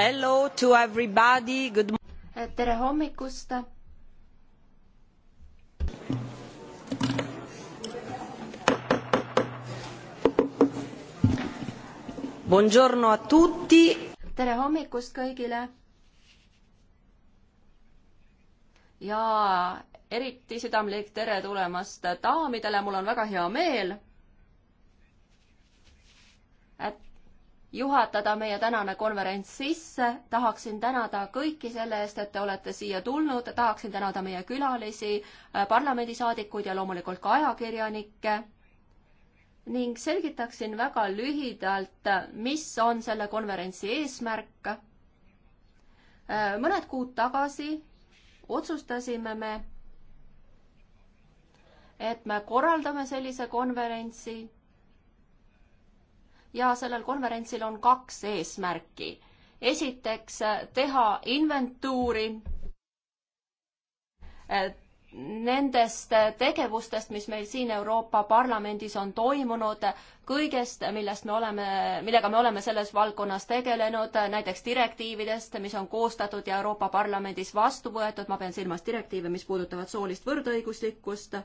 Hello to everybody, good tere hommikust! Buongiorno a tutti! tere hommikust kõigile! ja eriti südamlik tere tulemast daamidele, mul on väga hea meel, et juhatada meie tänane konverents sisse. tahaksin tänada kõiki selle eest, et te olete siia tulnud, tahaksin tänada meie külalisi, äh, parlamendisaadikuid ja loomulikult ka ajakirjanikke. ning selgitaksin väga lühidalt, mis on selle konverentsi eesmärk. Äh, mõned kuud tagasi otsustasime me, et me korraldame sellise konverentsi ja sellel konverentsil on kaks eesmärki. esiteks teha inventuuri eh, nendest tegevustest, mis meil siin Euroopa Parlamendis on toimunud, kõigest, millest me oleme, millega me oleme selles valdkonnas tegelenud, näiteks direktiividest, mis on koostatud ja Euroopa Parlamendis vastu võetud, ma pean silmas direktiive, mis puudutavad soolist võrdõiguslikkust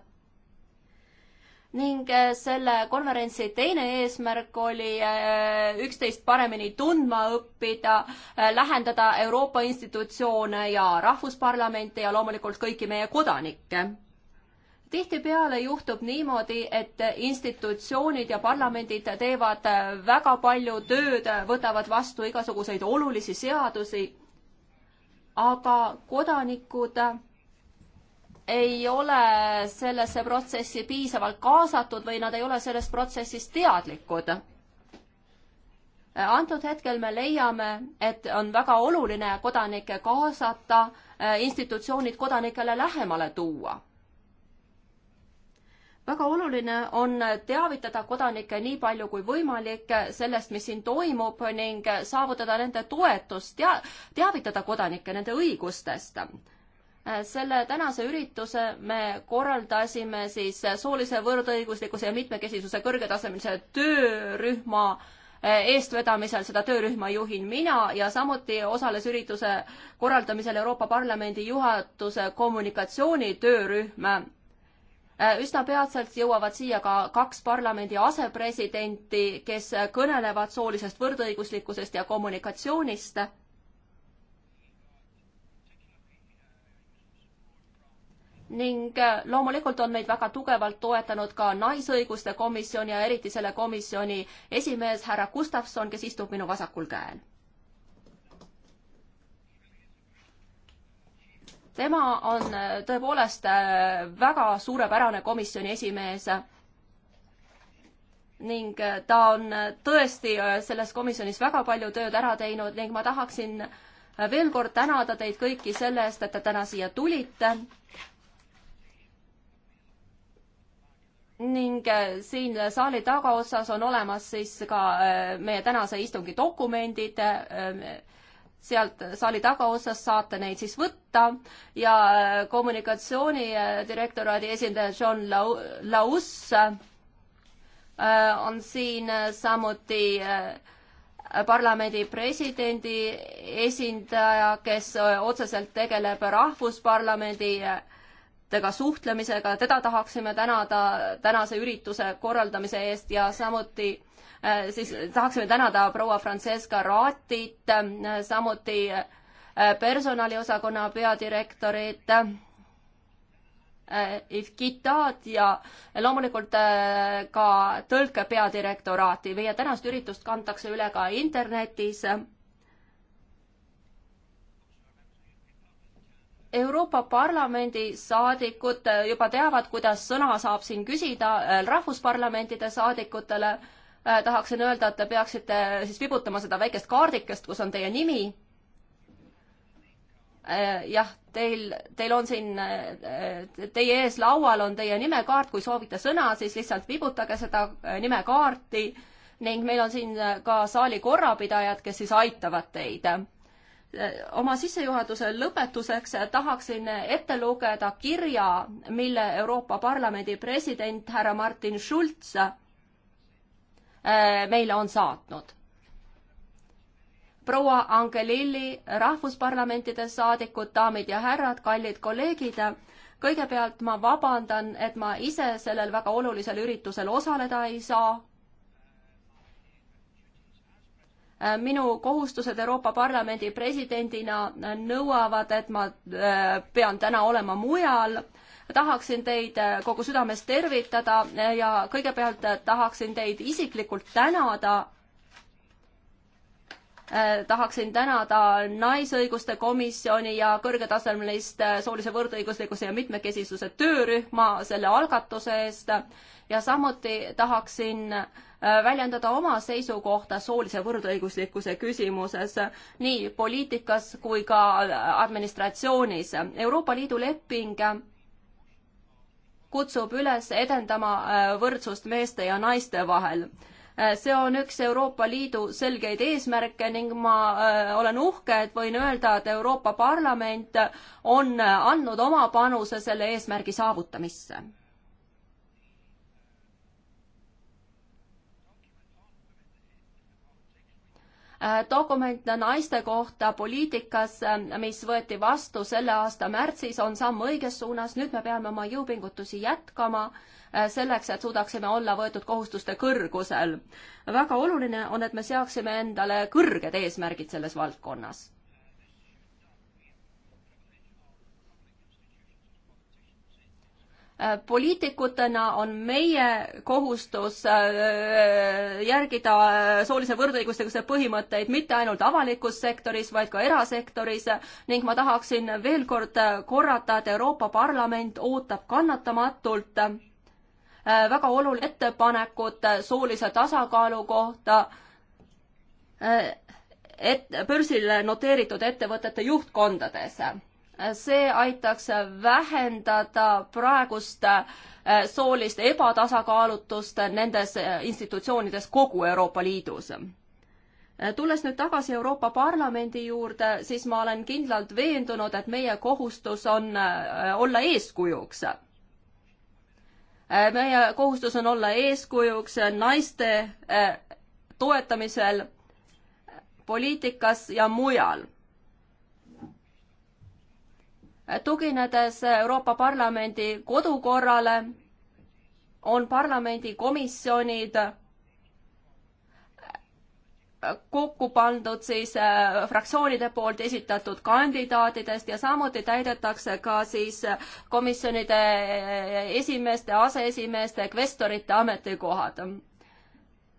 ning äh, selle konverentsi teine eesmärk oli äh, üksteist paremini tundma õppida, äh, lähendada Euroopa institutsioone ja rahvusparlamente ja loomulikult kõiki meie kodanikke tihtipeale juhtub niimoodi, et institutsioonid ja parlamendid teevad väga palju tööd, võtavad vastu igasuguseid olulisi seadusi, aga kodanikud ei ole sellesse protsessi piisavalt kaasatud või nad ei ole sellest protsessist teadlikud. antud hetkel me leiame, et on väga oluline kodanikke kaasata, eh, institutsioonid kodanikele lähemale tuua väga oluline on teavitada kodanikke nii palju kui võimalik sellest, mis siin toimub ning saavutada nende toetust ja teavitada kodanikke nende õigustest. Äh, selle tänase ürituse me korraldasime siis äh, soolise võrdõiguslikkuse ja mitmekesisuse kõrgetasemelise töörühma äh, eestvedamisel, seda töörühma juhin mina ja samuti osales ürituse korraldamisel Euroopa Parlamendi juhatuse kommunikatsioonitöörühm. üsna peatselt jõuavad siia ka kaks parlamendi asepresidenti, kes kõnelevad soolisest võrdõiguslikkusest ja kommunikatsioonist ning äh, loomulikult on meid väga tugevalt toetanud ka Naisõiguste Komisjon ja eriti selle komisjoni esimees härra Gustavson, kes istub minu vasakul käel. tema on äh, tõepoolest äh, väga suurepärane komisjoni esimees ning ta on tõesti selles komisjonis väga palju tööd ära teinud ning ma tahaksin veel kord tänada teid kõiki selle eest, et te täna siia tulite ning äh, siin saali tagaosas on olemas siis ka äh, meie tänase istungi dokumendid. Äh, sealt saali tagaosas saate neid siis võtta ja kommunikatsioonidirektoraadi esindaja John Laus on siin samuti parlamendi presidendi esindaja, kes otseselt tegeleb rahvusparlamendi tega suhtlemisega, teda tahaksime tänada tänase ürituse korraldamise eest ja samuti äh, siis tahaksime tänada proua Francesca Raatit, äh, samuti äh, personaliosakonna peadirektorit Ifkitat ja loomulikult ka tõlke peadirektoraati. meie tänast üritust kantakse üle ka internetis Euroopa Parlamendi saadikud juba teavad, kuidas sõna saab siin küsida äh, rahvusparlamentide saadikutele. Äh, tahaksin öelda, et te peaksite siis vibutama seda väikest kaardikest, kus on teie nimi. Äh, jah, teil, teil on siin, teie ees laual on teie nimekaart, kui soovite sõna, siis lihtsalt vibutage seda nimekaarti ning meil on siin ka saali korrapidajad, kes siis aitavad teid oma sissejuhatuse lõpetuseks tahaksin ette lugeda kirja, mille Euroopa Parlamendi president härra Martin Schulz äh, meile on saatnud. proua Angelilli, rahvusparlamentide saadikud, daamid ja härrad, kallid kolleegid, kõigepealt ma vabandan, et ma ise sellel väga olulisel üritusel osaleda ei saa Äh, minu kohustused Euroopa Parlamendi presidendina nõuavad, et ma äh, pean täna olema mujal. tahaksin teid äh, kogu südamest tervitada ja kõigepealt tahaksin teid isiklikult tänada. tahaksin tänada Naisõiguste Komisjoni ja kõrgetasemelist soolise võrdõiguslikkuse ja mitmekesisuse töörühma selle algatuse eest ja samuti tahaksin äh, Äh, väljendada oma seisukohta soolise võrdõiguslikkuse küsimuses nii poliitikas kui ka äh, administratsioonis. Euroopa Liidu leping kutsub üles edendama äh, võrdsust meeste ja naiste vahel. see on üks Euroopa Liidu selgeid eesmärke ning ma olen uhke, et võin öelda, et Euroopa Parlament on andnud oma panuse selle eesmärgi saavutamisse Äh, dokument naiste kohta poliitikas, äh, mis võeti vastu selle aasta märtsis, on samm õiges suunas, nüüd me peame oma jõupingutusi jätkama äh, selleks, et suudaksime olla võetud kohustuste kõrgusel. väga oluline on, et me seaksime endale kõrged eesmärgid selles valdkonnas. Äh, poliitikutena on meie kohustus äh, järgida äh, soolise võrdõiguslikkuse põhimõtteid mitte ainult avalikus sektoris, vaid ka erasektoris ning ma tahaksin veel kord korrata, et Euroopa Parlament ootab kannatamatult väga oluline ettepanekut soolise tasakaalu kohta et börsil noteeritud ettevõtete juhtkondades see aitaks vähendada praegust äh, soolist ebatasakaalutust nendes äh, institutsioonides kogu Euroopa Liidus. Äh, tulles nüüd tagasi Euroopa Parlamendi juurde, siis ma olen kindlalt veendunud, et meie kohustus on olla eeskujuks. meie kohustus on olla eeskujuks naiste toetamisel poliitikas ja mujal tuginedes Euroopa Parlamendi kodukorrale, on parlamendi komisjonid kokku pandud siis äh, fraktsioonide poolt esitatud kandidaatidest ja samuti täidetakse ka siis äh, komisjonide äh, esimeeste, aseesimeeste, kvestorite ametikohad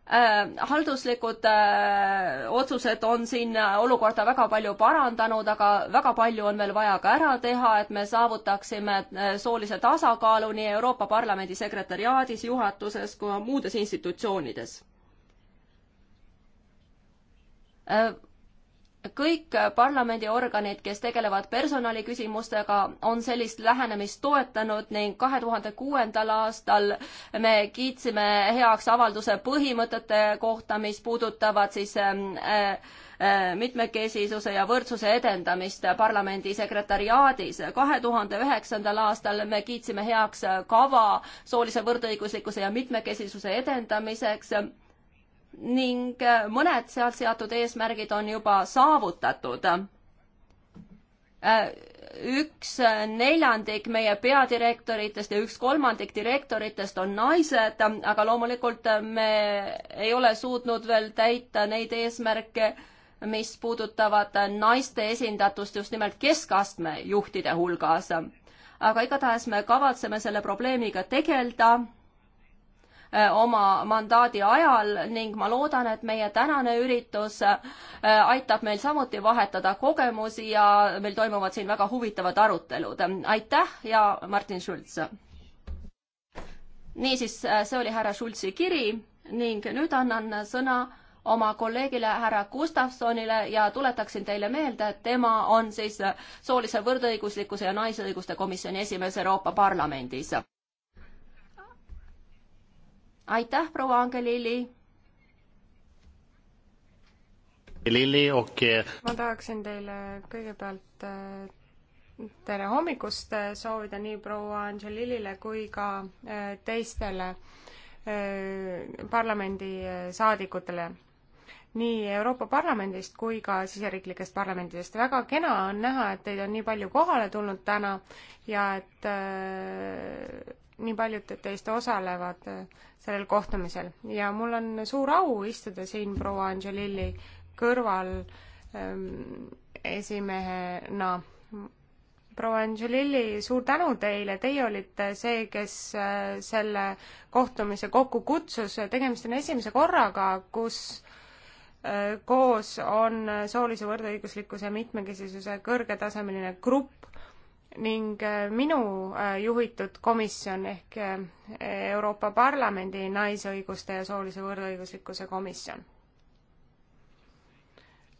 Äh, halduslikud äh, otsused on siin äh, olukorda väga palju parandanud, aga väga palju on veel vaja ka ära teha, et me saavutaksime soolise tasakaalu nii Euroopa Parlamendi sekretäriaadis, juhatuses kui muudes institutsioonides kõik parlamendiorganid, kes tegelevad personaliküsimustega, on sellist lähenemist toetanud ning kahe tuhande kuuendal aastal me kiitsime heaks avalduse põhimõtete kohta, mis puudutavad siis ähm, äh, äh, mitmekesisuse ja võrdsuse edendamist parlamendi sekretariaadis. kahe tuhande üheksandal aastal me kiitsime heaks kava soolise võrdõiguslikkuse ja mitmekesisuse edendamiseks ning äh, mõned seal seatud eesmärgid on juba saavutatud. Äh, üks neljandik meie peadirektoritest ja üks kolmandik direktoritest on naised, aga loomulikult me ei ole suutnud veel täita neid eesmärke, mis puudutavad naiste esindatust just nimelt keskastme juhtide hulgas. aga igatahes me kavatseme selle probleemiga tegeleda Äh, oma mandaadi ajal ning ma loodan, et meie tänane üritus äh, aitab meil samuti vahetada kogemusi ja meil toimuvad siin väga huvitavad arutelud. aitäh ja Martin Schulz! niisiis, äh, see oli härra Schulzi kiri ning nüüd annan sõna oma kolleegile härra Gustavsonile ja tuletaksin teile meelde, et tema on siis soolise võrdõiguslikkuse ja naisõiguste komisjoni esimees Euroopa Parlamendis aitäh, proua Angelili. Lilli, okei okay.. ma tahaksin teile kõigepealt äh, tere hommikust äh, soovida nii proua Angelilile kui ka äh, teistele parlamendisaadikutele nii Euroopa Parlamendist kui ka siseriiklikest parlamendidest. väga kena on näha, et teid on nii palju kohale tulnud täna ja et nii paljud teist osalevad äh, sellel kohtumisel ja mul on suur au istuda siin proua Angelilli kõrval ähm, esimehena. proua Angelilli, suur tänu teile, teie olite see, kes äh, selle kohtumise kokku kutsus, tegemist on esimese korraga, kus äh, koos on soolise võrdõiguslikkuse mitmekesisuse kõrgetasemeline grupp ning äh, minu äh, juhitud komisjon ehk äh, Euroopa Parlamendi naisõiguste ja soolise võrdõiguslikkuse komisjon.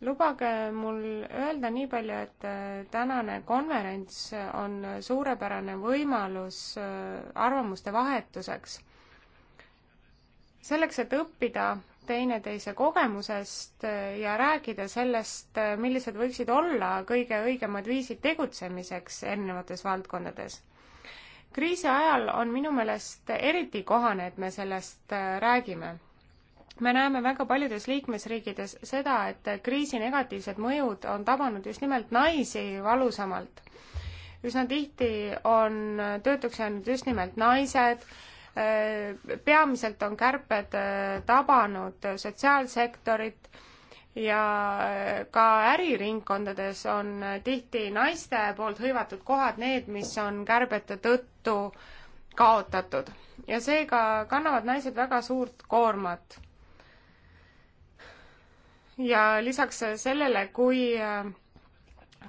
lubage mul öelda nii palju, et tänane konverents on suurepärane võimalus arvamuste vahetuseks. selleks, et õppida teineteise kogemusest eh, ja rääkida sellest, eh, millised võiksid olla kõige õigemad viisid tegutsemiseks erinevates valdkondades. kriisi ajal on minu meelest eriti kohane, et me sellest eh, räägime. me näeme väga paljudes liikmesriikides seda, et kriisi negatiivsed mõjud on tabanud just nimelt naisi valusamalt. üsna tihti on töötuks jäänud just nimelt naised, Äh, peamiselt on kärped äh, tabanud sotsiaalsektorit ja äh, ka äriringkondades on tihti naiste poolt hõivatud kohad need, mis on kärbete tõttu kaotatud ja seega kannavad naised väga suurt koormat. ja lisaks sellele, kui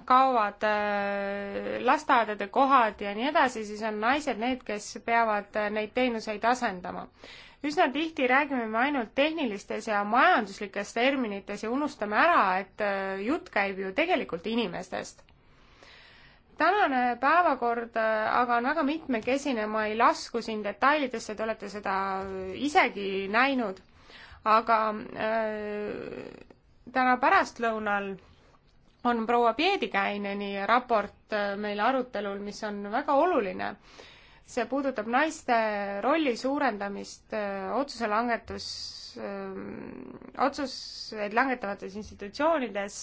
kaovad äh, lasteaedade kohad ja nii edasi, siis on naised need, kes peavad äh, neid teenuseid asendama. üsna tihti räägime me ainult tehnilistes ja majanduslikes terminites ja unustame ära, et äh, jutt käib ju tegelikult inimestest. tänane päevakord aga on väga mitmekesine, ma ei lasku siin detailidesse, te olete seda isegi näinud, aga äh, täna pärastlõunal on proua Piedikäineni raport äh, meil arutelul, mis on väga oluline. see puudutab naiste rolli suurendamist äh, otsuse langetus, ähm, otsuseid langetavates institutsioonides,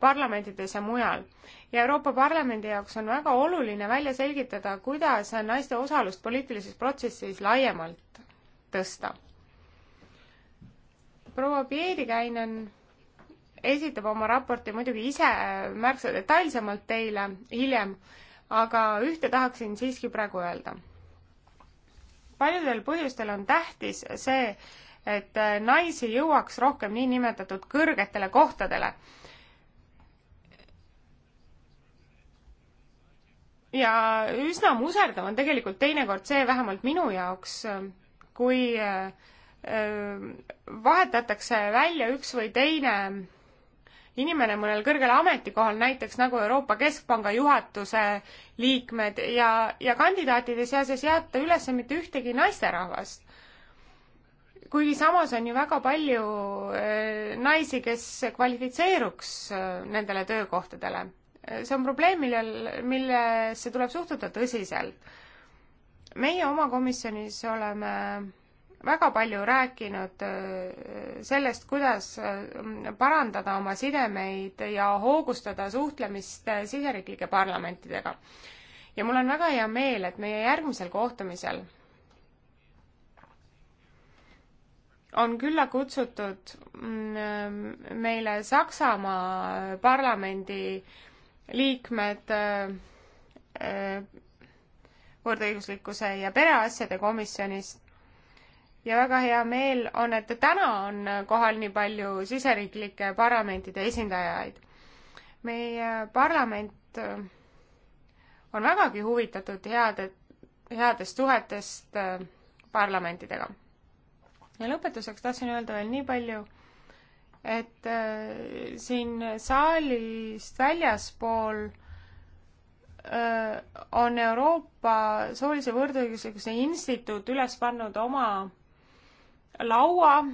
parlamentides ja mujal. ja Euroopa Parlamendi jaoks on väga oluline välja selgitada, kuidas naiste osalust poliitilises protsessis laiemalt tõsta. proua Piedikäinen esitab oma raporti muidugi ise äh, märksa detailsemalt teile hiljem, aga ühte tahaksin siiski praegu öelda. paljudel põhjustel on tähtis see, et äh, naisi jõuaks rohkem niinimetatud kõrgetele kohtadele. ja üsna muserdav on tegelikult teinekord see, vähemalt minu jaoks, äh, kui vahetatakse välja üks või teine inimene mõnel kõrgel ametikohal, näiteks nagu Euroopa Keskpanga juhatuse liikmed ja, ja kandidaatide seas ei seata üles mitte ühtegi naisterahvast. kuigi samas on ju väga palju eh, naisi, kes kvalifitseeruks eh, nendele töökohtadele. see on probleem, millel, millesse tuleb suhtuda tõsiselt. meie oma komisjonis oleme väga palju rääkinud äh, sellest, kuidas äh, parandada oma sidemeid ja hoogustada suhtlemist äh, siseriiklike parlamentidega. ja mul on väga hea meel, et meie järgmisel kohtumisel on külla kutsutud mm, meile Saksamaa parlamendi liikmed võrdõiguslikkuse ja pereasjade komisjonist ja väga hea meel on, et täna on kohal nii palju siseriiklike parlamentide esindajaid. meie parlament äh, on vägagi huvitatud heade, headest suhetest äh, parlamentidega. ja lõpetuseks tahtsin öelda veel nii palju, et äh, siin saalist väljaspool on Euroopa Soolise Võrdõiguslikkuse Instituut üles pannud oma laua.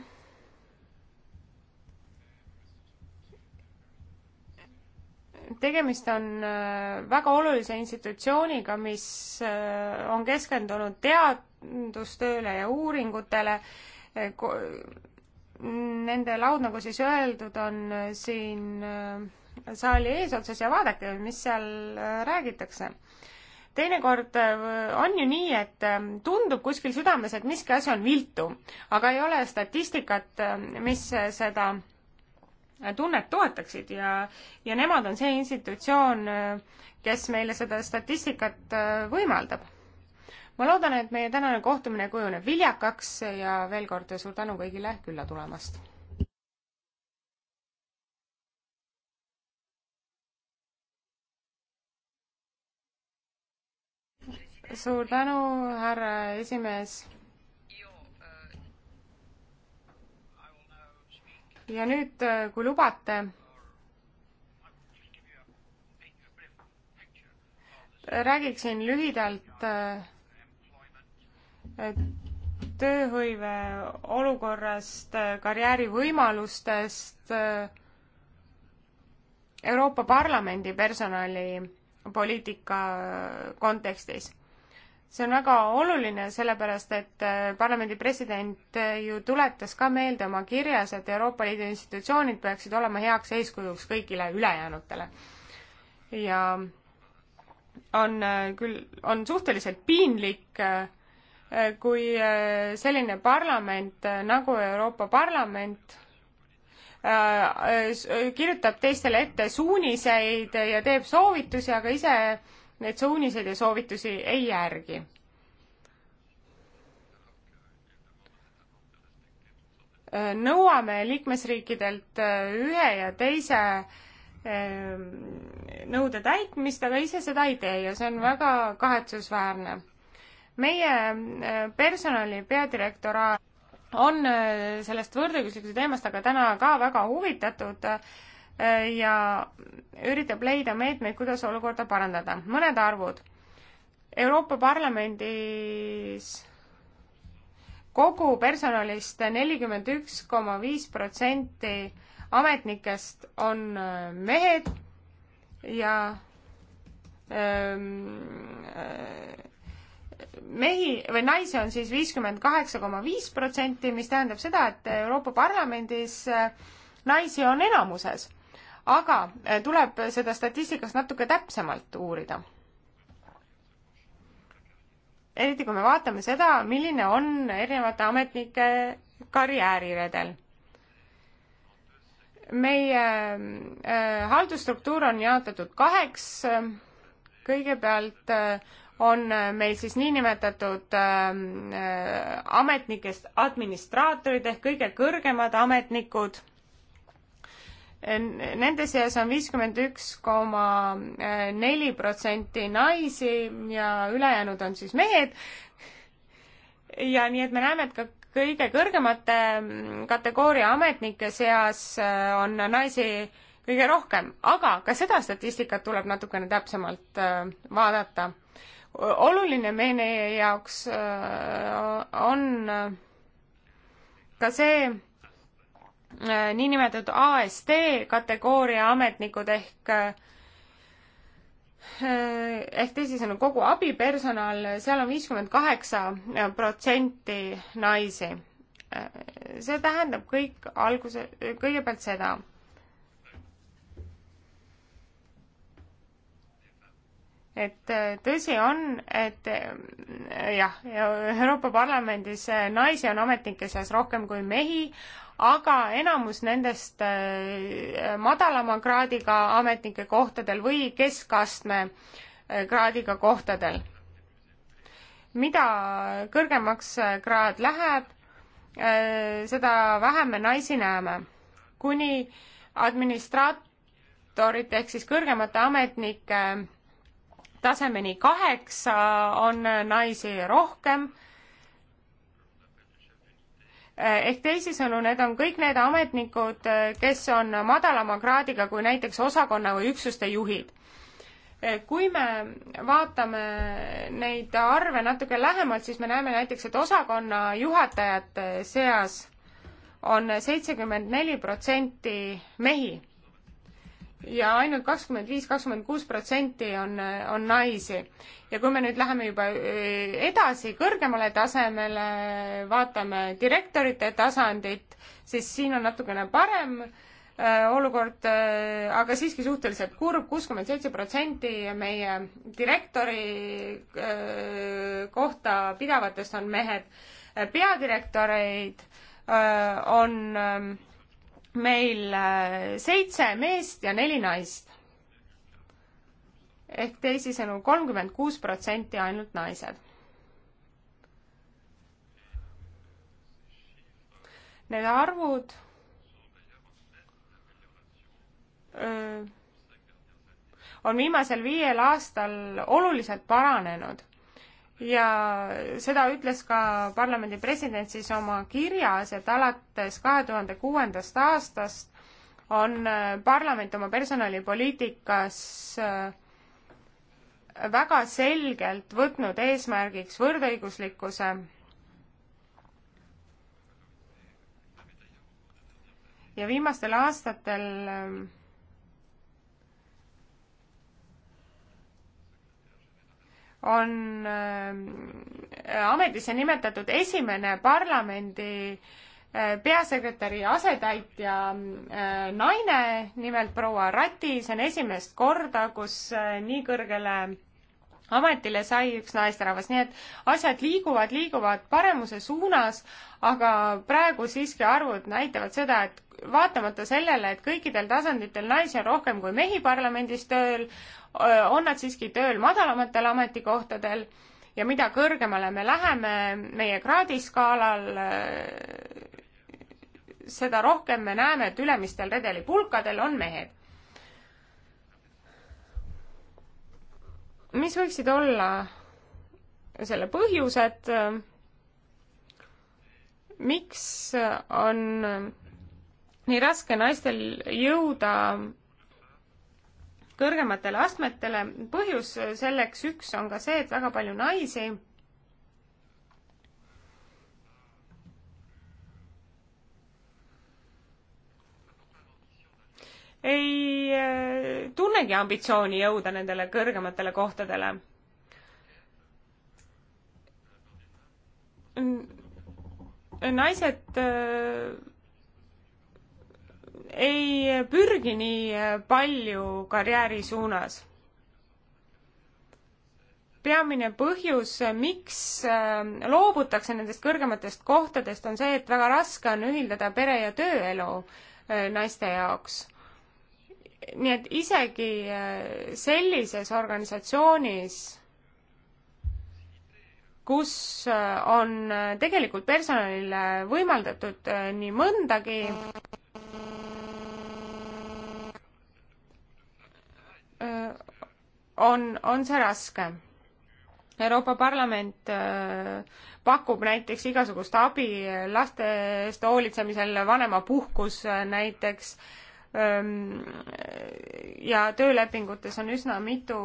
tegemist on äh, väga olulise institutsiooniga, mis äh, on keskendunud teadustööle ja uuringutele. Äh, nende laud, nagu siis öeldud, on siin saali eesotsas ja vaadake, mis seal räägitakse teinekord äh, on ju nii, et äh, tundub kuskil südames, et miski asi on viltu, aga ei ole statistikat, äh, mis seda tunnet toetaksid ja, ja nemad on see institutsioon, kes meile seda statistikat võimaldab. ma loodan, et meie tänane kohtumine kujuneb viljakaks ja veel kord suur tänu kõigile külla tulemast! suur tänu, härra esimees. ja nüüd, äh, kui lubate, räägiksin lühidalt äh, tööhõive olukorrast, äh, karjäärivõimalustest, Euroopa Parlamendi personalipoliitika kontekstis see on väga oluline, sellepärast et äh, parlamendi president äh, ju tuletas ka meelde oma kirjas, et Euroopa Liidu institutsioonid peaksid olema heaks eeskujuks kõigile ülejäänutele. ja on äh, küll, on suhteliselt piinlik, kui selline parlament nagu Euroopa Parlament kirjutab teistele ette suuniseid ja teeb soovitusi, aga ise need suunised ja soovitusi ei järgi. nõuame liikmesriikidelt äh, ühe ja teise ähm, nõude täitmist, aga ise seda ei tee ja see on väga kahetsusväärne. meie äh, personali peadirektoraat on äh, sellest võrdõiguslikkuse teemast aga täna ka väga huvitatud Äh, ja üritab leida meetmeid, kuidas olukorda parandada. mõned arvud. Euroopa Parlamendis kogu personalist nelikümmend üks koma viis protsenti ametnikest on äh, mehed ja ähm, äh, mehi või naisi on siis viiskümmend kaheksa koma viis protsenti, mis tähendab seda, et Euroopa Parlamendis naisi on enamuses aga äh, tuleb seda statistikas natuke täpsemalt uurida. eriti kui me vaatame seda, milline on erinevate ametnike karjääriredel meie äh, haldusstruktuur on jaotatud kaheks. kõigepealt äh, on meil siis niinimetatud äh, äh ametnikest administraatorid ehk kõige kõrgemad ametnikud Nende seas on viiskümmend üks koma äh, neli protsenti naisi ja ülejäänud on siis mehed. ja nii, et me näeme, et ka kõige kõrgemate mm, kategooria ametnike seas äh, on naisi kõige rohkem, aga ka seda statistikat tuleb natukene täpsemalt äh, vaadata. oluline meie jaoks on ka see, Äh, niinimetatud AST kategooria ametnikud ehk äh, ehk teisisõnu kogu abipersonal, seal on viiskümmend kaheksa protsenti naisi. Äh, see tähendab kõik alguse, kõigepealt seda. et tõsi on, et jah, Euroopa Parlamendis naisi on ametnike seas rohkem kui mehi, aga enamus nendest äh, madalama kraadiga ametnike kohtadel või keskastme äh, kraadiga kohtadel. mida kõrgemaks äh, kraad läheb, seda vähem me naisi näeme. kuni administraatorite ehk siis kõrgemate ametnike tasemeni kaheksa on naisi rohkem ehk teisisõnu, need on kõik need ametnikud, kes on madalama kraadiga kui näiteks osakonna või üksuste juhid. kui me vaatame neid arve natuke lähemalt, siis me näeme näiteks, et osakonna juhatajate seas on seitsekümmend neli protsenti mehi ja ainult kakskümmend viis, kakskümmend kuus protsenti on, on naisi. ja kui me nüüd läheme juba eh, edasi kõrgemale tasemele, vaatame direktorite tasandit, siis siin on natukene parem eh, olukord, eh, aga siiski suhteliselt kurb, kuuskümmend seitse protsenti meie direktori kohta pidavatest on mehed. peadirektoreid on meil äh, seitse meest ja neli naist. ehk teisisõnu kolmkümmend kuus protsenti ainult naised. Need arvud öö, äh, on viimasel viiel aastal oluliselt paranenud ja seda ütles ka parlamendi president siis oma kirjas, et alates kahe tuhande kuuendast aastast on äh, parlament oma personalipoliitikas äh, väga selgelt võtnud eesmärgiks võrdõiguslikkuse ja viimastel aastatel äh, on ähm, ametisse nimetatud esimene parlamendi äh, peasekretäri asetäitja äh, naine, nimelt proua Rati, see on esimest korda, kus äh, nii kõrgele ametile sai üks naisterahvas, nii et asjad liiguvad, liiguvad paremuse suunas, aga praegu siiski arvud näitavad seda, et vaatamata sellele, et kõikidel tasanditel naisi on rohkem kui mehi parlamendis tööl, on nad siiski tööl madalamatel ametikohtadel ja mida kõrgemale me läheme meie kraadiskaalal, seda rohkem me näeme, et ülemistel redelipulkadel on mehed. mis võiksid olla selle põhjused, miks on nii raske naistel jõuda kõrgematele astmetele. põhjus selleks üks on ka see, et väga palju naisi ei eh, tunnegi ambitsiooni jõuda nendele kõrgematele kohtadele. naised eh, ei pürgi nii palju karjääri suunas. peamine põhjus, miks äh, loobutakse nendest kõrgematest kohtadest, on see, et väga raske on ühildada pere- ja tööelu äh, naiste jaoks nii et isegi äh, sellises organisatsioonis, kus on tegelikult personalile võimaldatud nii mõndagi, on, on see raske. Euroopa Parlament pakub näiteks igasugust abi laste eest hoolitsemisel, vanemapuhkus näiteks ja töölepingutes on üsna mitu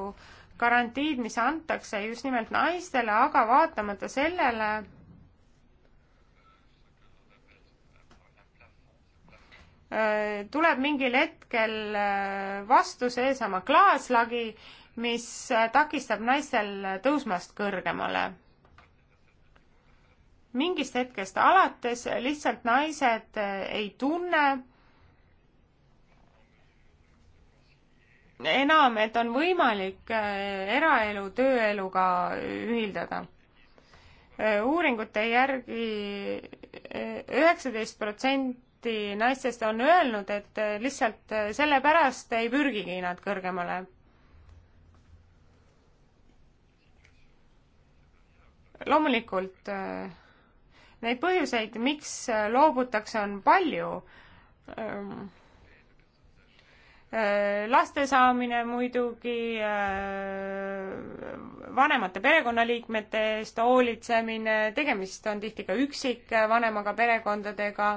garantiid, mis antakse just nimelt naistele, aga vaatamata sellele Äh, tuleb mingil hetkel äh, vastu seesama klaaslagi, mis äh, takistab naistel tõusmast kõrgemale. mingist hetkest alates lihtsalt naised ei tunne enam, et on võimalik eraelu tööeluga ühildada. uuringute järgi üheksateist protsenti protsenti naistest on öelnud, et eh, lihtsalt eh, sellepärast ei pürgigi nad kõrgemale. loomulikult eh, neid põhjuseid, miks loobutakse, on palju. Ehm, laste saamine muidugi, vanemate perekonnaliikmete eest hoolitsemine, tegemist on tihti ka üksikvanemaga perekondadega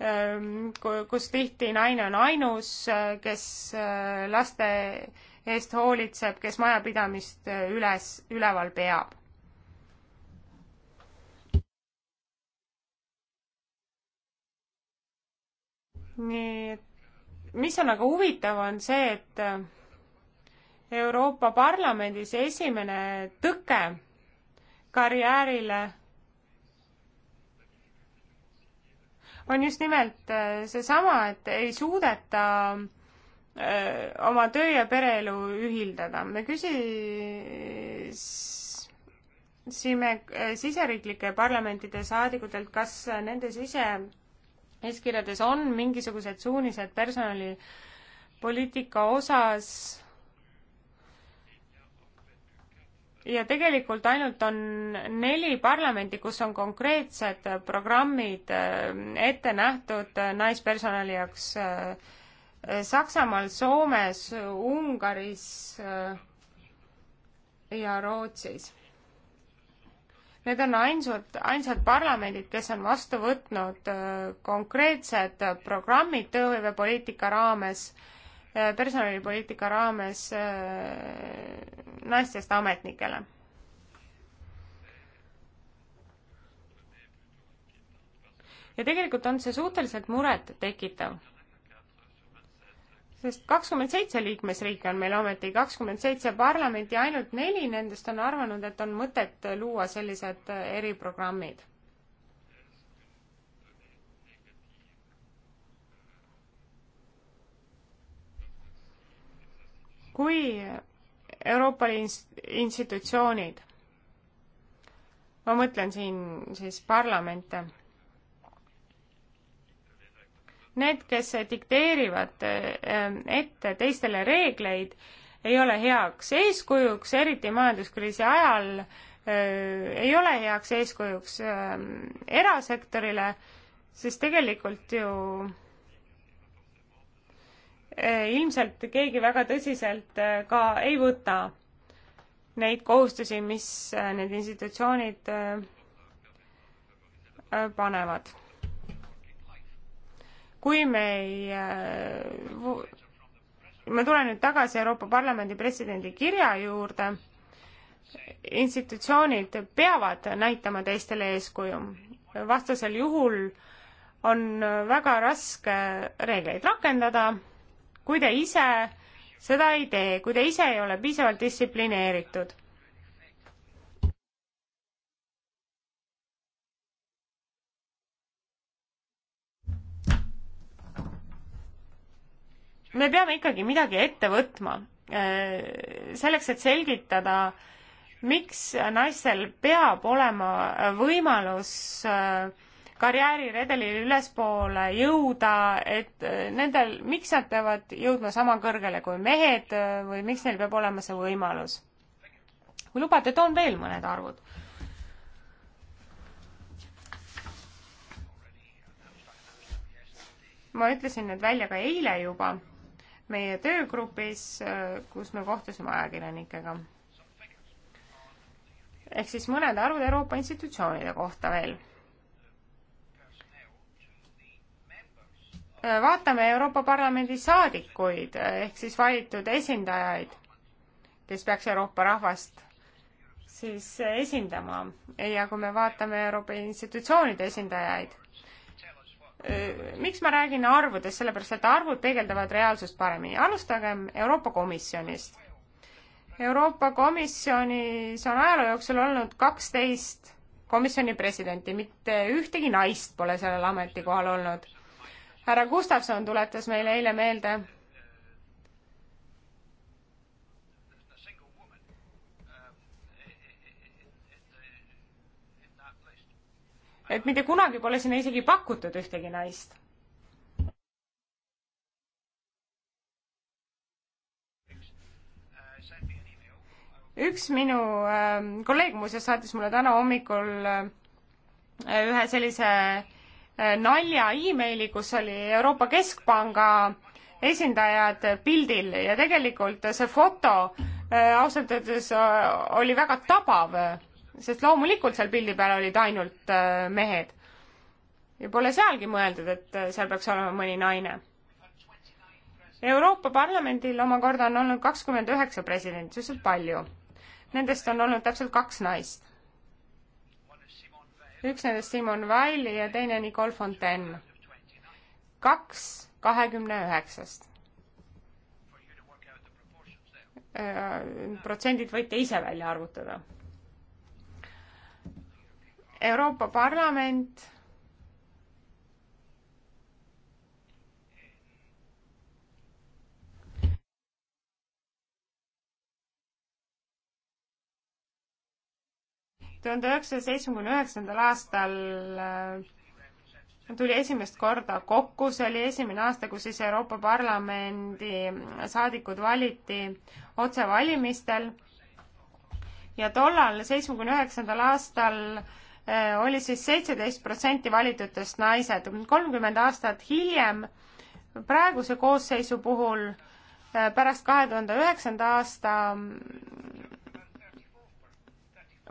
Ehm, kus tihti naine on ainus, äh, kes äh, laste eest hoolitseb, kes majapidamist äh, üles, üleval peab. nii, mis on aga nagu huvitav, on see, et Euroopa Parlamendis esimene tõke karjäärile on just nimelt äh, seesama, et ei suudeta äh, oma töö ja pereelu ühildada. me küsisime äh, siseriiklike parlamentide saadikutelt, kas nendes ise eeskirjades on mingisugused suunised personalipoliitika osas ja tegelikult ainult on neli parlamenti, kus on konkreetsed programmid äh, ette nähtud äh, naispersonali jaoks äh, Saksamaal, Soomes, Ungaris ja Rootsis. Need on ainsad, ainsad parlamendid, kes on vastu võtnud konkreetsed programmid tööhõivepoliitika raames äh, Äh, personalipoliitika raames äh, naistest ametnikele. ja tegelikult on see suhteliselt muret tekitav sest kakskümmend seitse liikmesriiki on meil ometi, kakskümmend seitse parlamenti, ainult neli nendest on arvanud, et on mõtet luua sellised äh, eriprogrammid. kui Euroopa institutsioonid, ma mõtlen siin siis parlamente, need, kes dikteerivad ähm, ette teistele reegleid, ei ole heaks eeskujuks, eriti majanduskriisi ajal äh, ei ole heaks eeskujuks ähm, erasektorile, sest tegelikult ju Eh, ilmselt keegi väga tõsiselt eh, ka ei võta neid kohustusi, mis eh, need institutsioonid panevad. kui me ei, ma tulen nüüd tagasi Euroopa Parlamendi presidendi kirja juurde, institutsioonid peavad näitama teistele eeskuju, vastasel juhul on väga raske reegleid rakendada kui te ise seda ei tee, kui te ise ei ole piisavalt distsiplineeritud. me peame ikkagi midagi ette võtma äh, selleks, et selgitada, miks naistel peab olema võimalus äh, karjääriredelil ülespoole jõuda, et äh, nendel, miks nad peavad jõudma sama kõrgele kui mehed äh, või miks neil peab olema see võimalus? kui lubate, toon veel mõned arvud. ma ütlesin need välja ka eile juba meie töögrupis, äh, kus me kohtusime ajakirjanikega. ehk siis mõned arvud Euroopa institutsioonide kohta veel Äh, vaatame Euroopa Parlamendi saadikuid äh, ehk siis valitud esindajaid, kes peaks Euroopa rahvast siis äh, esindama ja kui me vaatame Euroopa institutsioonide esindajaid, miks ma räägin arvudest, sellepärast et arvud peegeldavad reaalsust paremini. alustagem Euroopa Komisjonist. Euroopa Komisjonis on ajaloo jooksul olnud kaksteist komisjoni presidenti, mitte ühtegi naist pole sellel ametikohal olnud härra Gustavson tuletas meile eile meelde, et mitte kunagi pole sinna isegi pakutud ühtegi naist. üks minu äh, kolleeg muuseas saatis mulle täna hommikul äh, ühe sellise äh, Äh, nalja emaili, kus oli Euroopa Keskpanga esindajad pildil ja tegelikult see foto äh, ausalt öeldes äh, oli väga tabav, sest loomulikult seal pildi peal olid ainult mehed. ja pole sealgi mõeldud, et seal peaks olema mõni naine. Euroopa Parlamendil omakorda on olnud kakskümmend üheksa presidenti, suhteliselt palju. Nendest on olnud täpselt kaks naist üks nendest Simon Wiley ja teine Nicole Fontaine. kaks kahekümne üheksast. Äh, protsendid võite ise välja arvutada. Euroopa Parlament tuhande üheksasaja seitsmekümne üheksandal aastal äh, tuli esimest korda kokku, see oli esimene aasta, kus siis Euroopa Parlamendi saadikud valiti otsevalimistel ja tollal, seitsmekümne üheksandal aastal äh, oli siis seitseteist protsenti valitutest naised. kolmkümmend aastat hiljem, praeguse koosseisu puhul, äh, pärast kahe tuhande üheksanda aasta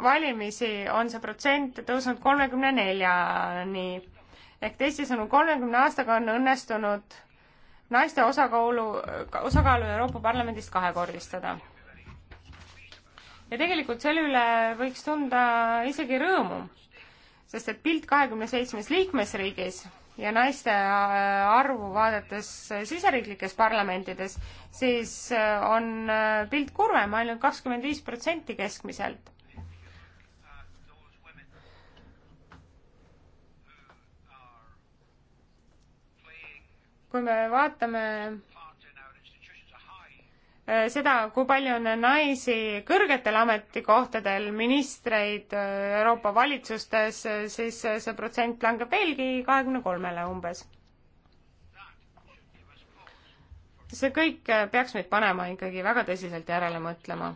valimisi on see protsent tõusnud kolmekümne neljani. ehk teisisõnu, kolmekümne aastaga on õnnestunud naiste osakaalu, osakaalu Euroopa Parlamendis kahekordistada. ja tegelikult selle üle võiks tunda isegi rõõmu, sest et pilt kahekümne seitsmes liikmesriigis ja naiste arvu vaadates siseriiklikes parlamentides, siis on pilt kurvem ainult, ainult kakskümmend viis protsenti keskmiselt kui me vaatame äh, seda, kui palju on naisi kõrgetel ametikohtadel, ministreid äh, Euroopa valitsustes, äh, siis see protsent langeb veelgi kahekümne kolmele umbes. see kõik peaks meid panema ikkagi väga tõsiselt järele mõtlema.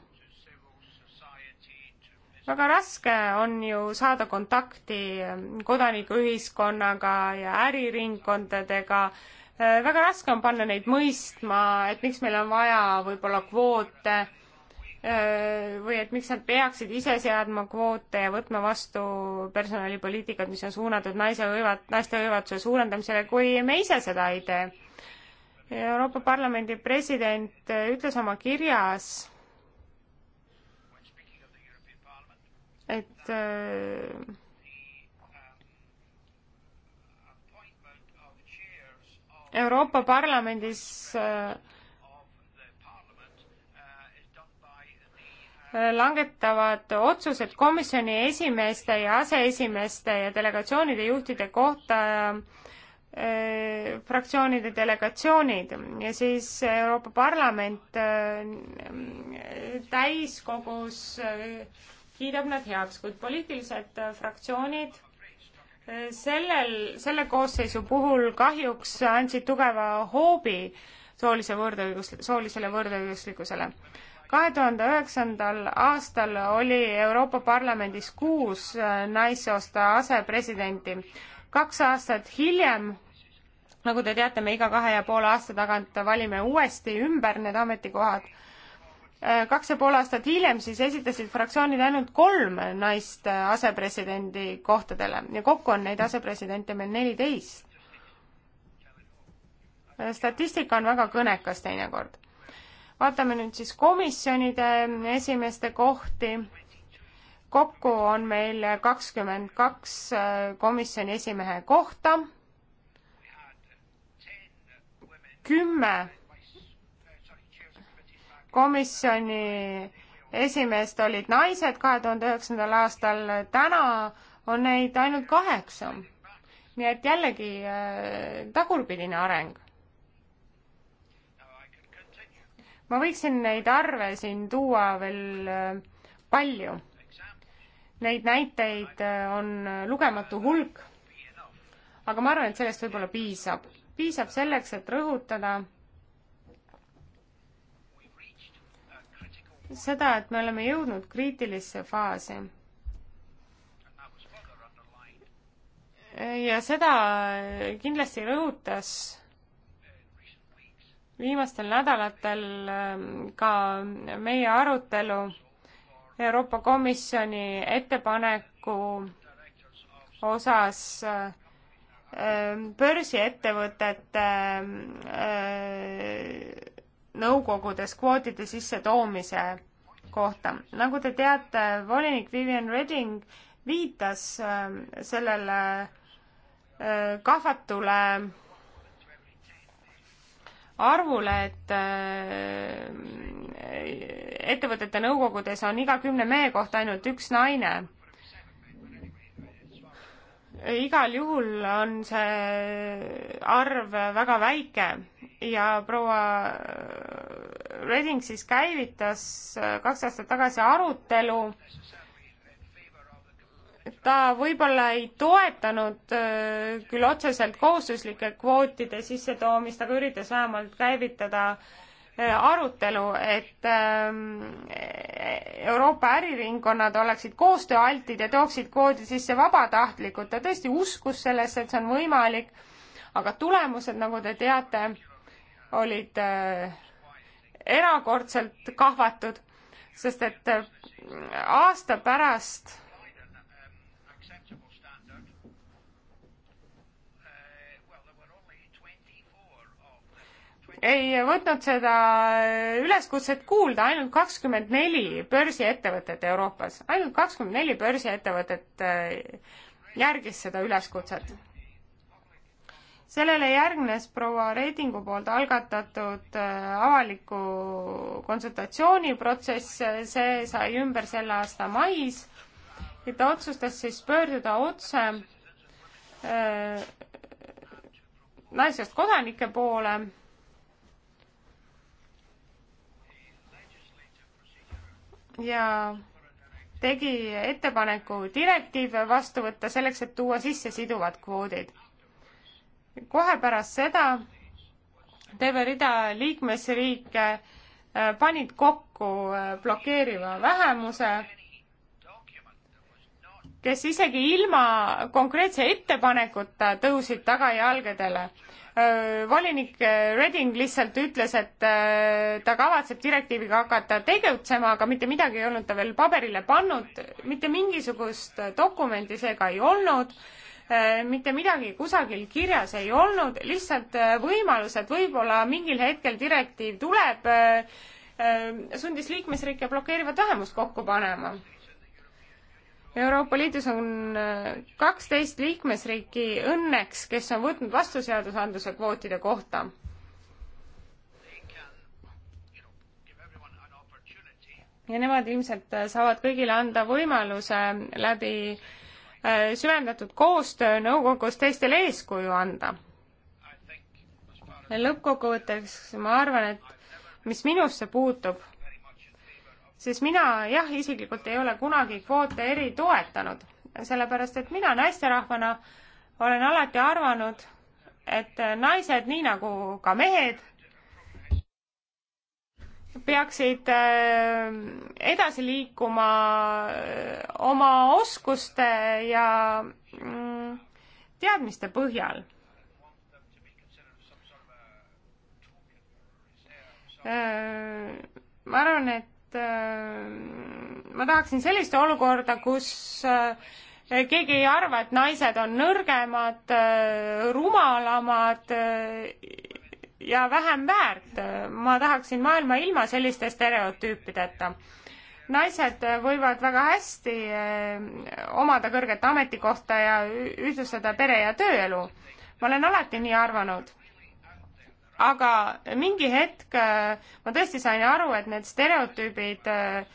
väga raske on ju saada kontakti kodanikuühiskonnaga ja äriringkondadega äh, Äh, väga raske on panna neid mõistma, et miks meil on vaja võib-olla kvoote äh, või et miks nad peaksid ise seadma kvoote ja võtma vastu personalipoliitikat, mis on suunatud naise hõivat-, naiste hõivatuse suurendamisele, kui me ise seda ei tee. Euroopa Parlamendi president äh, ütles oma kirjas, et äh, Euroopa Parlamendis äh, langetavad otsused komisjoni esimeeste ja aseesimeeste ja delegatsioonide juhtide kohta äh, fraktsioonide delegatsioonid ja siis Euroopa Parlament äh, täiskogus äh, kiidab nad heaks, kuid poliitilised äh, fraktsioonid sellel, selle koosseisu puhul kahjuks andsid tugeva hoobi soolise võrdõigus, soolisele võrdõiguslikkusele. kahe tuhande üheksandal aastal oli Euroopa Parlamendis kuus naissoost asepresidenti. kaks aastat hiljem, nagu te teate, me iga kahe ja poole aasta tagant valime uuesti ümber need ametikohad Äh, kaks ja pool aastat hiljem siis esitasid fraktsioonid ainult kolm naist äh, asepresidendi kohtadele ja kokku on neid asepresidente meil neliteist. Äh, statistika on väga kõnekas teinekord. vaatame nüüd siis komisjonide esimeeste kohti. kokku on meil kakskümmend kaks komisjoni esimehe kohta. kümme komisjoni esimeest olid naised kahe tuhande üheksandal aastal, täna on neid ainult kaheksa. nii et jällegi äh, tagurpidine areng. ma võiksin neid arve siin tuua veel äh, palju. Neid näiteid äh, on lugematu hulk. aga ma arvan, et sellest võib-olla piisab. piisab selleks, et rõhutada seda, et me oleme jõudnud kriitilisse faasi. ja seda kindlasti rõhutas viimastel nädalatel ähm, ka meie arutelu Euroopa Komisjoni ettepaneku osas ähm, börsiettevõtete ähm, äh, nõukogudes kvootide sissetoomise kohta. nagu te teate, volinik Vivian Redding viitas ähm, sellele äh, kahvatule arvule, et äh, ettevõtete nõukogudes on iga kümne mehe kohta ainult üks naine igal juhul on see arv väga väike ja proua Reding siis käivitas kaks aastat tagasi arutelu ta võib-olla ei toetanud äh, küll otseselt kohustuslike kvootide sissetoomist, aga üritas vähemalt käivitada Äh, arutelu, et ähm, Euroopa äriringkonnad oleksid koostööaltid ja tooksid koodi sisse vabatahtlikult. ta tõesti uskus sellesse, et see on võimalik, aga tulemused, nagu te teate, olid äh, erakordselt kahvatud, sest et äh, aasta pärast ei võtnud seda üleskutset kuulda, ainult kakskümmend neli börsiettevõtet Euroopas, ainult kakskümmend neli börsiettevõtet äh, järgis seda üleskutset. sellele järgnes proua Reidingu poolt algatatud äh, avaliku konsultatsiooniprotsess, see sai ümber selle aasta mais ja ta otsustas siis pöörduda otse äh, naisest kodanike poole ja tegi ettepaneku direktiiv vastu võtta selleks, et tuua sisse siduvad kvoodid. kohe pärast seda terve rida liikmesriike äh, panid kokku äh, blokeeriva vähemuse, kes isegi ilma konkreetse ettepanekuta tõusid tagajalgadele Äh, volinik äh, Reding lihtsalt ütles, et äh, ta kavatseb direktiiviga hakata tegutsema, aga mitte midagi ei olnud ta veel paberile pannud, mitte mingisugust dokumenti seega ei olnud mitte midagi kusagil kirjas ei olnud, lihtsalt võimalused, võib-olla mingil hetkel direktiiv tuleb, sundis liikmesriike blokeerivat vähemust kokku panema Euroopa Liidus on äh, kaksteist liikmesriiki õnneks, kes on võtnud vastu seadusandluse kvootide kohta. ja nemad ilmselt äh, saavad kõigile anda võimaluse läbi äh, süvendatud koostöö nõukogus teistele eeskuju anda. lõppkokkuvõtteks ma arvan, et mis minusse puutub siis mina jah, isiklikult ei ole kunagi kvoote eri toetanud, sellepärast et mina naisterahvana olen alati arvanud, et naised, nii nagu ka mehed, peaksid äh, edasi liikuma äh, oma oskuste ja mm, teadmiste põhjal. Äh, ma arvan, et Äh, ma tahaksin sellist olukorda, kus äh, keegi ei arva, et naised on nõrgemad, äh, rumalamad ja vähem väärt. ma tahaksin maailma ilma selliste stereotüüpideta. naised võivad väga hästi omada kõrget ametikohta ja ühtlustada pere ja tööelu. ma olen alati nii arvanud aga mingi hetk äh, ma tõesti sain aru, et need stereotüübid äh,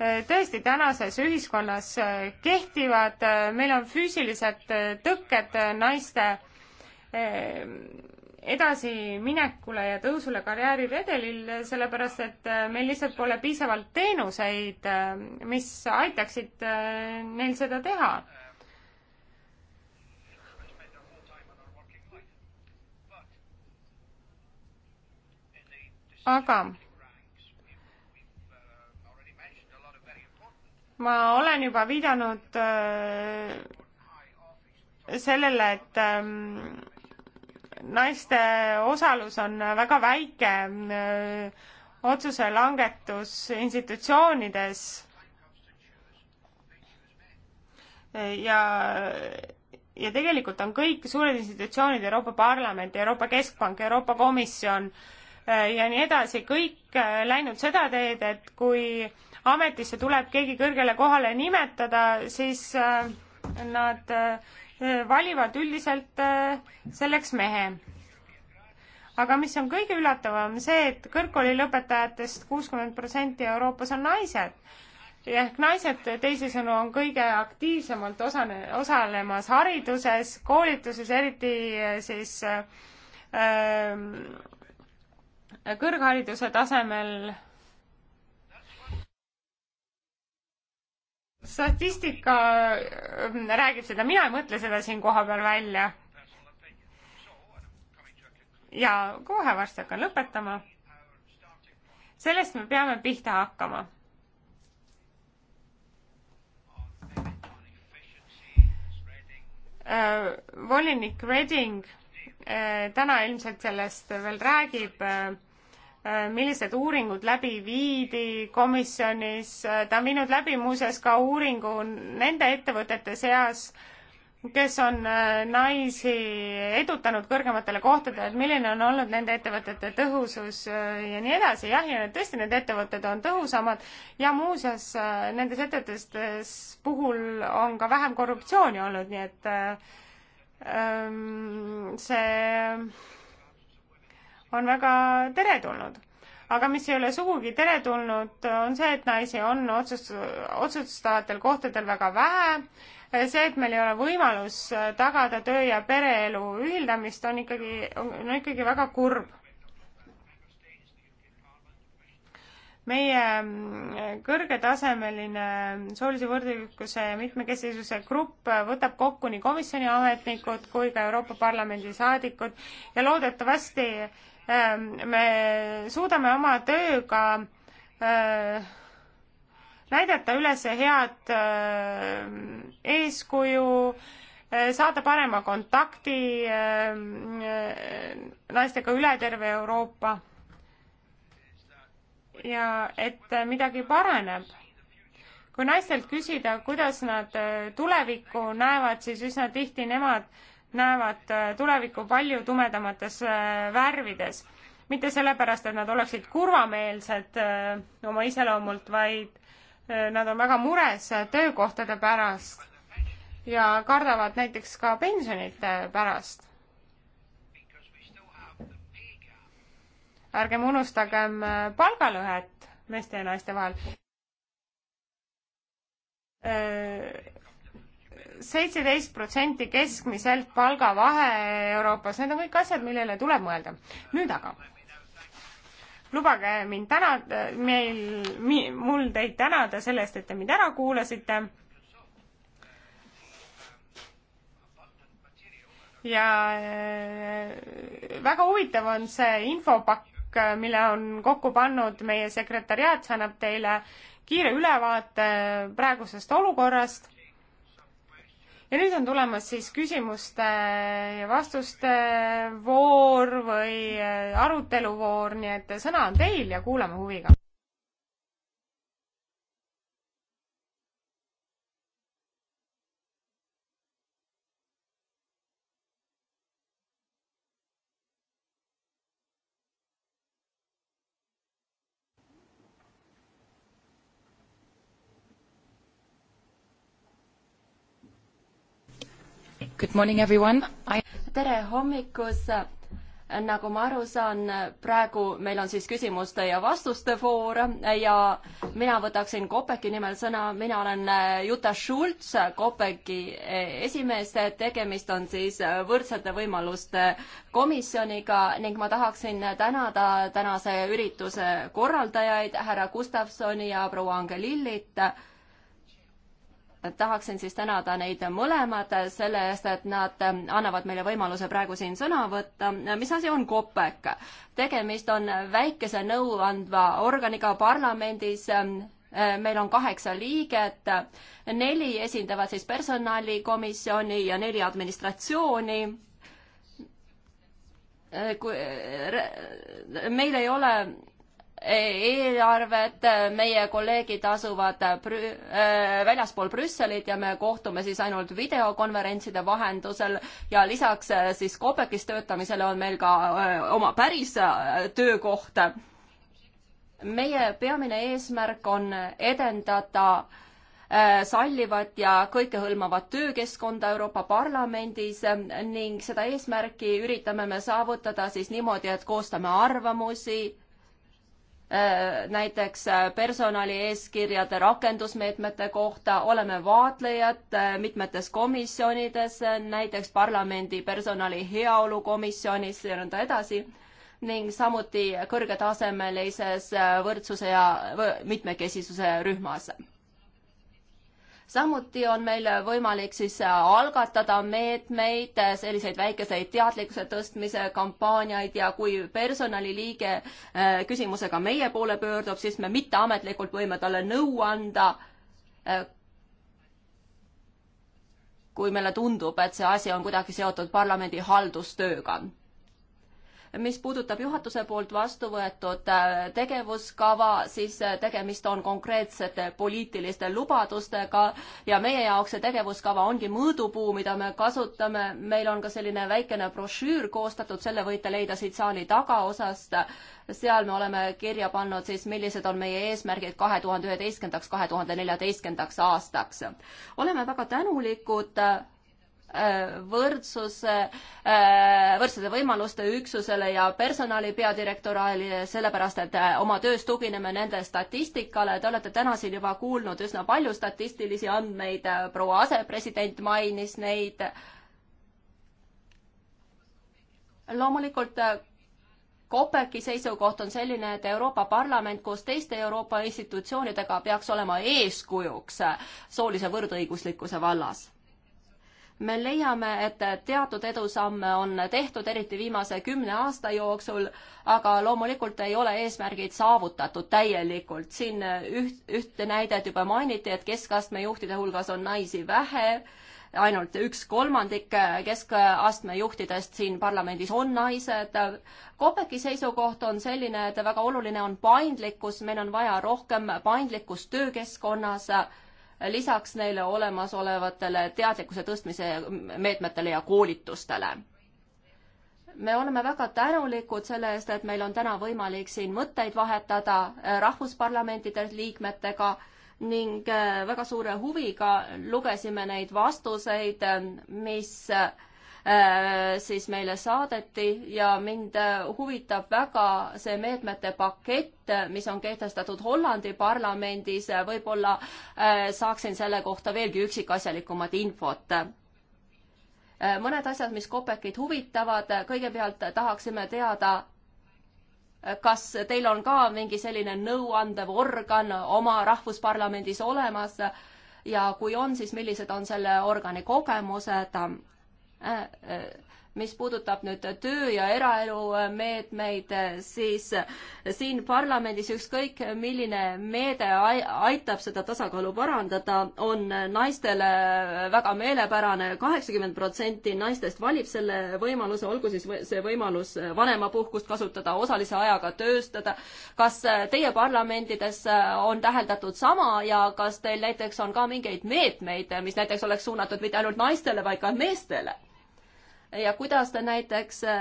äh, tõesti tänases ühiskonnas kehtivad, meil on füüsilised tõkked naiste edasiminekule ja tõusule karjääriredelil, sellepärast et meil lihtsalt pole piisavalt teenuseid, mis aitaksid neil seda teha aga ma olen juba viidanud äh, sellele, et ähm, naiste osalus on väga väike äh, otsuse langetus institutsioonides ja, ja tegelikult on kõik suured institutsioonid, Euroopa Parlament, Euroopa Keskpank, Euroopa Komisjon äh, Äh, ja nii edasi, kõik äh, läinud seda teed, et kui ametisse tuleb keegi kõrgele kohale nimetada, siis äh, nad valivad üldiselt selleks mehe. aga mis on kõige üllatavam, see, et kõrgkooli lõpetajatest kuuskümmend protsenti Euroopas on naised. ehk naised teisisõnu on kõige aktiivsemalt osane, osalemas hariduses, koolituses, eriti siis öö, kõrghariduse tasemel statistika ähm, räägib seda, mina ei mõtle seda siin kohapeal välja. ja kohe varsti hakkan lõpetama. sellest me peame pihta hakkama. Äh, volinik Reding äh, täna ilmselt sellest veel räägib äh, Äh, millised uuringud läbi viidi komisjonis, äh, ta on viinud läbi muuseas ka uuringu nende ettevõtete seas, kes on äh, naisi edutanud kõrgematele kohtadele, et milline on olnud nende ettevõtete tõhusus ja nii edasi, jah, ja tõesti, need ettevõtted on tõhusamad ja muuseas, nendes ettevõtetes puhul on ka vähem korruptsiooni olnud, nii et ähm, see on väga teretulnud. aga mis ei ole sugugi teretulnud, on see, et naisi on otsust-, otsustavatel kohtadel väga vähe, see, et meil ei ole võimalus tagada töö ja pereelu ühildamist, on ikkagi, on ikkagi väga kurb. meie kõrgetasemeline soolise võrdlikkuse ja mitmekesisuse grupp võtab kokku nii komisjoni ametnikud kui ka Euroopa Parlamendi saadikud ja loodetavasti Ähm, me suudame oma tööga äh, näidata üles head äh, eeskuju, äh, saada parema kontakti naistega üle terve Euroopa ja et midagi paraneb. kui naistelt küsida, kuidas nad tulevikku näevad, siis üsna tihti nemad näevad äh, tulevikku palju tumedamates äh, värvides. mitte sellepärast, et nad oleksid kurvameelsed äh, oma iseloomult, vaid nad on väga mures töökohtade pärast ja kardavad näiteks ka pensionite pärast. ärgem unustagem palgalõhet meeste ja naiste vahel seitseteist protsenti keskmiselt palgavahe Euroopas, need on kõik asjad, millele tuleb mõelda. nüüd aga, lubage mind tänada, meil mi,, mul teid tänada selle eest, et te mind ära kuulasite. ja äh, väga huvitav on see infopakk, mille on kokku pannud meie sekretäriaat, see annab teile kiire ülevaate praegusest olukorrast ja nüüd on tulemas siis küsimuste ja vastuste voor või äh, aruteluvoor, nii et sõna on teil ja kuulame huviga. Good morning, everyone I.... tere hommikust! nagu ma aru saan, praegu meil on siis küsimuste ja vastuste voor ja mina võtaksin Kopeki nimel sõna, mina olen äh, Juta Schultz, Kopeki äh, esimees, tegemist on siis äh, võrdsete võimaluste komisjoniga ning ma tahaksin tänada tänase ürituse korraldajaid, härra Gustavsoni ja proua Angelillit tahaksin siis tänada neid mõlemad selle eest, et nad annavad meile võimaluse praegu siin sõna võtta. mis asi on COPEC? tegemist on väikese nõuandva organiga parlamendis. meil on kaheksa liiget, neli esindavad siis personalikomisjoni ja neli administratsiooni kui meil ei ole eelarvet, meie kolleegid asuvad Brü-, äh, väljaspool Brüsselit ja me kohtume siis ainult videokonverentside vahendusel ja lisaks äh, siis Kopekis töötamisele on meil ka äh, oma päris töökoht. meie peamine eesmärk on edendada sallivat ja kõikehõlmavat töökeskkonda Euroopa Parlamendis ning seda eesmärki üritame me saavutada siis niimoodi, et koostame arvamusi, Äh, näiteks äh, personalieeskirjade rakendusmeetmete kohta, oleme vaatlejad äh, mitmetes komisjonides, näiteks parlamendi personali heaolu komisjonis ja nõnda edasi, ning samuti kõrgetasemelises võrdsuse ja mitmekesisuse rühmas samuti on meil võimalik siis algatada meetmeid, selliseid väikeseid teadlikkuse tõstmise kampaaniaid ja kui personaliliige äh, küsimusega meie poole pöördub, siis me mitteametlikult võime talle nõu anda äh, kui meile tundub, et see asi on kuidagi seotud parlamendi haldustööga mis puudutab juhatuse poolt vastu võetud äh, tegevuskava, siis äh, tegemist on konkreetsete poliitiliste lubadustega ja meie jaoks see tegevuskava ongi mõõdupuu, mida me kasutame. meil on ka selline väikene brošüür koostatud, selle võite leida siit saali tagaosast. seal me oleme kirja pannud siis, millised on meie eesmärgid kahe tuhande üheteistkümnendaks, kahe tuhande neljateistkümnendaks aastaks. oleme väga tänulikud äh, võrdsuse, võrdsete võimaluste üksusele ja personali peadirektoraali, sellepärast et oma töös tugineme nende statistikale. Te olete täna siin juba kuulnud üsna palju statistilisi andmeid, proua asepresident mainis neid. loomulikult COPEC-i seisukoht on selline, et Euroopa Parlament koos teiste Euroopa institutsioonidega peaks olema eeskujuks soolise võrdõiguslikkuse vallas me leiame, et teatud edusamme on tehtud, eriti viimase kümne aasta jooksul, aga loomulikult ei ole eesmärgid saavutatud täielikult. siin üht, ühte näidet juba mainiti, et keskastme juhtide hulgas on naisi vähe, ainult üks kolmandik keskastme juhtidest siin parlamendis on naised. Kopeki seisukoht on selline, et väga oluline on paindlikkus, meil on vaja rohkem paindlikkust töökeskkonnas lisaks neile olemasolevatele teadlikkuse tõstmise meetmetele ja koolitustele. me oleme väga tänulikud selle eest, et meil on täna võimalik siin mõtteid vahetada eh, rahvusparlamentide liikmetega ning eh, väga suure huviga lugesime neid vastuseid, eh, mis Äh, siis meile saadeti ja mind äh, huvitab väga see meetmete pakett, mis on kehtestatud Hollandi parlamendis, võib-olla äh, saaksin selle kohta veelgi üksikasjalikumat infot mõned asjad, mis kopekid huvitavad, kõigepealt tahaksime teada, kas teil on ka mingi selline nõuandev organ oma rahvusparlamendis olemas ja kui on, siis millised on selle organi kogemused Äh, äh, mis puudutab nüüd töö- ja eraelu äh, meetmeid, siis siin parlamendis ükskõik, milline meede aitab seda tasakaalu parandada, on naistele väga meelepärane. kaheksakümmend protsenti naistest valib selle võimaluse, olgu siis see võimalus vanemapuhkust kasutada, osalise ajaga tööstada. kas teie parlamendides on täheldatud sama ja kas teil näiteks on ka mingeid meetmeid, mis näiteks oleks suunatud mitte ainult naistele, vaid ka meestele? ja kuidas te näiteks äh,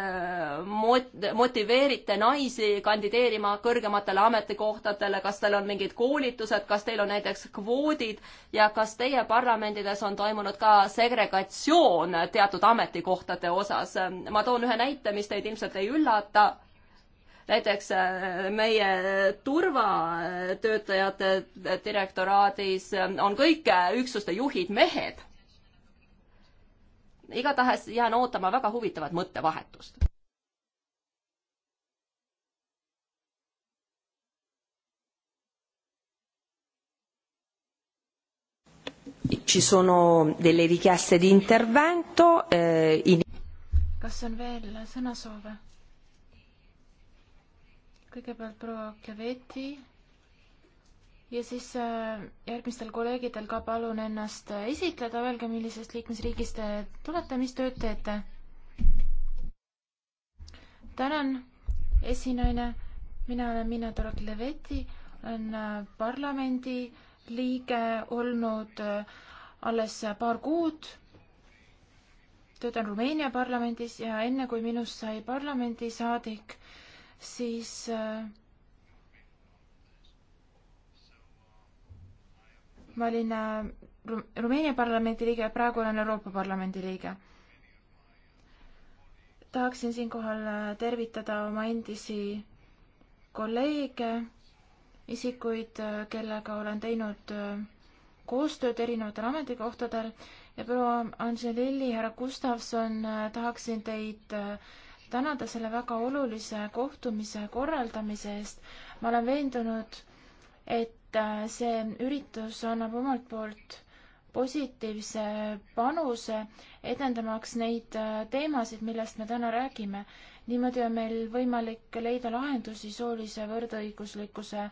mot-, motiveerite naisi kandideerima kõrgematele ametikohtadele, kas teil on mingid koolitused, kas teil on näiteks kvoodid ja kas teie parlamendides on toimunud ka segregatsioon teatud ametikohtade osas? ma toon ühe näite, mis teid ilmselt ei üllata. näiteks äh, meie turvatöötajate direktoraadis on kõik äh, üksuste juhid mehed igatahes jään ootama väga huvitavat mõttevahetust. Ci sono delle richieste di intervento eh, in... Kas on veel sõnasoove? kõigepealt proua Kleveti ja siis äh, järgmistel kolleegidel ka palun ennast äh, esitleda, öelge, millisest liikmesriigist te tulete, mis tööd teete? tänan, esinaine, mina olen Minna Dorotleveti, olen äh, parlamendi liige olnud alles paar kuud, töötan Rumeenia parlamendis ja enne, kui minust sai parlamendisaadik, siis äh, ma olin äh, Ru Rumeenia parlamendi liige ja praegu olen Euroopa Parlamendi liige. tahaksin siinkohal äh, tervitada oma endisi kolleege, isikuid, äh, kellega olen teinud koostööd erinevatel ametikohtadel ja proua Angelilli, härra Gustavson, tahaksin teid tänada selle väga olulise kohtumise korraldamise eest. ma olen veendunud, et et äh, see üritus annab omalt poolt positiivse panuse, edendamaks neid äh, teemasid, millest me täna räägime. niimoodi on meil võimalik leida lahendusi soolise võrdõiguslikkuse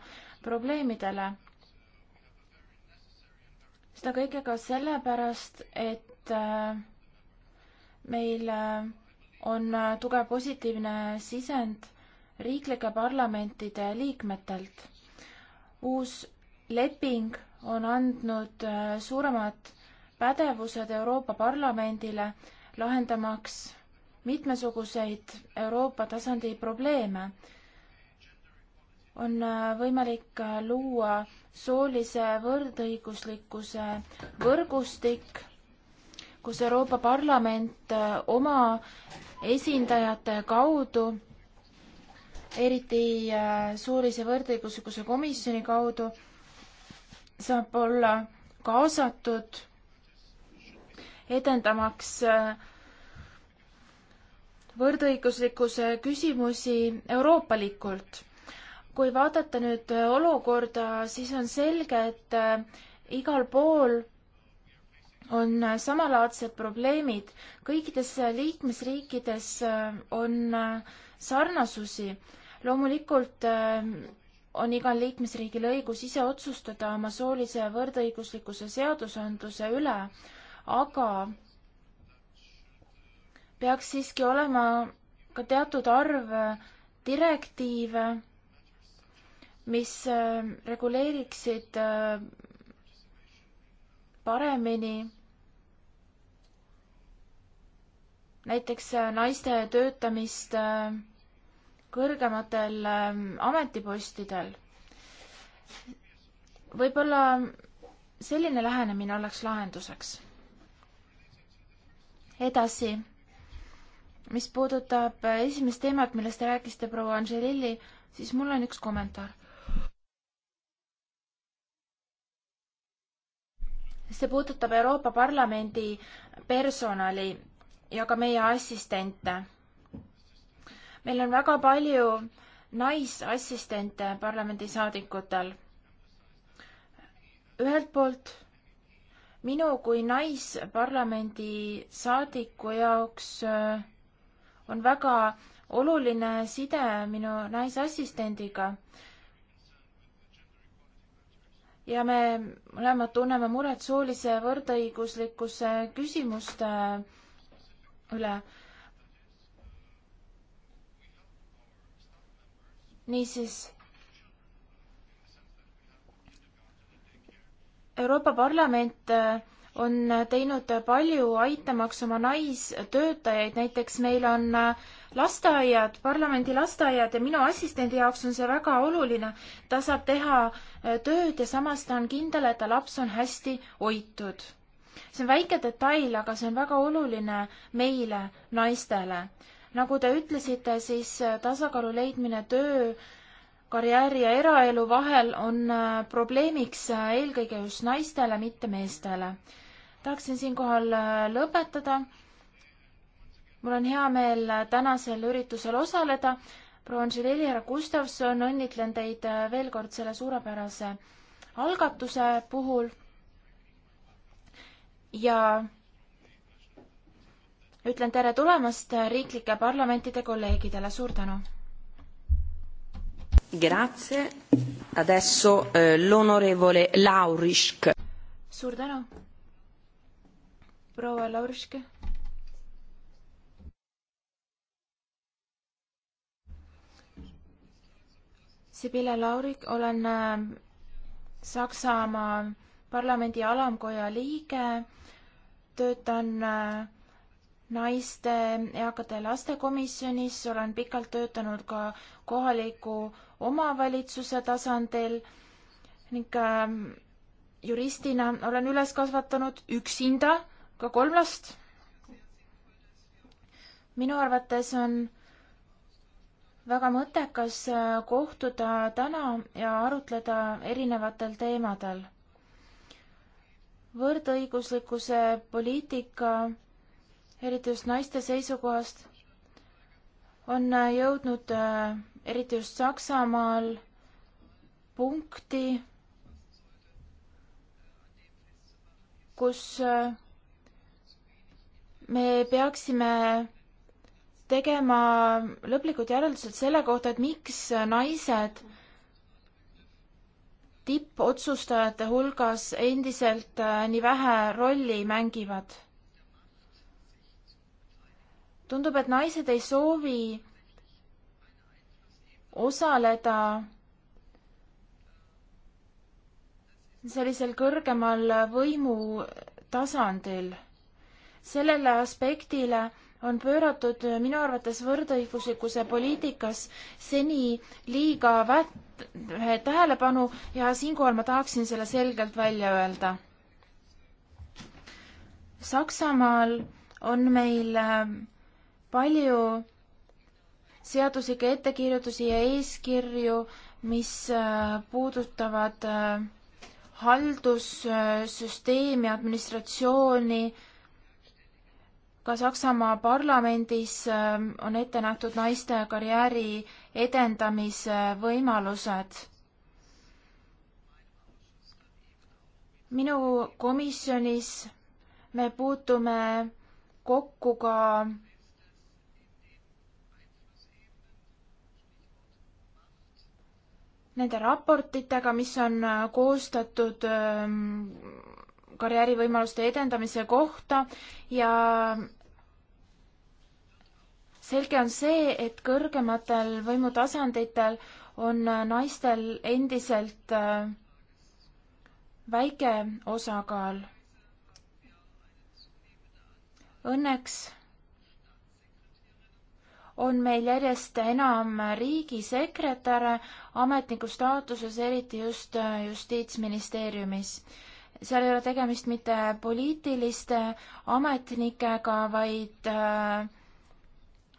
probleemidele. seda kõike ka sellepärast, et äh, meil on tugev positiivne sisend riiklike parlamentide liikmetelt. uus leping on andnud äh, suuremad pädevused Euroopa Parlamendile lahendamaks mitmesuguseid Euroopa tasandi probleeme. on äh, võimalik äh, luua soolise võrdõiguslikkuse võrgustik, kus Euroopa Parlament oma esindajate kaudu eriti soolise võrdõiguslikkuse komisjoni kaudu saab olla kaasatud edendamaks äh, võrdõiguslikkuse küsimusi euroopalikult. kui vaadata nüüd äh, olukorda, siis on selge, et äh, igal pool on samalaadsed probleemid. kõikides liikmesriikides on sarnasusi. loomulikult on igal liikmesriigil õigus ise otsustada oma soolise võrdõiguslikkuse seadusandluse üle, aga peaks siiski olema ka teatud arv direktiive, mis äh, reguleeriksid äh, paremini näiteks äh, naiste töötamist äh, kõrgematel ähm, ametipostidel. võib-olla selline lähenemine oleks lahenduseks. edasi, mis puudutab äh, esimest teemat, millest te rääkisite, proua Angelilli, siis mul on üks kommentaar. see puudutab Euroopa Parlamendi personali ja ka meie assistente meil on väga palju naisassistente parlamendisaadikutel. ühelt poolt minu kui naisparlamendisaadiku jaoks äh, on väga oluline side minu naisassistendiga. ja me mõlemad tunneme muret soolise võrdõiguslikkuse küsimuste üle niisiis, Euroopa Parlament äh, on teinud palju aitamaks oma naistöötajaid, näiteks meil on äh, lasteaiad, parlamendi lasteaiad ja minu assistendi jaoks on see väga oluline. ta saab teha äh, tööd ja samas ta on kindel, et ta laps on hästi hoitud. see on väike detail, aga see on väga oluline meile, naistele nagu te ütlesite, siis äh, tasakaalu leidmine töö, karjääri ja eraelu vahel on äh, probleemiks äh, eelkõige just naistele, mitte meestele. tahaksin siinkohal lõpetada. mul on hea meel tänasel üritusel osaleda. proua Anželeli härra Gustavson, õnnitlen teid veel kord selle suurepärase algatuse puhul. ja ütlen tere tulemast riiklike parlamentide kolleegidele, suur tänu! Grazie, adesso eh, l'onorevole Laurisk. suur tänu! proua Laurisk. Sibille Laurik, olen äh, Saksamaa parlamendi alamkoja liige, töötan äh, naiste, eakate ja laste komisjonis, olen pikalt töötanud ka kohaliku omavalitsuse tasandil ning ähm, juristina olen üles kasvatanud üksinda ka kolm last. minu arvates on väga mõttekas äh, kohtuda täna ja arutleda erinevatel teemadel. võrdõiguslikkuse poliitika eriti just naiste seisukohast, on äh, jõudnud äh, eriti just Saksamaal punkti, kus äh, me peaksime tegema lõplikud järeldused selle kohta, et miks naised tippotsustajate hulgas endiselt nii vähe rolli mängivad tundub, et naised ei soovi osaleda sellisel kõrgemal võimutasandil. sellele aspektile on pööratud minu arvates võrdõiguslikkuse poliitikas seni liiga vät-, tähelepanu ja siinkohal ma tahaksin selle selgelt välja öelda. Saksamaal on meil äh, palju seaduslikke ettekirjutusi ja eeskirju, mis äh, puudutavad äh, haldussüsteemi, administratsiooni. ka Saksamaa parlamendis äh, on ette nähtud naiste karjääri edendamise võimalused minu komisjonis me puutume kokku ka nende raportitega, mis on äh, koostatud ähm, karjäärivõimaluste edendamise kohta ja selge on see, et kõrgematel võimutasanditel on äh, naistel endiselt äh, väike osakaal. Õnneks on meil järjest enam riigisekretäre ametniku staatuses, eriti just äh, Justiitsministeeriumis. seal ei ole tegemist mitte poliitiliste ametnikega, vaid äh,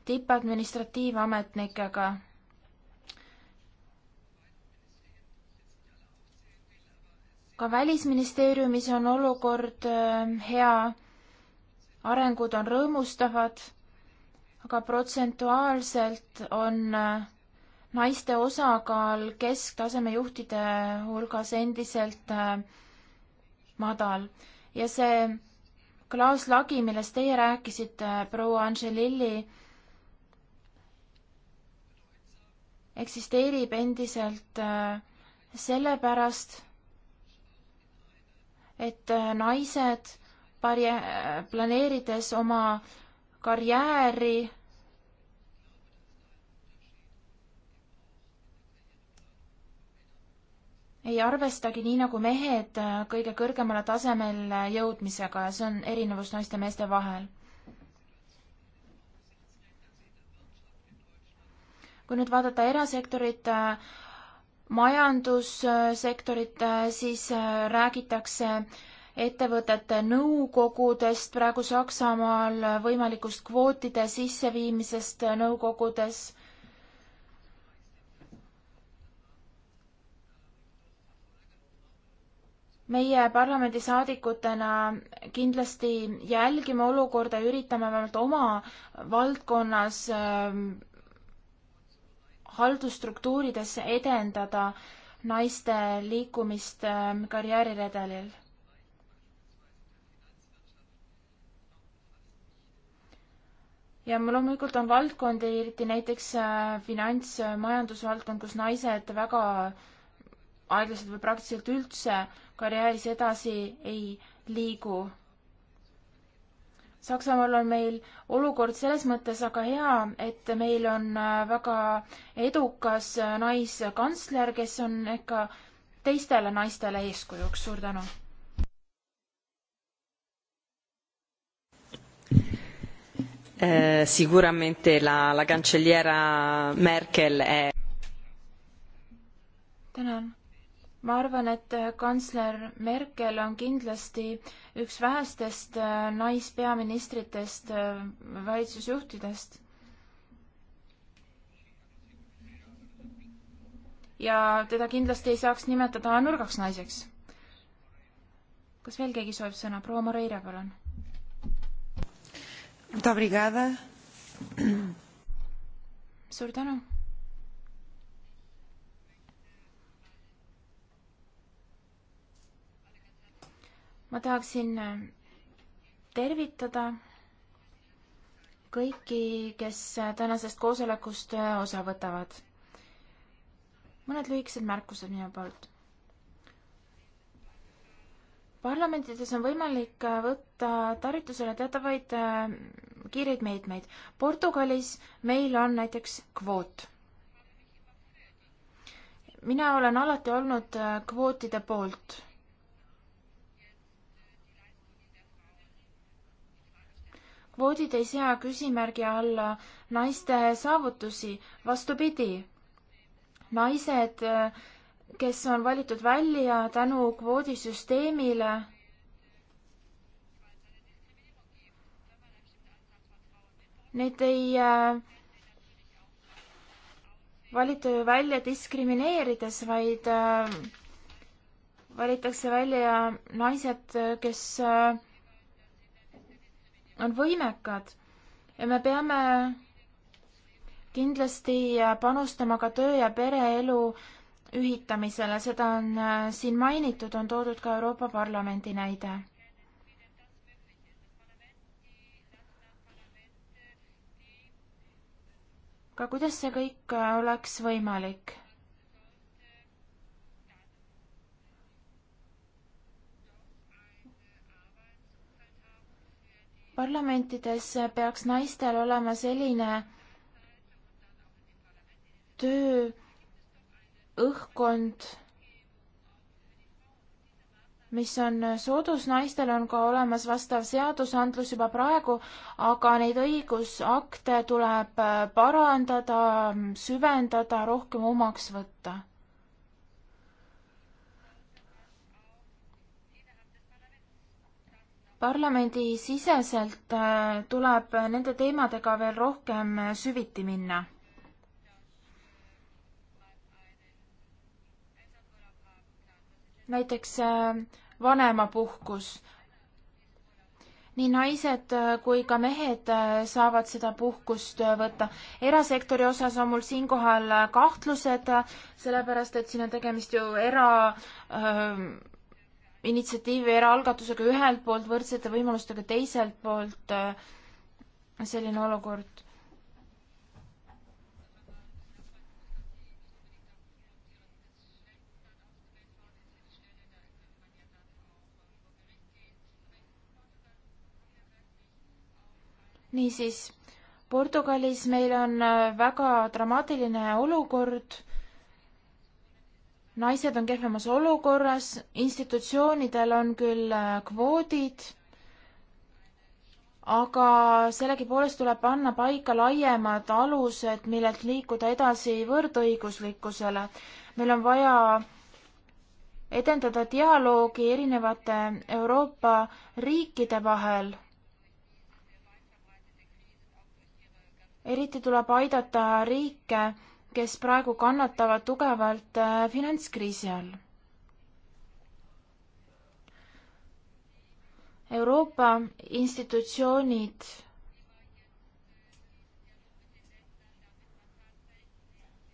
tippadministratiivametnikega ka välisministeeriumis on olukord äh, hea, arengud on rõõmustavad aga protsentuaalselt on äh, naiste osakaal kesktaseme juhtide hulgas endiselt äh, madal ja see klaaslagi, millest teie rääkisite, proua Angelilli, eksisteerib endiselt äh, sellepärast, et naised parje-, planeerides oma karjääri ei arvestagi nii nagu mehed äh, kõige kõrgemale tasemel äh, jõudmisega ja see on erinevus naiste ja meeste vahel. kui nüüd vaadata erasektorit, äh, majandussektorit, siis räägitakse ettevõtete nõukogudest praegu Saksamaal, võimalikust kvootide sisseviimisest nõukogudes meie parlamendisaadikutena kindlasti jälgime olukorda ja üritame vähemalt oma valdkonnas äh, haldusstruktuurides edendada naiste liikumist äh, karjääriredelil. ja loomulikult on valdkondi, eriti näiteks äh, finants- ja majandusvaldkond, kus naised väga aeglaselt või praktiliselt üldse äh, karjääris edasi ei liigu. Saksamaal on meil olukord selles mõttes aga hea, et meil on äh, väga edukas äh, naiskantsler, kes on ikka teistele naistele eeskujuks. suur tänu! Eh, sicuramente la, la cancelliera Merkel è. tänan ma arvan, et äh, kantsler Merkel on kindlasti üks vähestest äh, naispeaministritest, äh, valitsusjuhtidest. ja teda kindlasti ei saaks nimetada nõrgaks naiseks. kas veel keegi soovib sõna? proua Moreira, palun. suur tänu ma tahaksin äh, tervitada kõiki, kes äh, tänasest koosolekust äh, osa võtavad. mõned lühikesed märkused minu poolt. parlamentides on võimalik võtta tarvitusele teatavaid kiireid meetmeid. Portugalis meil on näiteks kvoot. mina olen alati olnud kvootide poolt kvoodid ei sea küsimärgi alla naiste saavutusi, vastupidi, naised, kes on valitud välja tänu kvoodisüsteemile, neid ei äh, valita ju välja diskrimineerides, vaid äh, valitakse välja naised, kes äh, on võimekad ja me peame kindlasti panustama ka töö ja pereelu ühitamisele, seda on äh, siin mainitud, on toodud ka Euroopa Parlamendi näide. aga kuidas see kõik äh, oleks võimalik? parlamentides peaks naistel olema selline tööõhkkond, mis on soodus, naistel on ka olemas vastav seadusandlus juba praegu, aga neid õigusakte tuleb parandada, süvendada, rohkem omaks võtta parlamendisiseselt äh, tuleb nende teemadega veel rohkem äh, süviti minna. näiteks äh, vanemapuhkus. nii naised kui ka mehed saavad seda puhkust võtta. erasektori osas on mul siinkohal kahtlused, sellepärast et siin on tegemist ju era öö, initsiatiivi eraalgatusega ühelt poolt, võrdsete võimalustega teiselt poolt äh, selline olukord. niisiis, Portugalis meil on äh, väga dramaatiline olukord naised on kehvemas olukorras, institutsioonidel on küll äh, kvoodid, aga sellegipoolest tuleb panna paika laiemad alused, millelt liikuda edasi võrdõiguslikkusele. meil on vaja edendada dialoogi erinevate Euroopa riikide vahel eriti tuleb aidata riike, kes praegu kannatavad tugevalt äh, finantskriisi all. Euroopa institutsioonid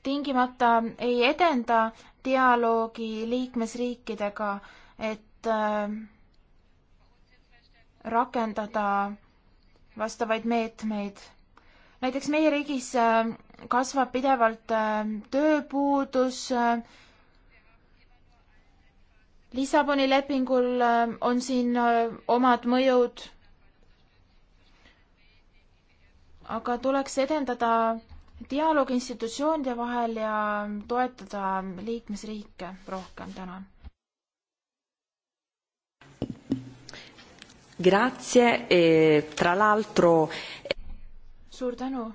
tingimata ei edenda dialoogi liikmesriikidega, et äh, rakendada vastavaid meetmeid. näiteks meie riigis äh, kasvab pidevalt äh, tööpuudus. Äh, Lissaboni lepingul äh, on siin omad mõjud. aga tuleks edendada dialoog institutsioonide vahel ja toetada liikmesriike rohkem täna. Grazie e tra l'altro. suur tänu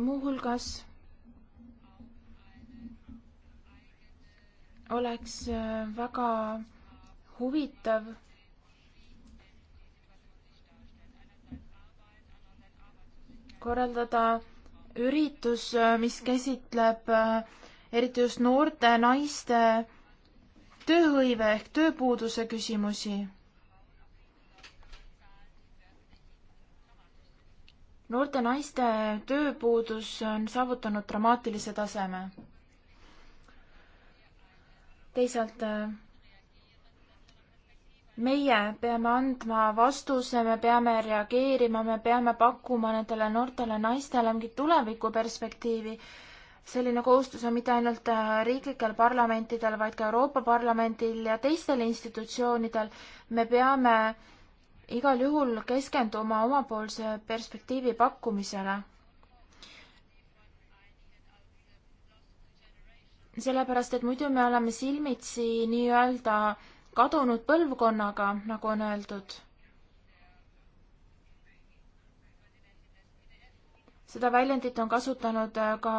muuhulgas oleks äh, väga huvitav korraldada üritus, äh, mis käsitleb äh, eriti just noorte naiste tööhõive ehk tööpuuduse küsimusi noorte naiste tööpuudus on saavutanud dramaatilise taseme. teisalt meie peame andma vastuse, me peame reageerima, me peame pakkuma nendele noortele naistele mingit tulevikuperspektiivi. selline kohustus on mitte ainult riiklikel parlamentidel, vaid ka Euroopa Parlamendil ja teistel institutsioonidel. me peame äh, igal juhul keskenduma omapoolse perspektiivi pakkumisele. sellepärast, et muidu me oleme silmitsi nii-öelda kadunud põlvkonnaga, nagu on öeldud. seda väljendit on kasutanud ka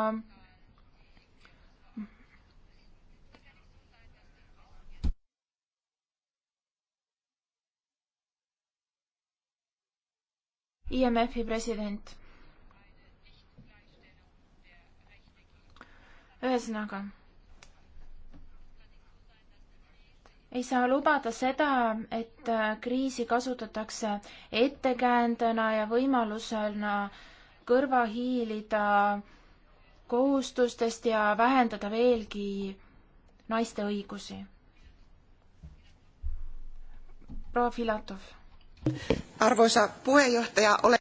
IMF-i president. ühesõnaga, ei saa lubada seda, et äh, kriisi kasutatakse ettekäändena ja võimalusena kõrva hiilida kohustustest ja vähendada veelgi naiste õigusi. proua Filatov arvoisa puheenjohtaja, ole.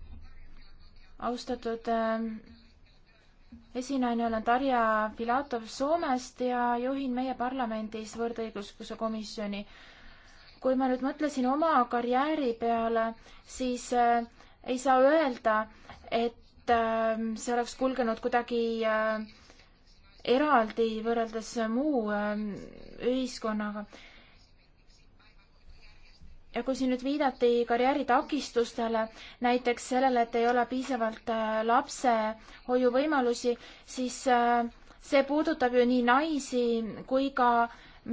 austatud ähm, esinaine, olen Darja Filatov Soomest ja juhin meie parlamendis võrdõiguslikkuse komisjoni. kui ma nüüd mõtlesin oma karjääri peale, siis äh, ei saa öelda, et ähm, see oleks kulgenud kuidagi äh, eraldi võrreldes muu ähm, ühiskonnaga ja kui siin nüüd viidati karjääritakistustele, näiteks sellele, et ei ole piisavalt äh, lapsehoiuvõimalusi, siis äh, see puudutab ju nii naisi kui ka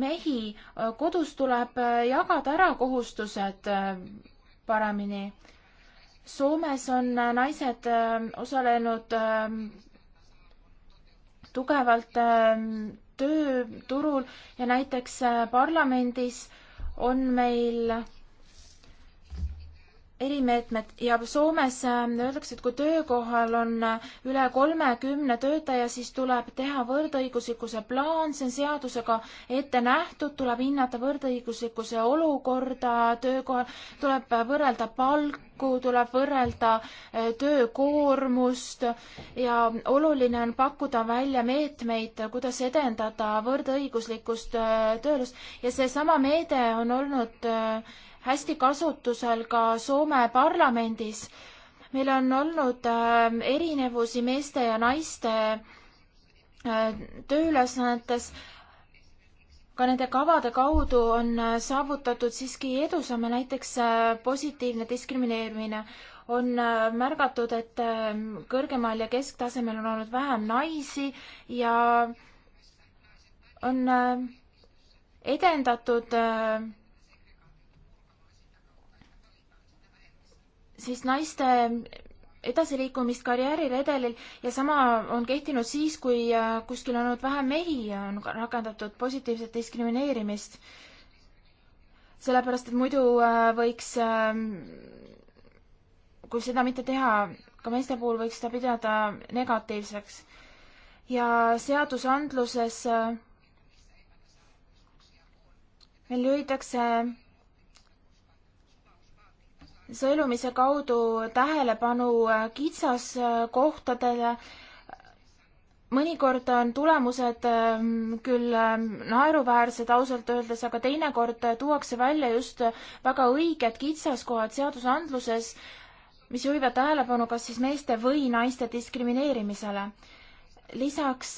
mehi. Äh, kodus tuleb jagada ära kohustused paremini. Soomes on naised osalenud tugevalt tööturul ja näiteks parlamendis on meil erimeetmed ja Soomes ähm, öeldakse, et kui töökohal on äh, üle kolmekümne töötaja, siis tuleb teha võrdõiguslikkuse plaan, see on seadusega ette nähtud, tuleb hinnata võrdõiguslikkuse olukorda töökohal, tuleb võrrelda palku, tuleb võrrelda äh, töökoormust ja oluline on pakkuda välja meetmeid, kuidas edendada võrdõiguslikkust äh, tööelus ja seesama meede on olnud hästi kasutusel ka Soome parlamendis. meil on olnud äh, erinevusi meeste ja naiste äh, tööülesannetes, ka nende kavade kaudu on äh, saavutatud siiski edusamme, näiteks positiivne diskrimineerimine. on märgatud, et ähm, kõrgemal ja kesktasemel on olnud vähem naisi ja on edendatud siis naiste edasiliikumist karjääriredelil ja sama on kehtinud siis, kui äh, kuskil on olnud vähem mehi ja on rakendatud positiivset diskrimineerimist. sellepärast, et muidu äh, võiks, ähm, kui seda mitte teha, ka meeste puhul võiks seda pidada negatiivseks. ja seadusandluses äh, meil lüüakse sõelumise kaudu tähelepanu äh, kitsaskohtadele. mõnikord on tulemused ähm, küll ähm, naeruväärsed ausalt öeldes, aga teinekord äh, tuuakse välja just äh, väga õiged kitsaskohad seadusandluses, mis juhivad tähelepanu kas siis meeste või naiste diskrimineerimisele. lisaks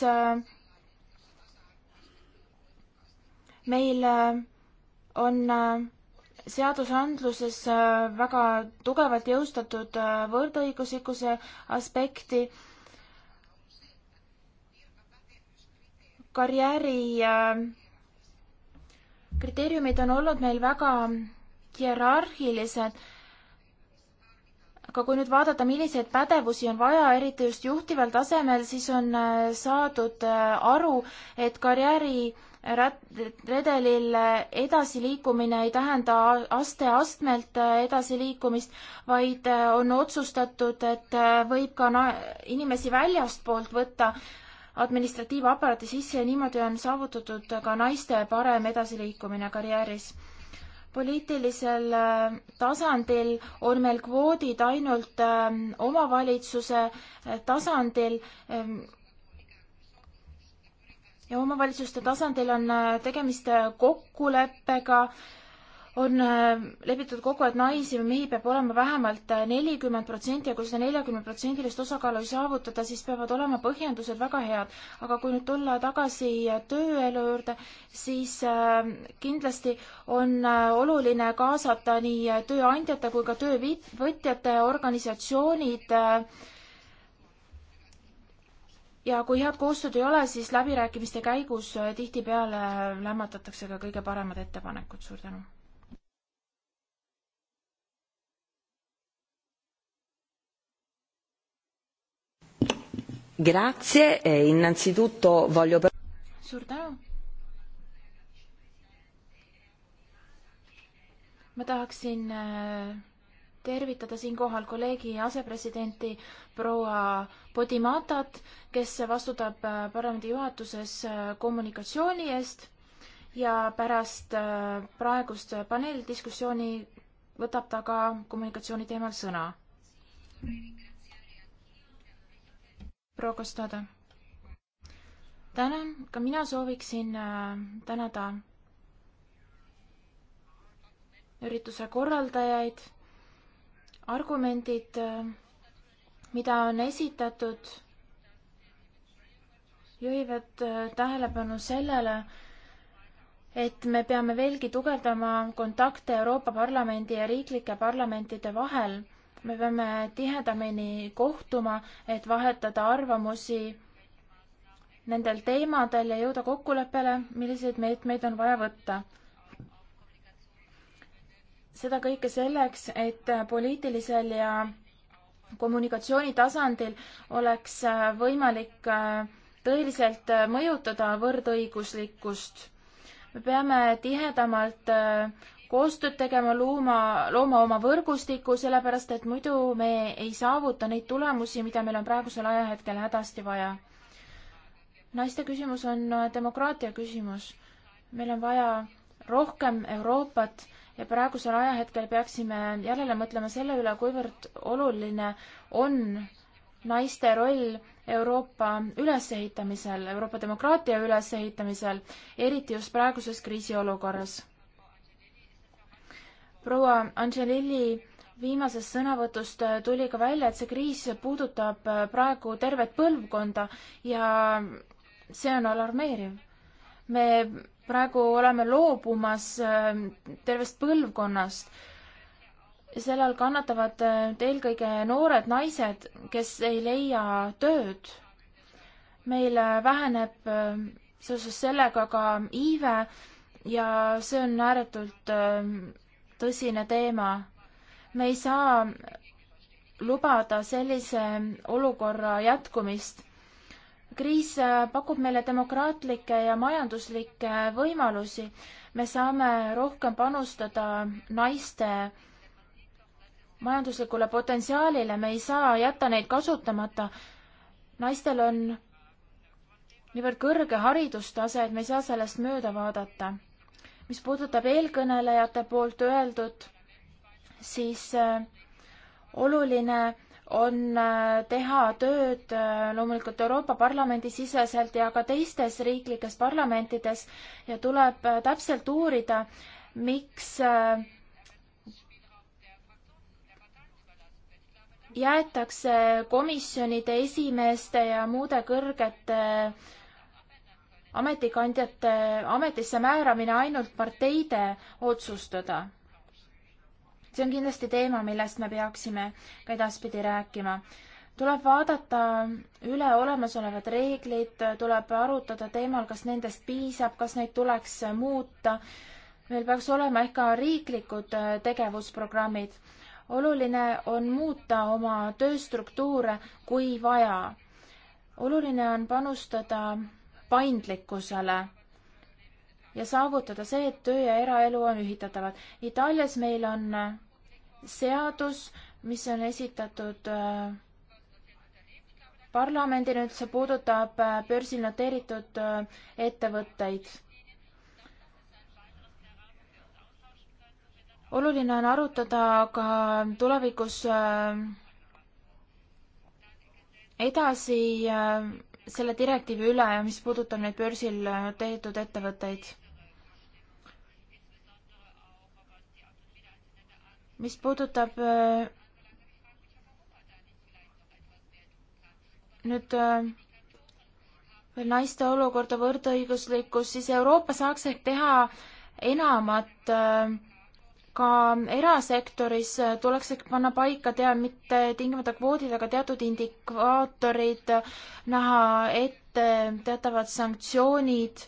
meil on seadusandluses äh, väga tugevalt jõustatud äh, võrdõiguslikkuse aspekti. karjääri äh, kriteeriumid on olnud meil väga hierarhilised. aga kui nüüd vaadata, milliseid pädevusi on vaja, eriti just juhtival tasemel, siis on saadud aru, et karjääri redelil edasiliikumine ei tähenda aste-astmelt edasiliikumist, vaid on otsustatud, et võib ka inimesi väljastpoolt võtta administratiivaparaati sisse ja niimoodi on saavutatud ka naiste parem edasiliikumine karjääris. poliitilisel tasandil on meil kvoodid ainult omavalitsuse tasandil ja omavalitsuste tasandil on äh, tegemist äh, kokkuleppega, on äh, lepitud kokku, et naisi või mehi peab olema vähemalt nelikümmend protsenti ja kui seda neljakümneprotsendilist osakaalu ei saavutada, siis peavad olema põhjendused väga head. aga kui nüüd tulla tagasi tööelu juurde, siis kindlasti on oluline kaasata nii tööandjate kui ka töövõtjate organisatsioonid äh, ja kui head koostööd ei ole, siis läbirääkimiste käigus äh, tihtipeale äh, lämmatatakse ka kõige paremad ettepanekud, suur tänu. Grazie e innanzitutto voglio suur tänu. ma tahaksin äh, tervitada siinkohal kolleegi asepresidenti proua Podimatat, kes vastutab äh, parlamendi juhatuses äh, kommunikatsiooni eest ja pärast äh, praegust paneeldiskussiooni võtab ta ka kommunikatsiooni teemal sõna. proua Kostada. tänan, ka mina sooviksin tänada ürituse korraldajaid argumendid, mida on esitatud, juhivad äh, tähelepanu sellele, et me peame veelgi tugevdama kontakte Euroopa Parlamendi ja riiklike parlamentide vahel. me peame tihedamini kohtuma, et vahetada arvamusi nendel teemadel ja jõuda kokkuleppele, milliseid meetmeid on vaja võtta seda kõike selleks, et poliitilisel ja kommunikatsioonitasandil oleks äh, võimalik äh, tõeliselt äh, mõjutada võrdõiguslikkust. me peame tihedamalt koostööd tegema, looma, looma oma võrgustiku, sellepärast et muidu me ei saavuta neid tulemusi, mida meil on praegusel ajahetkel hädasti vaja. naiste küsimus on demokraatia küsimus. meil on vaja rohkem Euroopat ja praegusel ajahetkel peaksime järele mõtlema selle üle, kuivõrd oluline on naiste roll Euroopa ülesehitamisel, Euroopa demokraatia ülesehitamisel, eriti just praeguses kriisiolukorras. proua Angelilli viimasest sõnavõtust tuli ka välja, et see kriis puudutab praegu tervet põlvkonda ja see on alarmeeriv. me praegu oleme loobumas äh, tervest põlvkonnast. sel ajal kannatavad äh, eelkõige noored naised, kes ei leia tööd. meil äh, väheneb seoses sellega ka iive ja see on ääretult tõsine teema. me ei saa lubada sellise olukorra jätkumist kriis äh, pakub meile demokraatlikke ja majanduslikke võimalusi. me saame rohkem panustada naiste majanduslikule potentsiaalile, me ei saa jätta neid kasutamata. naistel on niivõrd kõrge haridustase, et me ei saa sellest mööda vaadata. mis puudutab eelkõnelejate poolt öeldut, siis äh, oluline on äh, teha tööd äh, loomulikult Euroopa Parlamendi siseselt ja ka teistes riiklikes parlamentides ja tuleb äh, täpselt uurida, miks jäetakse komisjonide esimeeste ja muude kõrgete ametikandjate ametisse määramine ainult parteide otsustada see on kindlasti teema, millest me peaksime ka edaspidi rääkima. tuleb vaadata üle olemasolevad reeglid, tuleb arutada teemal, kas nendest piisab, kas neid tuleks muuta. meil peaks olema ehk ka riiklikud äh, tegevusprogrammid. oluline on muuta oma tööstruktuure, kui vaja. oluline on panustada paindlikkusele ja saavutada see, et töö ja eraelu on ühitatavad. Itaalias meil on äh, seadus, mis on esitatud äh, parlamendile, see puudutab äh, börsil noteeritud äh, ettevõtteid. oluline on arutada ka tulevikus edasi selle direktiivi üle, mis puudutab neid börsil noteeritud ettevõtteid mis puudutab äh, nüüd äh, veel naiste olukorda, võrdõiguslikkust, siis Euroopa saaks ehk teha enamat äh, ka erasektoris tuleks ehk panna paika tea-, mitte tingimata kvoodid, aga teatud indikaatorid, näha ette teatavad sanktsioonid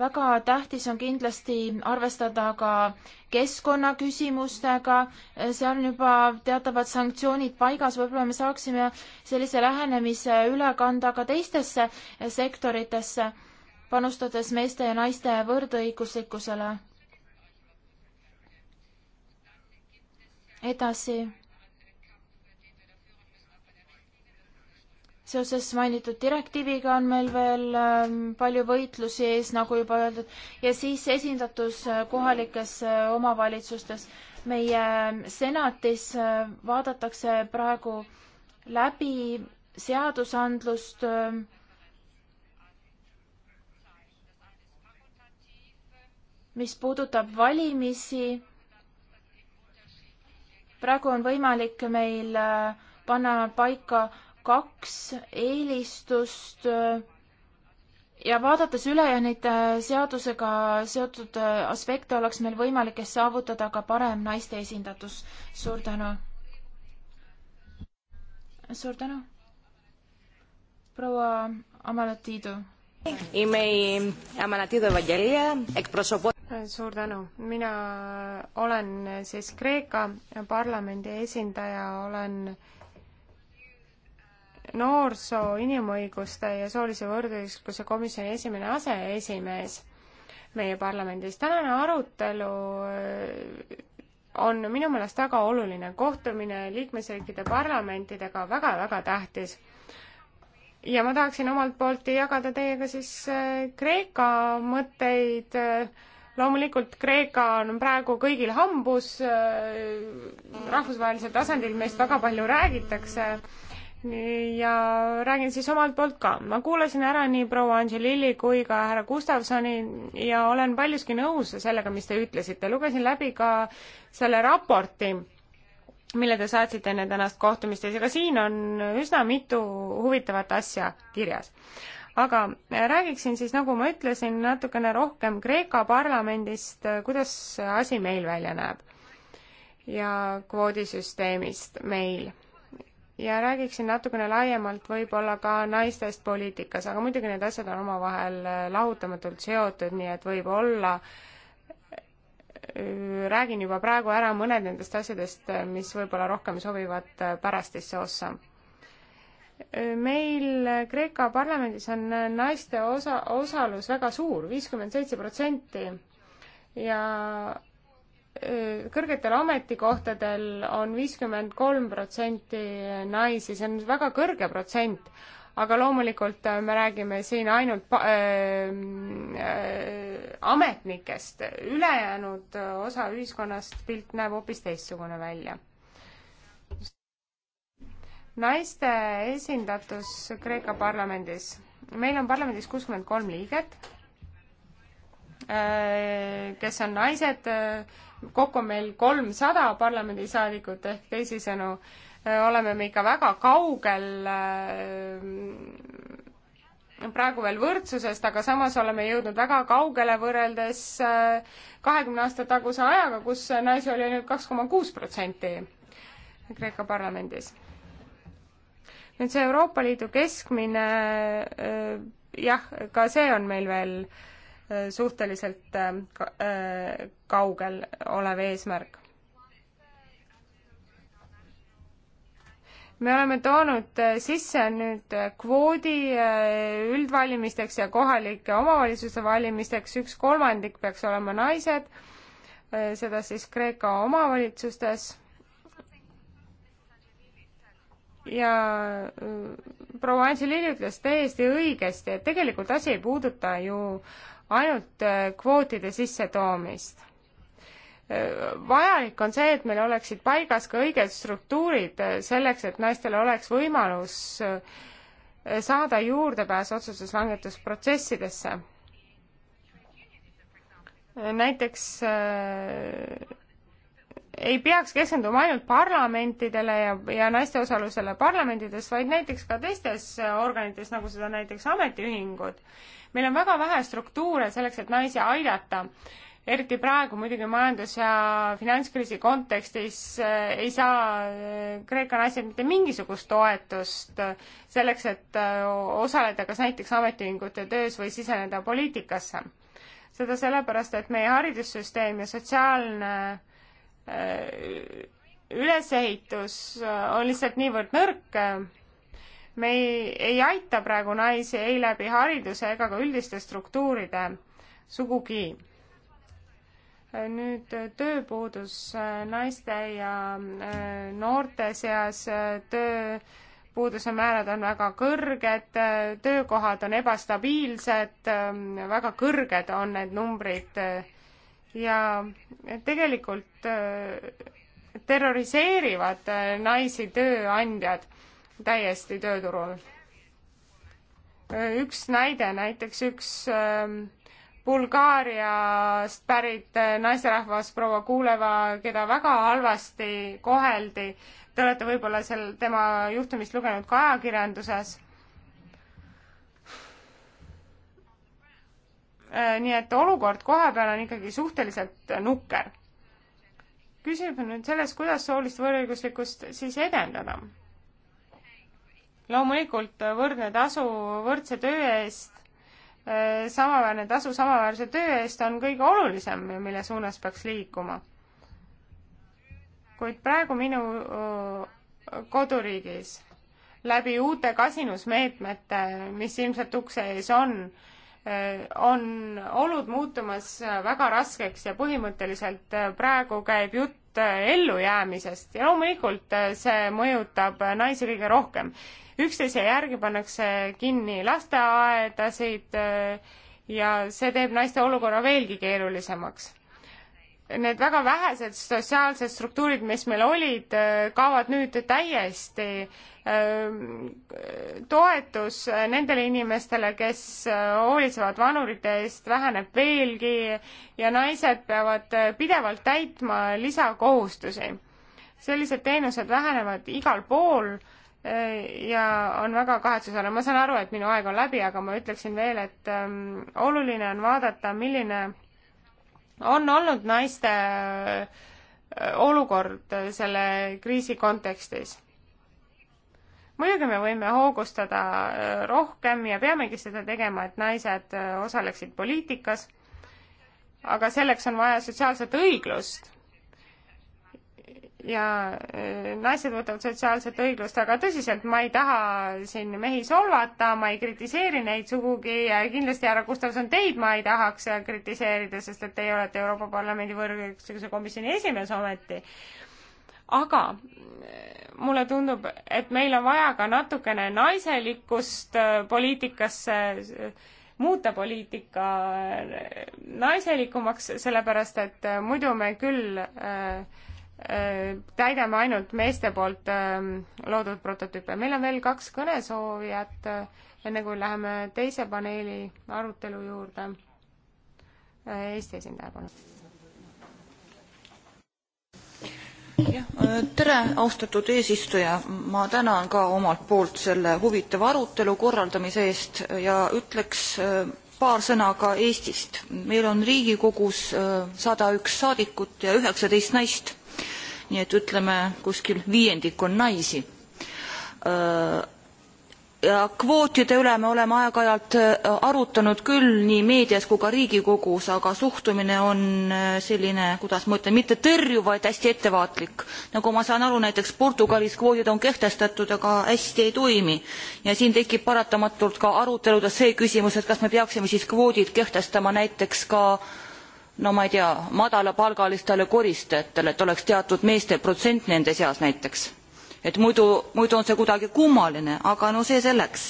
väga tähtis on kindlasti arvestada ka keskkonnaküsimustega, seal on juba teatavad sanktsioonid paigas, võib-olla me saaksime sellise lähenemise üle kanda ka teistesse sektoritesse, panustades meeste ja naiste võrdõiguslikkusele. edasi seoses mainitud direktiiviga on meil veel ähm, palju võitlusi ees, nagu juba öeldud, ja siis esindatus äh, kohalikes äh, omavalitsustes. meie senatis äh, vaadatakse praegu läbi seadusandlust ähm, mis puudutab valimisi, praegu on võimalik meil panna paika kaks eelistust äh, ja vaadates ülejäänud äh, seadusega seotud äh, aspekte, oleks meil võimalik saavutada ka parem naiste esindatus. suur tänu. suur tänu. proua Amalatiidu. Είμαι Αμανατίδο Ευαγγελία, εκπροσωπώ... Suur tänu. Mina olen siis Kreeka parlamendi esindaja, olen äh, noorsoo inimõiguste ja soolise võrdõiguslikkuse komisjoni esimene aseesimees meie parlamendis. tänane arutelu äh, on minu meelest väga oluline kohtumine liikmesriikide parlamentidega väga,, väga-väga tähtis. ja ma tahaksin omalt poolt jagada teiega siis äh, Kreeka mõtteid äh, loomulikult Kreeka on praegu kõigil hambus, rahvusvahelisel tasandil meist väga palju räägitakse ja räägin siis omalt poolt ka. ma kuulasin ära nii proua Angelilli kui ka härra Gustavsoni ja olen paljuski nõus sellega, mis te ütlesite. lugesin läbi ka selle raporti, mille te saatsite enne tänast kohtumist ja ka siin on üsna mitu huvitavat asja kirjas. aga räägiksin siis, nagu ma ütlesin, natukene rohkem Kreeka parlamendist, kuidas asi meil välja näeb ja kvoodisüsteemist meil ja räägiksin natukene laiemalt võib-olla ka naistest poliitikas, aga muidugi need asjad on omavahel äh, lahutamatult seotud, nii et võib-olla äh, räägin juba praegu ära mõned nendest asjadest, äh, mis võib-olla rohkem sobivad pärastisse ossa. meil Kreeka parlamendis on naiste osa, osalus väga suur, viiskümmend seitse protsenti ja kõrgetel ametikohtadel on viiskümmend kolm protsenti naisi, see on väga kõrge protsent, aga loomulikult äh, me räägime siin ainult äh, äh, ametnikest, ülejäänud äh, osa ühiskonnast pilt näeb hoopis teistsugune välja. naiste esindatus Kreeka parlamendis. meil on parlamendis kuuskümmend kolm liiget, äh, kes on naised äh,, kokku on meil kolmsada parlamendisaadikut ehk teisisõnu oleme me ikka väga kaugel praegu veel võrdsusest, aga samas oleme jõudnud väga kaugele võrreldes kahekümne aasta taguse ajaga, kus naisi oli ainult kaks koma kuus protsenti Kreeka parlamendis. nüüd see Euroopa Liidu keskmine, jah, ka see on meil veel äh, suhteliselt äh, äh, kaugel olev eesmärk. me oleme toonud äh, sisse nüüd kvoodi üldvalimisteks ja kohalike omavalitsuste valimisteks, üks kolmandik peaks olema naised, seda siis Kreeka omavalitsustes. ja proua Angelili ütles täiesti õigesti, et tegelikult asi ei puuduta ju ainult äh, kvootide sissetoomist. Äh, vajalik on see, et meil oleksid paigas ka õiged struktuurid äh, selleks, et naistel oleks võimalus saada juurdepääs otsustuslangetusprotsessidesse. näiteks ei peaks keskenduma ainult parlamentidele ja, ja naiste osalusele parlamentides, vaid näiteks ka teistes organites, nagu seda näiteks ametiühingud meil on väga vähe struktuure selleks, et naisi aidata eriti praegu muidugi majandus- ja finantskriisi kontekstis eh, ei saa eh, Kreeka naised mitte mingisugust toetust eh, selleks, et osaleda kas näiteks ametiühingute töös või siseneda poliitikasse. seda sellepärast, et meie haridussüsteem ja sotsiaalne ülesehitus on lihtsalt niivõrd nõrk me ei, ei aita praegu naisi ei läbi hariduse ega ka üldiste struktuuride sugugi nüüd äh, tööpuudus äh, naiste ja äh, noorte seas, tööpuuduse määrad on väga kõrged, töökohad on ebastabiilsed, väga kõrged on need numbrid ja tegelikult terroriseerivad naisi tööandjad täiesti tööturul. Äh, üks näide, näiteks üks ähm, Bulgaariast pärit äh, naisterahvas proua Kuuleva, keda väga halvasti koheldi. Te olete võib-olla seal tema juhtumist lugenud ka ajakirjanduses. Äh, nii et olukord kohapeal on ikkagi suhteliselt nukker. küsimus on nüüd selles, kuidas soolist võrdõiguslikkust siis edendada loomulikult võrdne tasu võrdse töö eest, eh, samaväärne tasu samaväärse töö eest on kõige olulisem, mille suunas peaks liikuma. kuid praegu minu koduriigis läbi uute kasinusmeetmete, mis ilmselt ukse ees on, eh, on olud muutumas väga raskeks ja põhimõtteliselt eh, praegu käib jutt ellujäämisest ja loomulikult see mõjutab naisi kõige rohkem üksteise järgi pannakse kinni lasteaedasid äh, ja see teeb naiste olukorra veelgi keerulisemaks. Need väga vähesed sotsiaalsed struktuurid, mis meil olid, äh, kaovad nüüd täiesti. Äh, toetus nendele inimestele, kes hoolitsevad vanurite eest, väheneb veelgi ja naised peavad pidevalt täitma lisakohustusi. sellised teenused vähenevad igal pool Äh, ja on väga kahetsusväärne. ma saan aru, et minu aeg on läbi, aga ma ütleksin veel, et ähm, oluline on vaadata, milline on olnud naiste äh, olukord selle kriisi kontekstis. muidugi me võime hoogustada äh, rohkem ja peamegi seda tegema, et naised äh, osaleksid poliitikas, aga selleks on vaja sotsiaalset õiglust ja äh, naised võtavad sotsiaalset õiglust väga tõsiselt, ma ei taha siin mehi solvata, ma ei kritiseeri neid sugugi ja kindlasti, härra Gustavson, teid ma ei tahaks äh, kritiseerida, sest et teie olete Euroopa Parlamendi võrdõiguslikkuse komisjoni esimees ometi. aga äh, mulle tundub, et meil on vaja ka natukene naiselikkust poliitikasse muuta poliitika naiselikumaks, sellepärast et muidu me küll äh, Äh, täidame ainult meeste poolt ähm, loodud prototüüpe. meil on veel kaks kõnesoovijat, äh, enne kui läheme teise paneeli arutelu juurde. Äh, Eesti esindaja, palun. jah, tere, austatud eesistuja, ma tänan ka omalt poolt selle huvitava arutelu korraldamise eest ja ütleks paar sõna ka Eestist. meil on Riigikogus sada üks saadikut ja üheksateist naist nii et ütleme, kuskil viiendik on naisi. ja kvootide üle me oleme aeg-ajalt arutanud küll nii meedias kui ka Riigikogus, aga suhtumine on selline, kuidas ma ütlen, mitte tõrjuv, vaid hästi ettevaatlik. nagu ma saan aru, näiteks Portugalis kvoodid on kehtestatud, aga hästi ei toimi. ja siin tekib paratamatult ka aruteludes see küsimus, et kas me peaksime siis kvoodid kehtestama näiteks ka äh, no ma ei tea madalapalgalistele koristajatele et oleks teatud meeste protsent nende seas näiteks et muidu muidu on see kuidagi kummaline aga no see selleks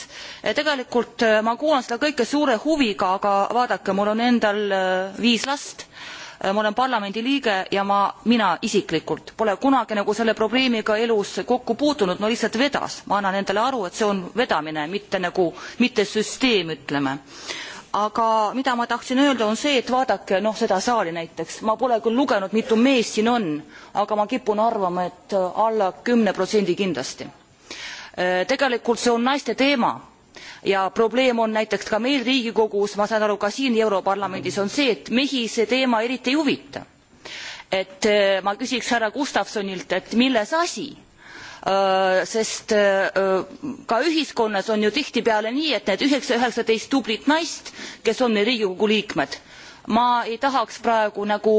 tegelikult äh, ma kuulan seda kõike suure huviga aga vaadake mul on endal äh, viis last äh, ma olen parlamendi liige ja ma mina isiklikult pole kunagi nagu selle probleemiga elus kokku puutunud no lihtsalt vedas ma annan endale aru et see on vedamine mitte nagu mitte süsteem ütleme aga mida ma tahtsin öelda on see et vaadake noh seda saali näiteks ma pole küll lugenud mitu meest siin on aga ma kipun arvama et äh, alla kümne protsendi kindlasti äh, tegelikult see on naiste teema ja probleem on näiteks ka meil riigikogus ma saan aru ka siin europarlamendis on see et mehi see teema eriti ei huvita et äh, ma küsiks härra gustafsonilt et milles asi Äh, sest äh, äh, ka ühiskonnas on ju tihtipeale nii et need üheksa üheksateist tublit naist kes on meil riigikogu liikmed ma ei tahaks praegu nagu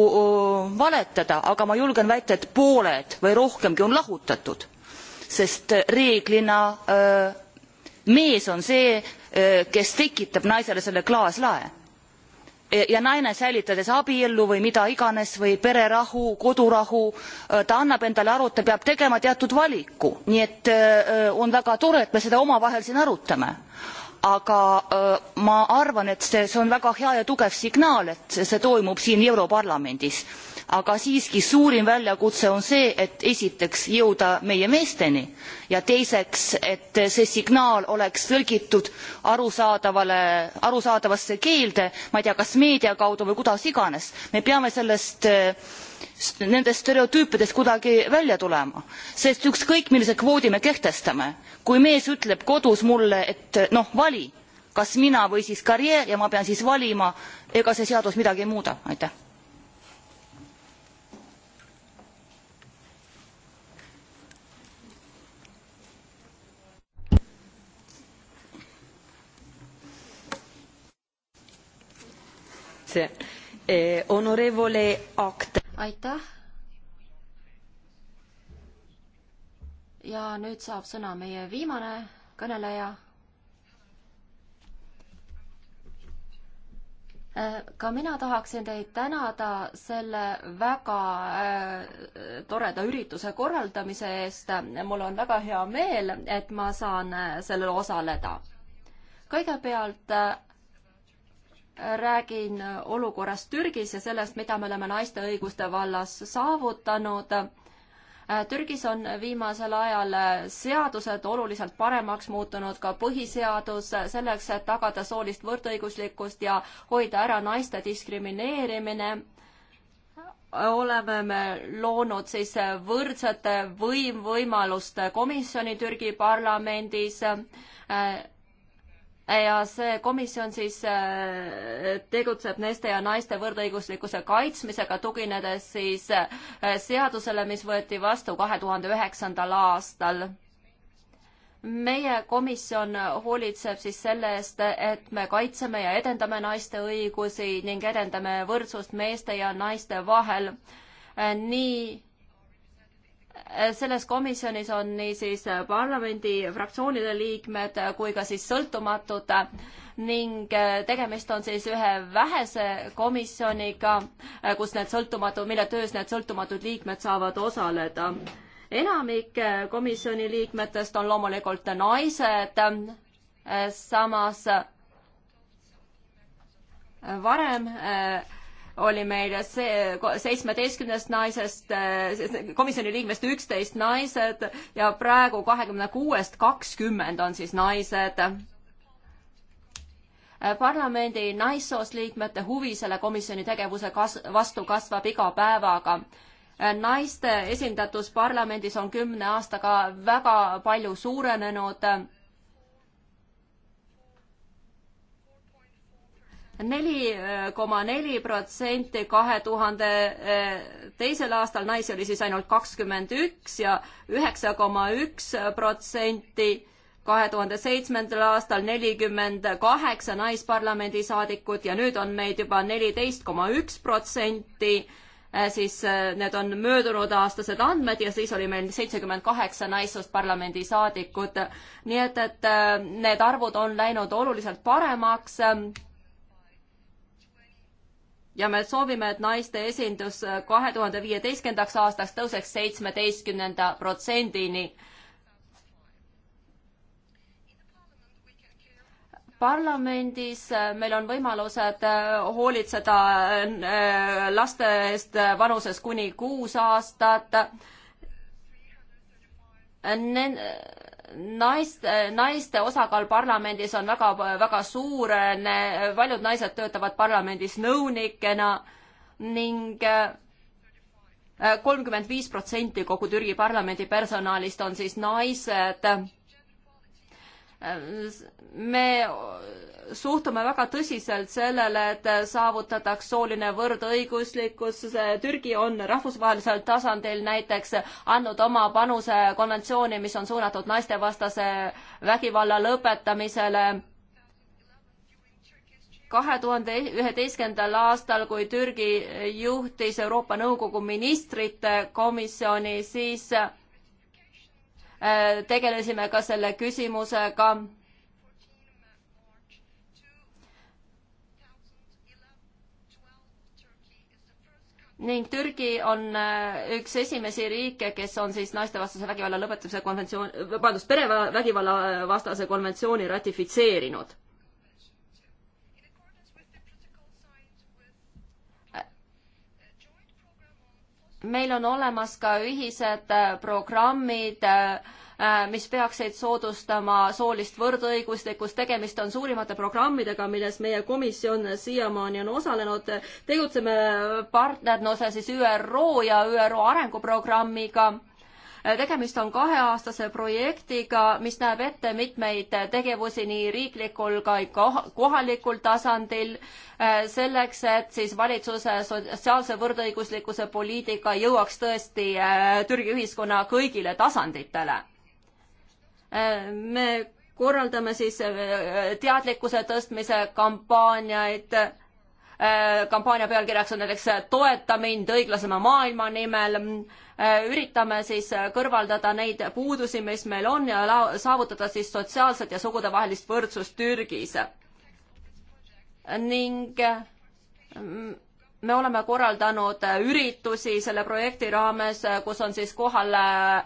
valetada aga ma julgen väita et pooled või rohkemgi on lahutatud sest reeglina mees on see kes tekitab naisele selle klaaslae ja naine säilitades abiellu või mida iganes või pererahu kodurahu äh, ta annab endale aru et ta peab tegema teatud valiku nii et äh, on väga tore et me seda omavahel siin arutame aga äh, ma arvan et see see on väga hea ja tugev signaal et see toimub siin europarlamendis aga siiski suurim väljakutse on see, et esiteks jõuda meie meesteni ja teiseks, et see signaal oleks tõlgitud arusaadavale, arusaadavasse keelde, ma ei tea, kas meedia kaudu või kuidas iganes. me peame sellest nendest stereotüüpidest kuidagi välja tulema sest ükskõik millise kvoodi me kehtestame kui mees ütleb kodus mulle et noh vali kas mina või siis karjäär ja ma pean siis valima ega see seadus midagi ei muuda aitäh Eh, aitäh. ja nüüd saab sõna meie viimane kõneleja. Eh, ka mina tahaksin teid tänada selle väga eh, toreda ürituse korraldamise eest. mul on väga hea meel, et ma saan sellel osaleda. kõigepealt räägin olukorrast Türgis ja sellest, mida me oleme naiste õiguste vallas saavutanud. Türgis on viimasel ajal seadused oluliselt paremaks muutunud, ka põhiseadus, selleks, et tagada soolist võrdõiguslikkust ja hoida ära naiste diskrimineerimine. oleme me loonud siis võrdsete võim-võimaluste komisjoni Türgi parlamendis ja see komisjon siis äh, tegutseb naiste ja naiste võrdõiguslikkuse kaitsmisega, tuginedes siis äh, seadusele, mis võeti vastu kahe tuhande üheksandal aastal. meie komisjon hoolitseb siis selle eest, et me kaitseme ja edendame naiste õigusi ning edendame võrdsust meeste ja naiste vahel äh, nii selles komisjonis on niisiis parlamendi fraktsioonide liikmed kui ka siis sõltumatud ning äh, tegemist on siis ühe vähese komisjoniga, äh, kus need sõltumatu, mille töös need sõltumatud liikmed saavad osaleda. enamik äh, komisjoni liikmetest on loomulikult naised, samas varem äh, oli meil see seitsmeteistkümnest naisest, eh, komisjoni liikmest üksteist naised ja praegu kahekümne kuuest kakskümmend on siis naised. Eh, parlamendi naissoost liikmete huvi selle komisjoni tegevuse kas-, vastu kasvab iga päevaga eh, naiste esindatus parlamendis on kümne aastaga väga palju suurenenud neli koma neli protsenti kahe tuhande eh, teisel aastal, naisi oli siis ainult kakskümmend üks ja üheksa koma üks protsenti kahe tuhande seitsmendal aastal nelikümmend kaheksa naisparlamendi saadikut ja nüüd on meid juba neliteist koma üks protsenti, eh, siis eh, need on möödunud aastased andmed ja siis oli meil seitsekümmend kaheksa naissoost parlamendi saadikut. nii et, et need arvud on läinud oluliselt paremaks ja me soovime, et naiste esindus äh, kahe tuhande viieteistkümnendaks aastaks tõuseks seitsmeteistkümnenda protsendini. parlamendis äh, meil on võimalused äh, hoolitseda laste eest vanuses kuni kuus aastat Nen naiste, naiste osakaal parlamendis on väga, väga suur, paljud naised töötavad parlamendis nõunikena ning äh, kolmkümmend viis protsenti kogu Türgi parlamendi personalist on siis naised äh, me suhtume väga tõsiselt sellele, et saavutataks sooline võrdõiguslikkus. Türgi on rahvusvahelisel tasandil näiteks andnud oma panuse konventsiooni, mis on suunatud naistevastase vägivalla lõpetamisele. kahe tuhande üheteistkümnendal aastal, kui Türgi juhtis Euroopa Nõukogu ministrite komisjoni, siis äh, tegelesime ka selle küsimusega ning Türgi on äh, üks esimesi riike, kes on siis naistevastase vägivalla lõpetamise konventsioon, vabandust, perevägivalla äh, vastase konventsiooni ratifitseerinud. meil on olemas ka ühised äh, programmid äh, Äh, mis peaksid soodustama soolist võrdõiguslikkust. tegemist on suurimate programmidega, milles meie komisjon siiamaani on osalenud. tegutseme partnerluse siis ÜRO ja ÜRO arenguprogrammiga äh, tegemist on kaheaastase projektiga, mis näeb ette mitmeid tegevusi nii riiklikul kui kohalikul tasandil, äh, selleks et siis valitsuse sotsiaalse võrdõiguslikkuse poliitika jõuaks tõesti Türgi ühiskonna kõigile tasanditele me korraldame siis äh, teadlikkuse tõstmise kampaaniaid. Äh, kampaania pealkirjaks on näiteks äh, Toeta mind õiglasema maailma nimel. üritame siis kõrvaldada neid puudusi, mis meil on ja saavutada siis sotsiaalset ja sugudevahelist võrdsust Türgis. ning me oleme korraldanud äh, üritusi selle projekti raames, äh, kus on siis kohal äh,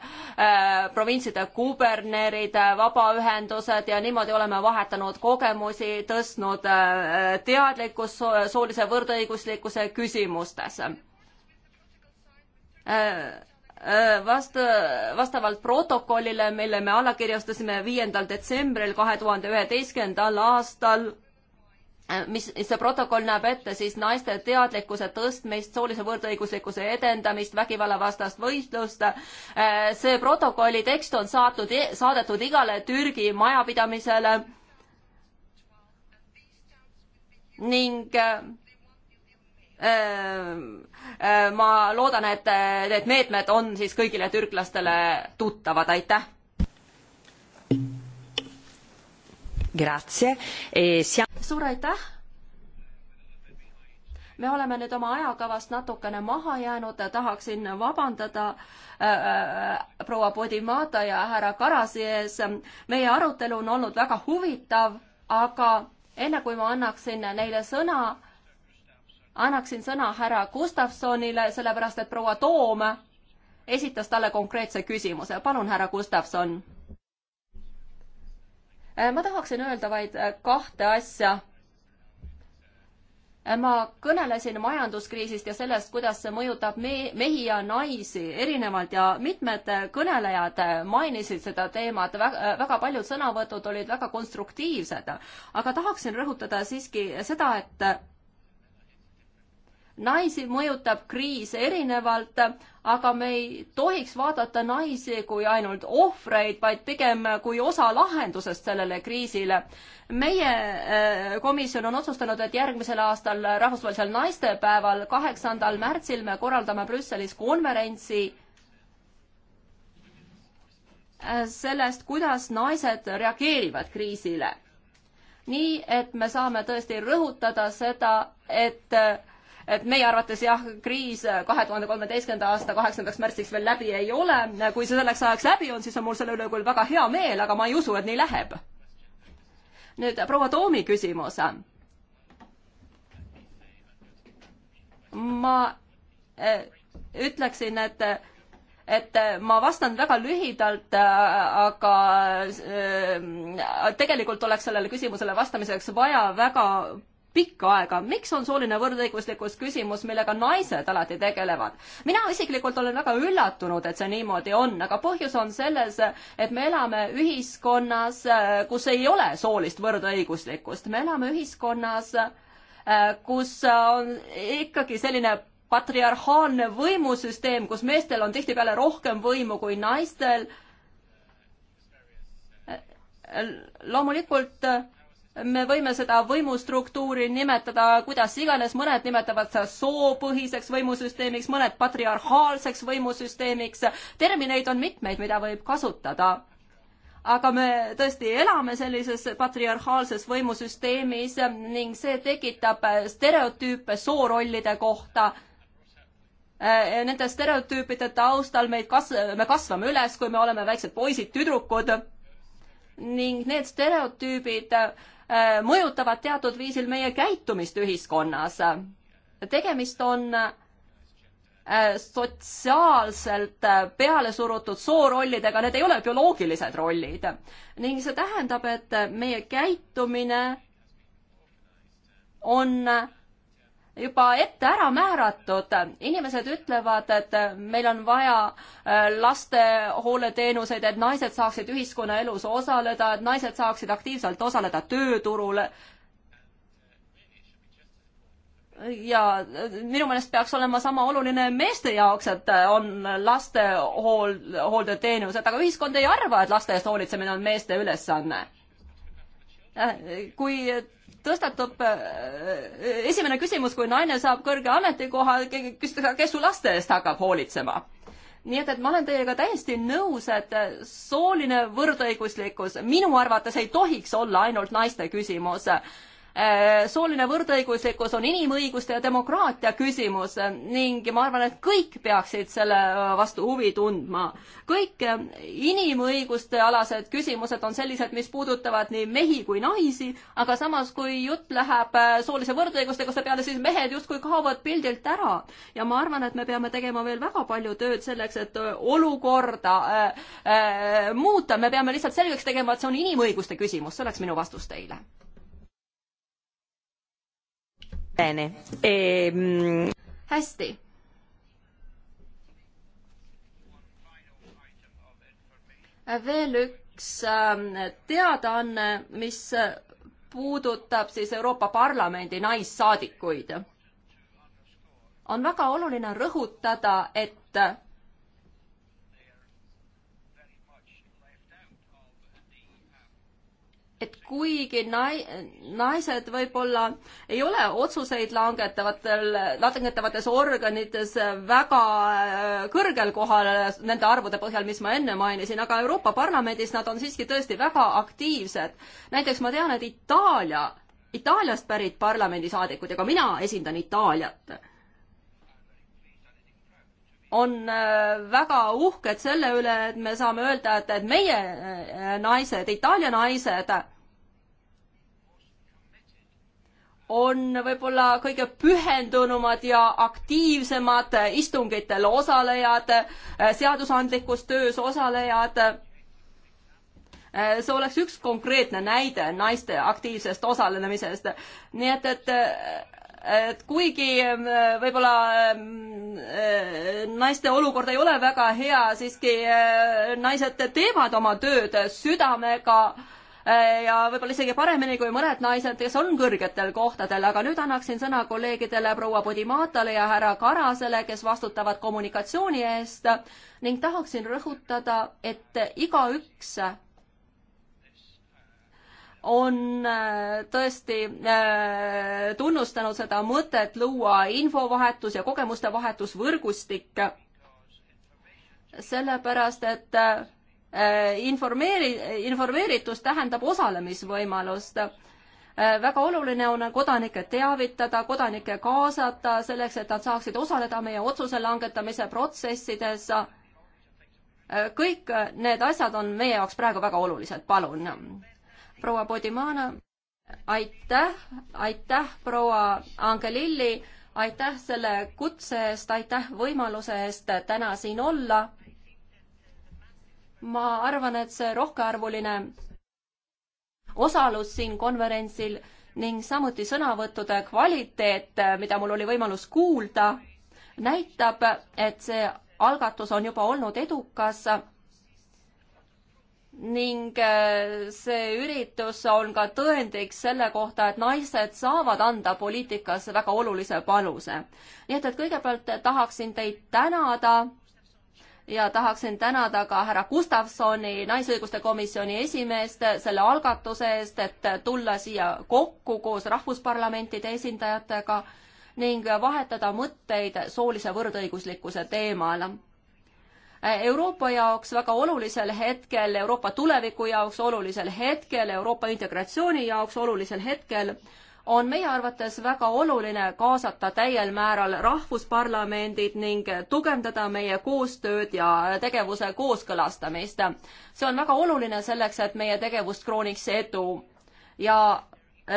provintside kubernerid, vabaühendused ja niimoodi oleme vahetanud kogemusi, tõstnud teadlikkust soolise võrdõiguslikkuse küsimustes vast-, vastavalt protokollile, mille me allakirjastasime viiendal detsembril kahe tuhande üheteistkümnendal aastal, Äh, mis see protokoll näeb ette siis naiste teadlikkuse tõstmist, soolise võrdõiguslikkuse edendamist, vägivallavastast võistlust. Äh, see protokolli tekst on saatud, saadetud igale Türgi majapidamisele. ning äh, ma loodan, et need meetmed on siis kõigile türklastele tuttavad, aitäh grazie e siam-. suur aitäh! me oleme nüüd oma ajakavast natukene maha jäänud, tahaksin vabandada äh, äh, äh, proua Podimata ja härra Karasi ees. meie arutelu on olnud väga huvitav, aga enne kui ma annaksin neile sõna, annaksin sõna härra Gustavsonile, sellepärast et proua Toom esitas talle konkreetse küsimuse. palun, härra Gustavson Äh, ma tahaksin öelda vaid äh, kahte asja. Äh, ma kõnelesin majanduskriisist ja sellest, kuidas see mõjutab me-, mehi ja naisi erinevalt ja mitmed kõnelejad mainisid seda teemat, väga paljud sõnavõtud olid väga konstruktiivsed. aga tahaksin rõhutada siiski seda, et naisi mõjutab kriis erinevalt, aga me ei tohiks vaadata naisi kui ainult ohvreid, vaid pigem kui osa lahendusest sellele kriisile. meie äh, komisjon on otsustanud, et järgmisel aastal rahvusvahelisel naistepäeval, kaheksandal märtsil me korraldame Brüsselis konverentsi äh, sellest, kuidas naised reageerivad kriisile. nii et me saame tõesti rõhutada seda, et äh, et meie arvates jah, kriis äh, kahe tuhande kolmeteistkümnenda aasta kaheksandaks märtsiks veel läbi ei ole. Äh, kui see selleks ajaks läbi on, siis on mul selle üle küll väga hea meel, aga ma ei usu, et nii läheb. nüüd äh, proua Toomi küsimus. ma ütleksin, et et ma vastan väga lühidalt, aga tegelikult oleks sellele küsimusele vastamiseks vaja väga pikka aega, miks on sooline võrdõiguslikkus küsimus, millega naised alati tegelevad. mina isiklikult olen väga üllatunud, et see niimoodi on, aga põhjus on selles, et me elame ühiskonnas, kus ei ole soolist võrdõiguslikkust, me elame ühiskonnas, kus on ikkagi selline patriarhaalne võimusüsteem, kus meestel on tihtipeale rohkem võimu kui naistel. loomulikult me võime seda võimustruktuuri nimetada kuidas iganes, mõned nimetavad seda soopõhiseks võimusüsteemiks, mõned patriarhaalseks võimusüsteemiks. termineid on mitmeid, mida võib kasutada. aga me tõesti elame sellises patriarhaalses võimusüsteemis ning see tekitab stereotüüpe soorollide kohta. Äh, nende stereotüüpide taustal meid kas-, me kasvame üles, kui me oleme väiksed poisid-tüdrukud ning need stereotüübid äh, Äh, mõjutavad teatud viisil meie käitumist ühiskonnas. tegemist on äh, sotsiaalselt äh, peale surutud soorollidega, need ei ole bioloogilised rollid. ning see tähendab, et meie käitumine on juba ette ära määratud. inimesed ütlevad, et meil on vaja äh, lastehooleteenuseid, et naised saaksid ühiskonnaelus osaleda, et naised saaksid aktiivselt osaleda tööturul. ja äh, minu meelest peaks olema sama oluline meeste jaoks, et äh, on laste hool, hooldeteenused, aga ühiskond ei arva, et laste eest hoolitsemine on meeste ülesanne kui tõstatub äh, esimene küsimus, kui naine saab kõrge ametikoha, küsitakse, kes su laste eest hakkab hoolitsema nii et, et ma olen teiega täiesti nõus, et sooline võrdõiguslikkus minu arvates ei tohiks olla ainult naiste küsimus. Äh, sooline võrdõiguslikkus on inimõiguste ja demokraatia küsimus ning ma arvan, et kõik peaksid selle äh, vastu huvi tundma. kõik äh, inimõiguste alased küsimused on sellised, mis puudutavad nii mehi kui naisi, aga samas, kui jutt läheb soolise võrdõiguslikkuse peale, siis mehed justkui kaovad pildilt ära. ja ma arvan, et me peame tegema veel väga palju tööd selleks, et olukorda äh, äh, muuta, me peame lihtsalt selgeks tegema, et see on inimõiguste küsimus, see oleks minu vastus teile Ehm, hästi. veel üks ähm, teadaanne, mis puudutab siis Euroopa Parlamendi naissaadikuid. on väga oluline rõhutada, et et kuigi nai-, naised võib-olla ei ole otsuseid langetavatel, langetavates organites väga äh, kõrgel kohal nende arvude põhjal, mis ma enne mainisin, aga Euroopa Parlamendis nad on siiski tõesti väga aktiivsed. näiteks ma tean, et Itaalia, Itaaliast pärit parlamendisaadikud ja ka mina esindan Itaaliat on äh, väga uhked selle üle, et me saame öelda, et, et meie äh, naised, Itaalia naised on võib-olla kõige pühendunumad ja aktiivsemad istungitel osalejad, äh, seadusandlikus töös osalejad. see oleks üks konkreetne näide naiste aktiivsest osalemisest. nii et, et et kuigi võib-olla eh, naiste olukord ei ole väga hea, siiski eh, naised teevad oma tööd südamega eh, ja võib-olla isegi paremini kui mõned naised, kes on kõrgetel kohtadel, aga nüüd annaksin sõna kolleegidele proua Podimatale ja härra Karasele, kes vastutavad kommunikatsiooni eest ning tahaksin rõhutada, et igaüks on äh, tõesti äh, tunnustanud seda mõtet luua infovahetus ja kogemuste vahetusvõrgustik, sellepärast et äh, informeeri-, informeeritus tähendab osalemisvõimalust. väga oluline on kodanikke teavitada, kodanikke kaasata selleks, et nad saaksid osaleda meie otsuse langetamise protsessides. kõik need asjad on meie jaoks praegu väga olulised, palun proua Podimana. aitäh, aitäh, proua Angelilli, aitäh selle kutse eest, aitäh võimaluse eest täna siin olla. ma arvan, et see rohkearvuline osalus siin konverentsil ning samuti sõnavõttude kvaliteet, mida mul oli võimalus kuulda, näitab, et see algatus on juba olnud edukas ning äh, see üritus on ka tõendiks selle kohta, et naised saavad anda poliitikasse väga olulise panuse. nii et, et kõigepealt tahaksin teid tänada ja tahaksin tänada ka härra Gustavsoni, Naisõiguste Komisjoni esimeest, selle algatuse eest, et tulla siia kokku koos rahvusparlamentide esindajatega ning vahetada mõtteid soolise võrdõiguslikkuse teemal Äh, Euroopa jaoks väga olulisel hetkel, Euroopa tuleviku jaoks olulisel hetkel, Euroopa integratsiooni jaoks olulisel hetkel on meie arvates väga oluline kaasata täiel määral rahvusparlamendid ning tugevdada meie koostööd ja tegevuse kooskõlastamist. see on väga oluline selleks, et meie tegevust krooniks edu ja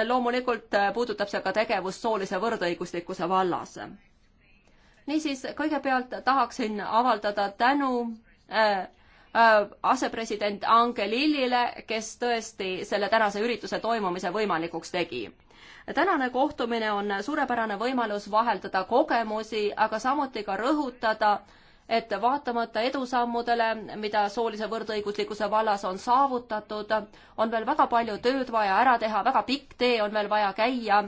loomulikult puudutab see ka tegevust soolise võrdõiguslikkuse vallas niisiis, kõigepealt tahaksin avaldada tänu äh, äh, asepresident Angelillile, kes tõesti selle tänase ürituse toimumise võimalikuks tegi. tänane kohtumine on suurepärane võimalus vaheldada kogemusi, aga samuti ka rõhutada, et vaatamata edusammudele, mida soolise võrdõiguslikkuse vallas on saavutatud, on veel väga palju tööd vaja ära teha, väga pikk tee on veel vaja käia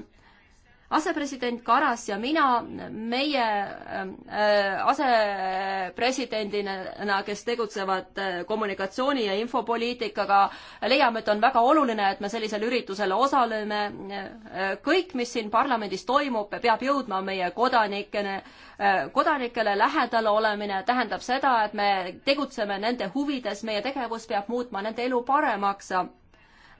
asepresident Karas ja mina, meie ähm, äh, asepresidendina, kes tegutsevad äh, kommunikatsiooni ja infopoliitikaga, leiame, et on väga oluline, et me sellisel üritusel osaleme. Äh, kõik, mis siin parlamendis toimub, peab jõudma meie kodanikene, äh, kodanikele lähedal olemine tähendab seda, et me tegutseme nende huvides, meie tegevus peab muutma nende elu paremaks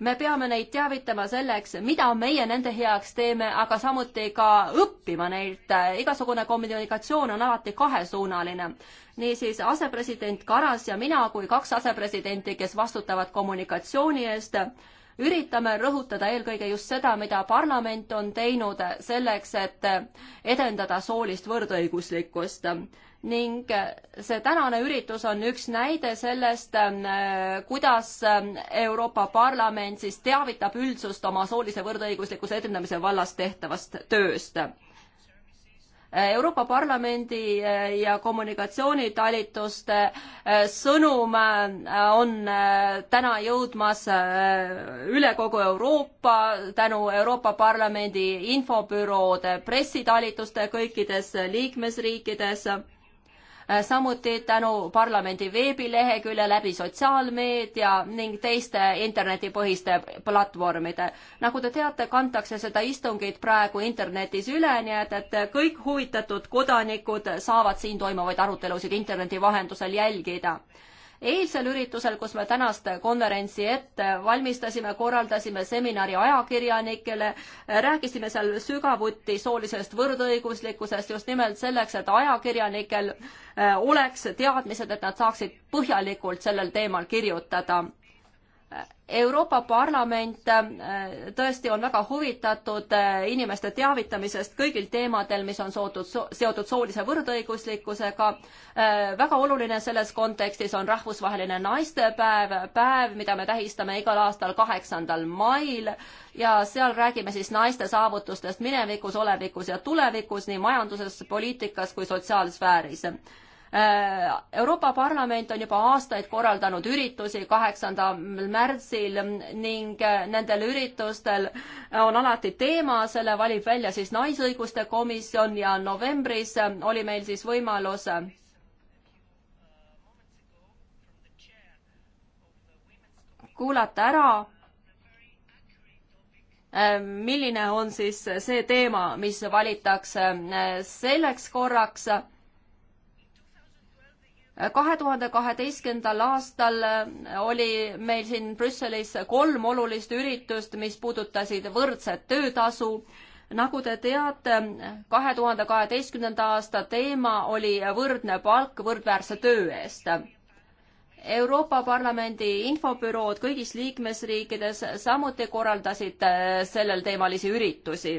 me peame neid teavitama selleks, mida meie nende heaks teeme, aga samuti ka õppima neilt. igasugune kommunikatsioon on alati kahesuunaline. niisiis asepresident Karas ja mina kui kaks asepresidenti, kes vastutavad kommunikatsiooni eest, üritame rõhutada eelkõige just seda, mida parlament on teinud selleks, et edendada soolist võrdõiguslikkust ning äh, see tänane üritus on üks näide sellest, ähm, äh, kuidas ähm, Euroopa Parlament siis teavitab üldsust oma soolise võrdõiguslikkuse edendamise vallas tehtavast tööst. Äh, Euroopa Parlamendi ja kommunikatsioonitalituste sõnum on täna jõudmas üle kogu Euroopa tänu Euroopa Parlamendi infobüroode pressitalituste kõikides liikmesriikides Äh, samuti tänu parlamendi veebilehekülje läbi sotsiaalmeedia ning teiste internetipõhiste platvormide. nagu te teate, kantakse seda istungit praegu internetis üle, nii et, et kõik huvitatud kodanikud saavad siin toimuvaid arutelusid interneti vahendusel jälgida eilsel üritusel, kus me tänast konverentsi ette valmistasime, korraldasime seminari ajakirjanikele, rääkisime seal sügavuti soolisest võrdõiguslikkusest just nimelt selleks, et ajakirjanikel äh, oleks teadmised, et nad saaksid põhjalikult sellel teemal kirjutada Euroopa Parlament äh, tõesti on väga huvitatud äh, inimeste teavitamisest kõigil teemadel, mis on sootud, seotud soolise võrdõiguslikkusega. Äh, väga oluline selles kontekstis on rahvusvaheline naistepäev, päev, mida me tähistame igal aastal kaheksandal mail ja seal räägime siis naiste saavutustest minevikus, olevikus ja tulevikus nii majanduses, poliitikas kui sotsiaalsfääris Äh, Euroopa Parlament on juba aastaid korraldanud üritusi kaheksandal märtsil ning äh, nendel üritustel on alati teema, selle valib välja siis Naisõiguste Komisjon ja novembris äh, oli meil siis võimalus kuulata ära milline on siis see teema, mis valitakse selleks korraks kahe tuhande kaheteistkümnendal aastal oli meil siin Brüsselis kolm olulist üritust, mis puudutasid võrdset töötasu. nagu te teate, kahe tuhande kaheteistkümnenda aasta teema oli võrdne palk võrdväärse töö eest. Euroopa Parlamendi infobürood kõigis liikmesriikides samuti korraldasid sellel teemalisi üritusi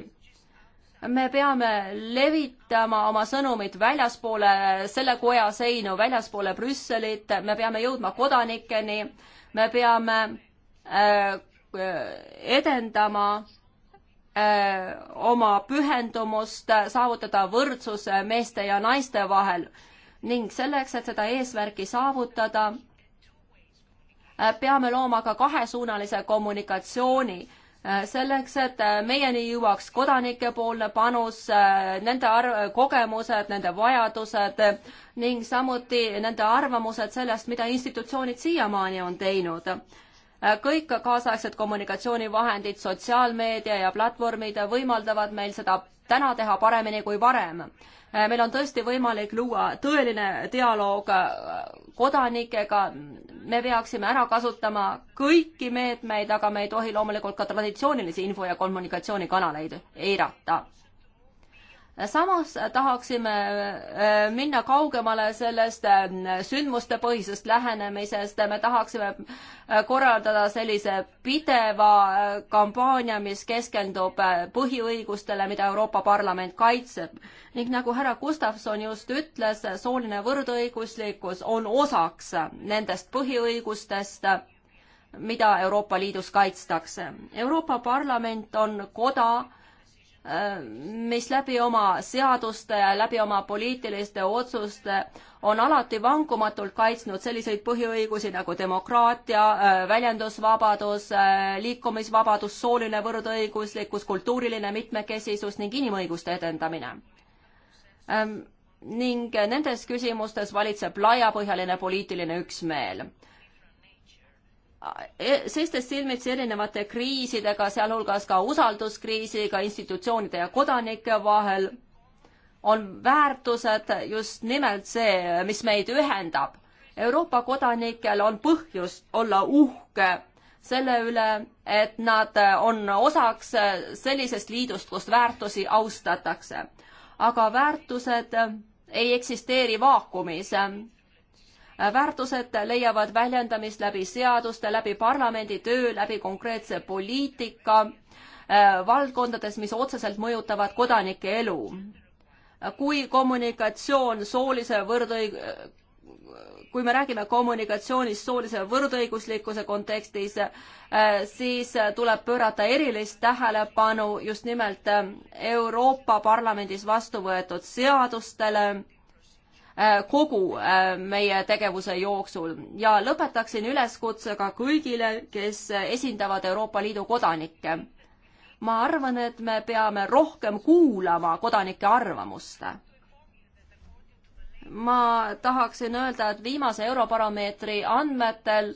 me peame levitama oma sõnumit väljaspoole selle koja seinu, väljaspoole Brüsselit, me peame jõudma kodanikeni, me peame äh, äh edendama äh, oma pühendumust, saavutada võrdsus meeste ja naiste vahel ning selleks, et seda eesmärki saavutada, äh, peame looma ka kahesuunalise kommunikatsiooni Äh, selleks, et äh, meieni jõuaks kodanike poolne panus, äh, nende arv, kogemused, nende vajadused ning samuti nende arvamused sellest, mida institutsioonid siiamaani on teinud kõik kaasaegsed kommunikatsioonivahendid, sotsiaalmeedia ja platvormid võimaldavad meil seda täna teha paremini kui varem Äh, meil on tõesti võimalik luua tõeline dialoog äh, kodanikega, me peaksime ära kasutama kõiki meetmeid, aga me ei tohi loomulikult ka traditsioonilisi info- ja kommunikatsioonikanaleid eirata samas tahaksime äh, minna kaugemale sellest äh, sündmuste põhisest lähenemisest, me tahaksime äh, korraldada sellise pideva kampaania, mis keskendub põhiõigustele, mida Euroopa Parlament kaitseb. ning nagu härra Gustavson just ütles, sooline võrdõiguslikkus on osaks nendest põhiõigustest mida Euroopa Liidus kaitstakse. Euroopa Parlament on koda, mis läbi oma seaduste, läbi oma poliitiliste otsuste on alati vankumatult kaitsnud selliseid põhiõigusi nagu demokraatia, väljendusvabadus, liikumisvabadus, sooline võrdõiguslikkus, kultuuriline mitmekesisus ning inimõiguste edendamine. ning nendes küsimustes valitseb laiapõhjaline poliitiline üksmeel E, seistes silmitsi erinevate kriisidega, sealhulgas ka usalduskriisiga institutsioonide ja kodanike vahel, on väärtused just nimelt see, mis meid ühendab. Euroopa kodanikel on põhjust olla uhke selle üle, et nad on osaks sellisest liidust, kus väärtusi austatakse. aga väärtused ei eksisteeri vaakumis väärtused leiavad väljendamist läbi seaduste, läbi parlamendi töö, läbi konkreetse poliitika äh, valdkondades, mis otseselt mõjutavad kodanike elu. kui kommunikatsioon soolise võrdõig-, äh, kui me räägime kommunikatsioonist soolise võrdõiguslikkuse kontekstis, äh, siis tuleb pöörata erilist tähelepanu just nimelt Euroopa Parlamendis vastu võetud seadustele Äh, kogu äh, meie tegevuse jooksul ja lõpetaksin üleskutsega kõigile, kes esindavad Euroopa Liidu kodanikke. ma arvan, et me peame rohkem kuulama kodanike arvamust. ma tahaksin öelda, et viimase Eurobaromeetri andmetel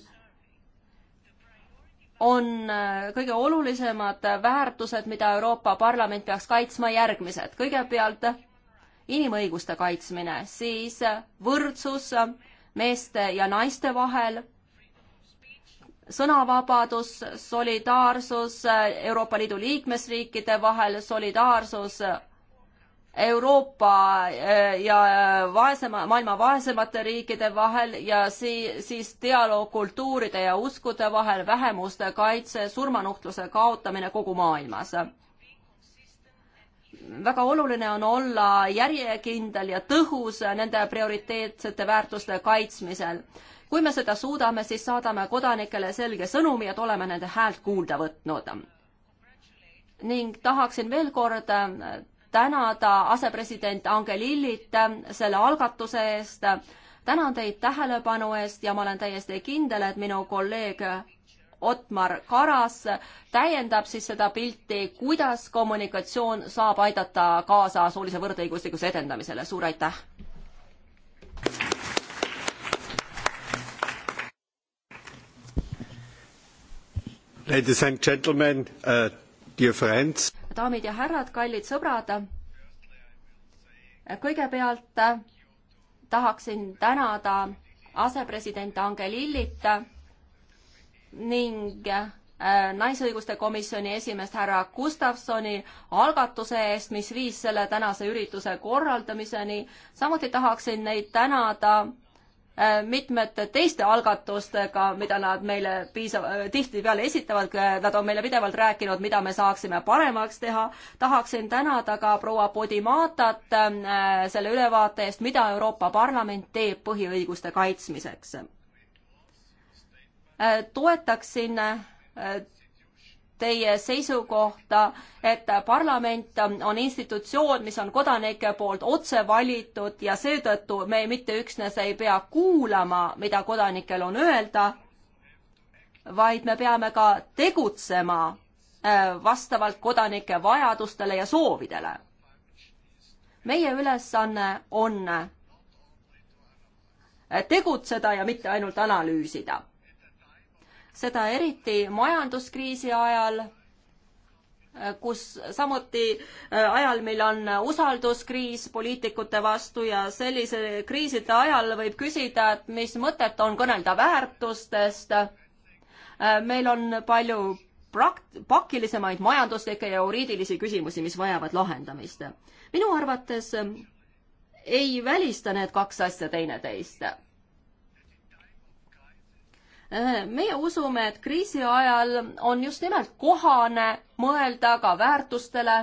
on äh, kõige olulisemad väärtused, mida Euroopa Parlament peaks kaitsma, järgmised. kõigepealt inimõiguste kaitsmine, siis võrdsus meeste ja naiste vahel, sõnavabadus, solidaarsus Euroopa Liidu liikmesriikide vahel, solidaarsus Euroopa eh, ja vaesema, maailma vaesemate riikide vahel ja sii-, siis dialoog kultuuride ja uskude vahel, vähemuste kaitse, surmanuhtluse kaotamine kogu maailmas väga oluline on olla järjekindel ja tõhus nende prioriteetsete väärtuste kaitsmisel. kui me seda suudame, siis saadame kodanikele selge sõnumi, et oleme nende häält kuulda võtnud. ning tahaksin veel kord tänada asepresident Angelillit selle algatuse eest. tänan teid tähelepanu eest ja ma olen täiesti kindel, et minu kolleeg Otmar Karas täiendab siis seda pilti, kuidas kommunikatsioon saab aidata kaasa soolise võrdõiguslikkuse edendamisele, suur aitäh! Ladies and gentlemen uh,, dear friends. daamid ja härrad, kallid sõbrad. kõigepealt tahaksin tänada asepresident Angelillit ning äh, Naisõiguste Komisjoni esimeest härra Gustavsoni algatuse eest, mis viis selle tänase ürituse korraldamiseni. samuti tahaksin neid tänada äh, mitmete teiste algatustega, mida nad meile piisav, äh, tihtipeale esitavad, nad on meile pidevalt rääkinud, mida me saaksime paremaks teha. tahaksin tänada ka proua Podimatat selle ülevaate eest, mida Euroopa Parlament teeb põhiõiguste kaitsmiseks Äh, toetaksin äh, teie seisukohta, et parlament on institutsioon, mis on kodanike poolt otse valitud ja seetõttu me mitte üksnes ei pea kuulama, mida kodanikel on öelda, vaid me peame ka tegutsema äh, vastavalt kodanike vajadustele ja soovidele. meie ülesanne on tegutseda ja mitte ainult analüüsida seda eriti majanduskriisi ajal, kus samuti äh, ajal, mil on usalduskriis poliitikute vastu ja sellise kriiside ajal võib küsida, et mis mõtet on kõnelda väärtustest. Äh, meil on palju prakt-, pakilisemaid majanduslikke ja juriidilisi küsimusi, mis vajavad lahendamist. minu arvates äh, ei välista need kaks asja teineteist Äh, meie usume, et kriisi ajal on just nimelt kohane mõelda ka väärtustele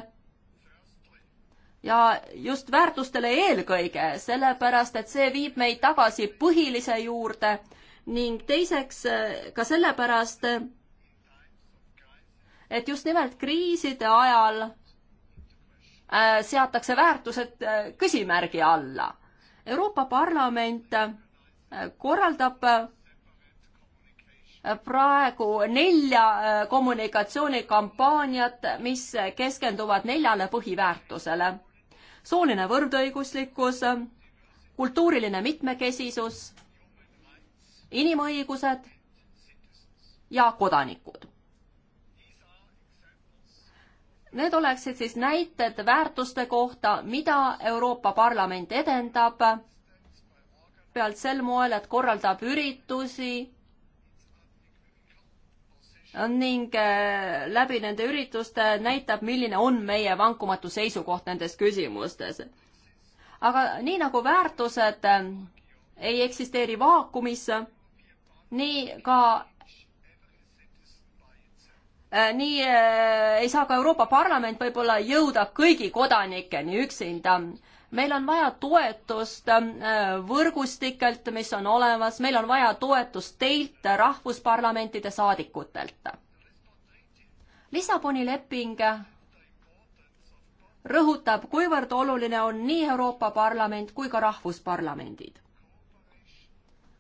ja just väärtustele eelkõige, sellepärast et see viib meid tagasi põhilise juurde ning teiseks äh, ka sellepärast, et just nimelt kriiside ajal äh, seatakse väärtused küsimärgi alla. Euroopa Parlament korraldab praegu nelja äh, kommunikatsioonikampaaniat, mis keskenduvad neljale põhiväärtusele. sooline võrdõiguslikkus, kultuuriline mitmekesisus, inimõigused ja kodanikud. Need oleksid siis näited väärtuste kohta, mida Euroopa Parlament edendab pealt sel moel, et korraldab üritusi ning äh, läbi nende ürituste näitab, milline on meie vankumatu seisukoht nendes küsimustes. aga nii nagu väärtused äh, ei eksisteeri vaakumis, nii ka äh, nii ei saa ka Euroopa Parlament võib-olla jõuda kõigi kodanikeni üksinda meil on vaja toetust äh, võrgustikelt, mis on olemas, meil on vaja toetust teilt, rahvusparlamentide saadikutelt. Lissaboni leping rõhutab, kuivõrd oluline on nii Euroopa Parlament kui ka rahvusparlamendid.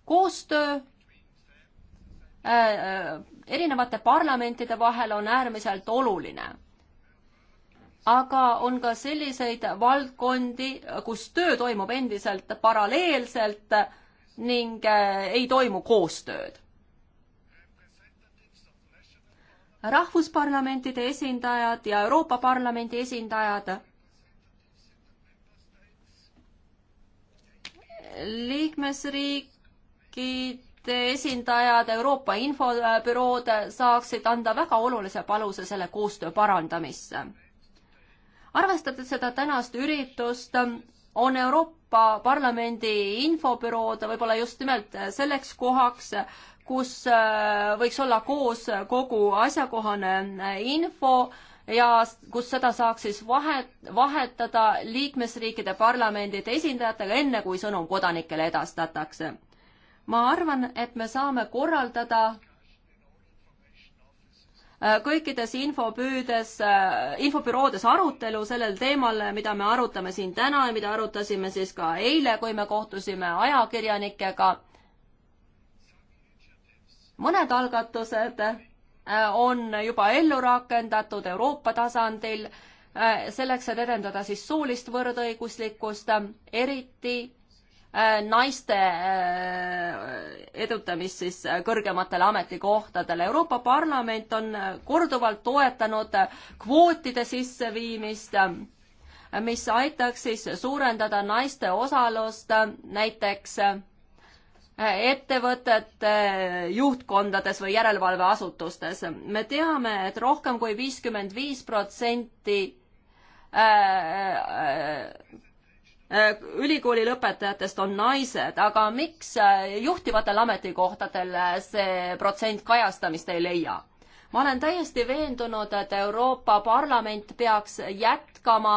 koostöö äh, äh, erinevate parlamentide vahel on äärmiselt oluline aga on ka selliseid valdkondi, kus töö toimub endiselt paralleelselt ning eh, ei toimu koostööd. rahvusparlamentide esindajad ja Euroopa Parlamendi esindajad liikmesriikide esindajad, Euroopa infobürood saaksid anda väga olulise paluse selle koostöö parandamisse arvestades seda tänast üritust, on Euroopa Parlamendi infobürood võib-olla just nimelt selleks kohaks, kus äh, võiks olla koos kogu asjakohane äh, info ja kus seda saaks siis vahet, vahetada liikmesriikide parlamendide esindajatega, enne kui sõnum kodanikele edastatakse. ma arvan, et me saame korraldada Äh, kõikides infopüüdes, äh, infobüroodes arutelu sellel teemal, mida me arutame siin täna ja mida arutasime siis ka eile, kui me kohtusime ajakirjanikega. mõned algatused äh, on juba ellu rakendatud Euroopa tasandil, selleks, et edendada siis soolist võrdõiguslikkust, eriti Äh, naiste äh, edutamist siis äh, kõrgematele ametikohtadele. Euroopa Parlament on korduvalt toetanud kvootide sisseviimist, mis aitaks siis suurendada naiste osalust näiteks ettevõtete juhtkondades või järelevalveasutustes. me teame, et rohkem kui viiskümmend viis protsenti Äh, ülikooli lõpetajatest on naised, aga miks äh, juhtivatel ametikohtadel äh, see protsent kajastamist ei leia? ma olen täiesti veendunud, et Euroopa Parlament peaks jätkama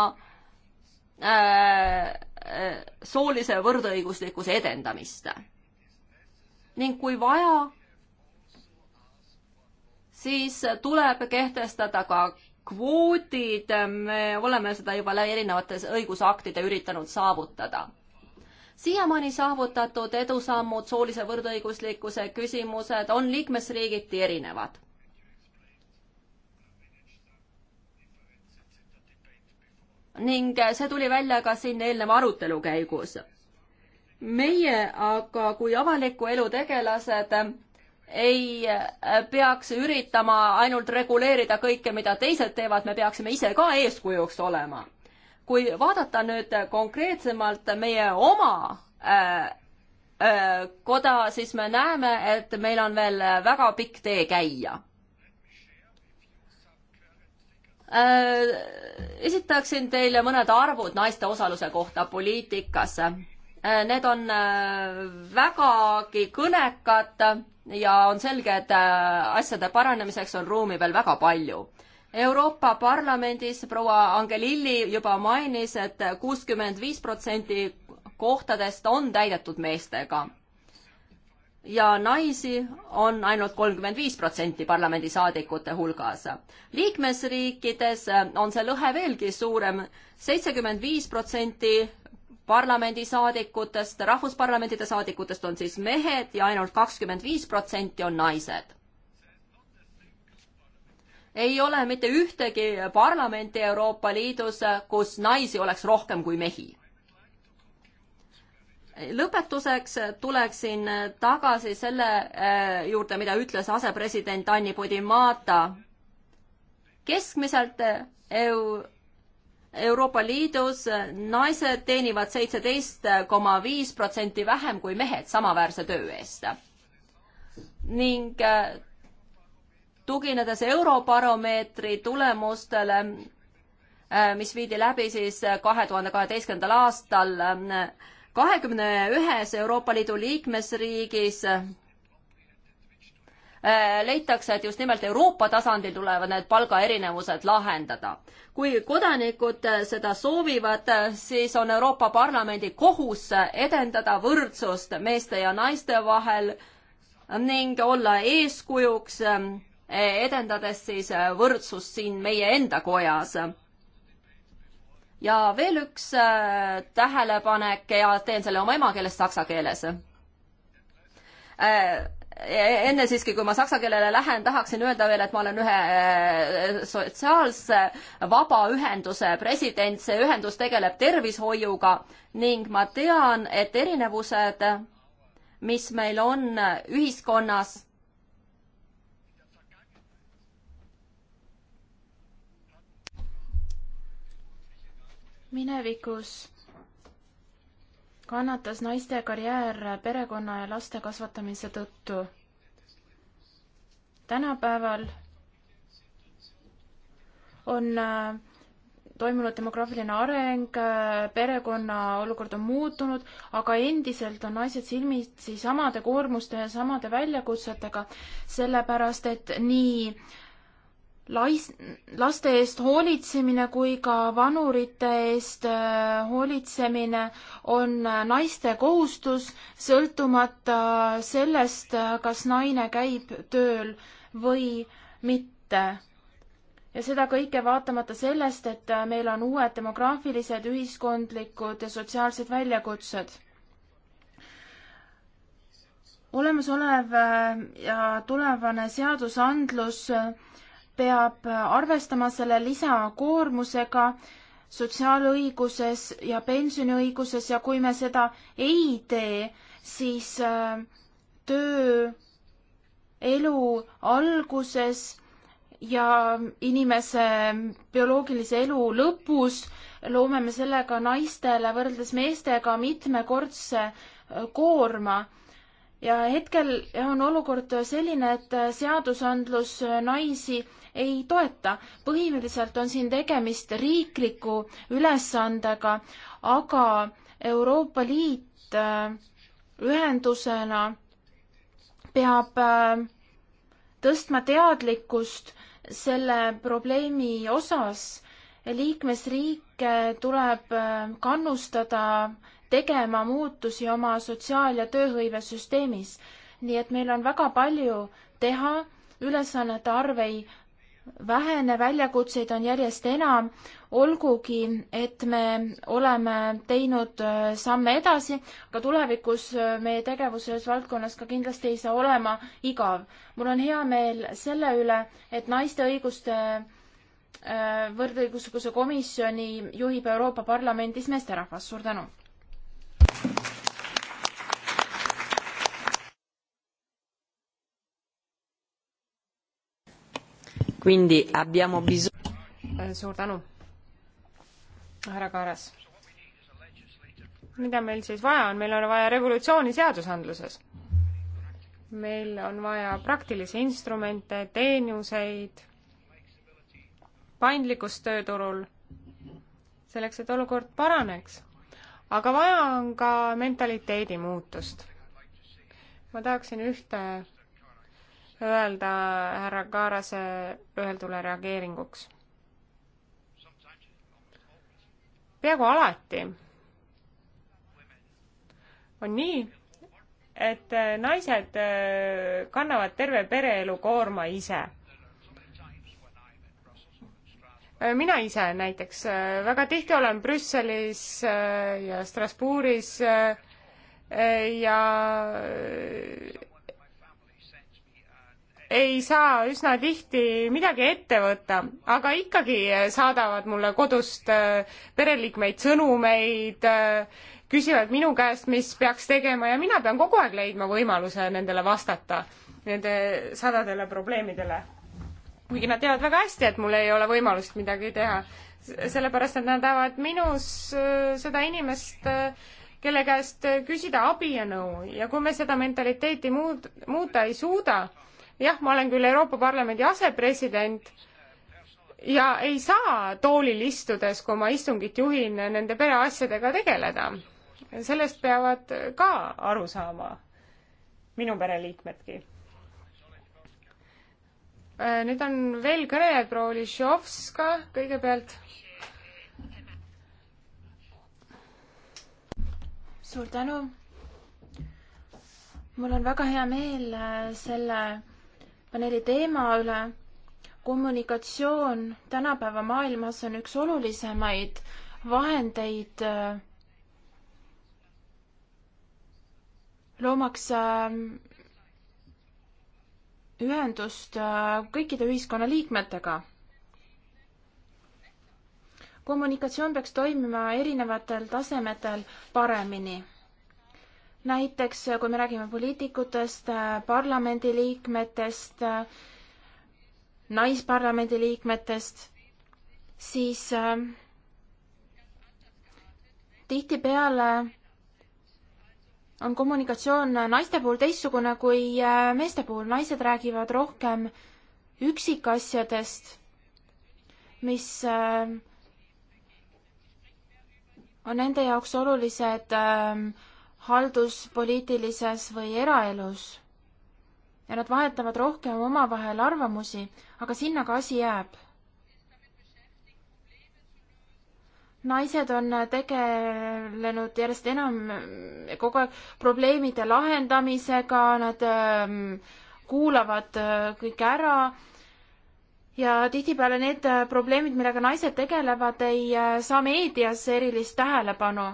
soolise võrdõiguslikkuse edendamist. ning kui vaja, siis tuleb kehtestada ka kvoodid, me oleme seda juba erinevates õigusaktide üritanud saavutada. siiamaani saavutatud edusammud soolise võrdõiguslikkuse küsimused on liikmesriigiti erinevad. ning see tuli välja ka siin eelneva arutelu käigus meie aga kui avaliku elu tegelased ei äh, peaks üritama ainult reguleerida kõike, mida teised teevad, me peaksime ise ka eeskujuks olema. kui vaadata nüüd konkreetsemalt meie oma äh, äh, koda, siis me näeme, et meil on veel väga pikk tee käia äh,. esitaksin teile mõned arvud naiste osaluse kohta poliitikasse. Äh, need on äh, vägagi kõnekad ja on selge, et äh, asjade paranemiseks on ruumi veel väga palju. Euroopa Parlamendis proua Angelilli juba mainis et, et kuuskümmend viis protsenti kohtadest on täidetud meestega. ja naisi on ainult kolmkümmend viis protsenti parlamendisaadikute hulgas. liikmesriikides on see lõhe veelgi suurem, seitsekümmend viis protsenti parlamendisaadikutest, rahvusparlamentide saadikutest on siis mehed ja ainult kakskümmend viis protsenti on naised. ei ole mitte ühtegi parlamenti Euroopa Liidus, kus naisi oleks rohkem kui mehi. lõpetuseks tuleksin tagasi selle eh, juurde, mida ütles asepresident Anni Podimata. keskmiselt eh, EU Euroopa Liidus naised teenivad seitseteist koma viis protsenti vähem kui mehed samaväärse töö eest. ning äh, tuginedes Eurobaromeetri tulemustele, äh, mis viidi läbi siis äh, kahe tuhande kaheteistkümnendal aastal kahekümne ühes Euroopa Liidu liikmesriigis, Äh, leitakse, et just nimelt Euroopa tasandil tulevad need palgaerinevused lahendada. kui kodanikud äh, seda soovivad, äh, siis on Euroopa Parlamendi kohus edendada võrdsust meeste ja naiste vahel ning olla eeskujuks, ähm, edendades siis võrdsust siin meie enda kojas ja veel üks tähelepanek ja teen selle oma emakeeles saksa keeles E-, enne siiski, kui ma saksa keelele lähen, tahaksin öelda veel, et ma olen ühe e, sotsiaalse vabaühenduse president, see ühendus tegeleb tervishoiuga ning ma tean, et erinevused, mis meil on ühiskonnas, minevikus kannatas naiste karjäär perekonna ja laste kasvatamise tõttu. tänapäeval on äh, toimunud demograafiline areng, äh, perekonna olukord on muutunud, aga endiselt on naised silmitsi samade koormuste ja samade väljakutsetega, sellepärast et nii äh, lais-, laste eest hoolitsemine kui ka vanurite eest äh, hoolitsemine on äh, naiste kohustus, sõltumata sellest, äh, kas naine käib tööl või mitte. ja seda kõike vaatamata sellest, et meil on uued demograafilised, ühiskondlikud ja sotsiaalsed väljakutsed. olemasolev ja tulevane seadusandlus peab arvestama selle lisakoormusega sotsiaalõiguses ja pensioniõiguses ja kui me seda ei tee, siis äh, tööelu alguses ja inimese bioloogilise elu lõpus loome me sellega naistele võrreldes meestega mitmekordse äh, koorma. ja hetkel on olukord selline, et äh, seadusandlus naisi ei toeta. põhimõtteliselt on siin tegemist riikliku ülesandega, aga Euroopa Liit äh, ühendusena peab äh, tõstma teadlikkust selle probleemi osas. liikmesriike tuleb äh, kannustada tegema muutusi oma sotsiaal- ja tööhõivesüsteemis. nii et meil on väga palju teha, ülesannete arv ei vähene, väljakutseid on järjest enam, olgugi et me oleme teinud äh, samme edasi, aga tulevikus äh, meie tegevus selles valdkonnas ka kindlasti ei saa olema igav. mul on hea meel selle üle, et naiste õiguste äh, võrdõiguslikkuse komisjoni juhib Euroopa Parlamendis meesterahvas, suur tänu! quindi abbiamo bisogno. Eh, suur tänu, härra Kaaras. mida meil siis vaja on, meil on vaja revolutsiooni seadusandluses. meil on vaja praktilisi instrumente, teenuseid, paindlikkust tööturul, selleks, et olukord paraneks. aga vaja on ka mentaliteedi muutust. ma tahaksin ühte öelda härra Kaarase öeldule reageeringuks? peaaegu alati on nii, et äh, naised äh, kannavad terve pereelu koorma ise äh, mina ise näiteks väga tihti olen Brüsselis ja Strasbourgis ja ei saa üsna tihti midagi ette võtta, aga ikkagi saadavad mulle kodust äh, pereliikmeid sõnumeid, äh, küsivad minu käest, mis peaks tegema ja mina pean kogu aeg leidma võimaluse nendele vastata, nende sadadele probleemidele. kuigi nad teavad väga hästi, et mul ei ole võimalust midagi teha, sellepärast et nad näevad minus äh, seda inimest, kelle käest küsida abi ja nõu ja kui me seda mentaliteeti muud, muuta ei suuda, jah, ma olen küll Euroopa Parlamendi asepresident ja ei saa toolil istudes, kui ma istungit juhin, nende pereasjadega tegeleda. sellest peavad ka aru saama minu pereliikmedki. Äh, nüüd on veel kõnelejad, proua Olišovska kõigepealt. suur tänu. mul on väga hea meel äh, selle paneeli teema üle. kommunikatsioon tänapäeva maailmas on üks olulisemaid vahendeid loomaks äh, ühendust äh, kõikide ühiskonnaliikmetega. kommunikatsioon peaks toimima erinevatel tasemetel paremini näiteks kui me räägime poliitikutest, parlamendiliikmetest, naisparlamendiliikmetest, siis äh, tihtipeale on kommunikatsioon naiste puhul teistsugune kui äh, meeste puhul, naised räägivad rohkem üksikasjadest, mis äh, on nende jaoks olulised äh, halduspoliitilises või eraelus. ja nad vahetavad rohkem omavahel arvamusi, aga sinna ka asi jääb. naised on tegelenud järjest enam kogu aeg probleemide lahendamisega, nad ähm, kuulavad äh, kõik ära ja tihtipeale need äh, probleemid, millega naised tegelevad, ei äh, saa meedias erilist tähelepanu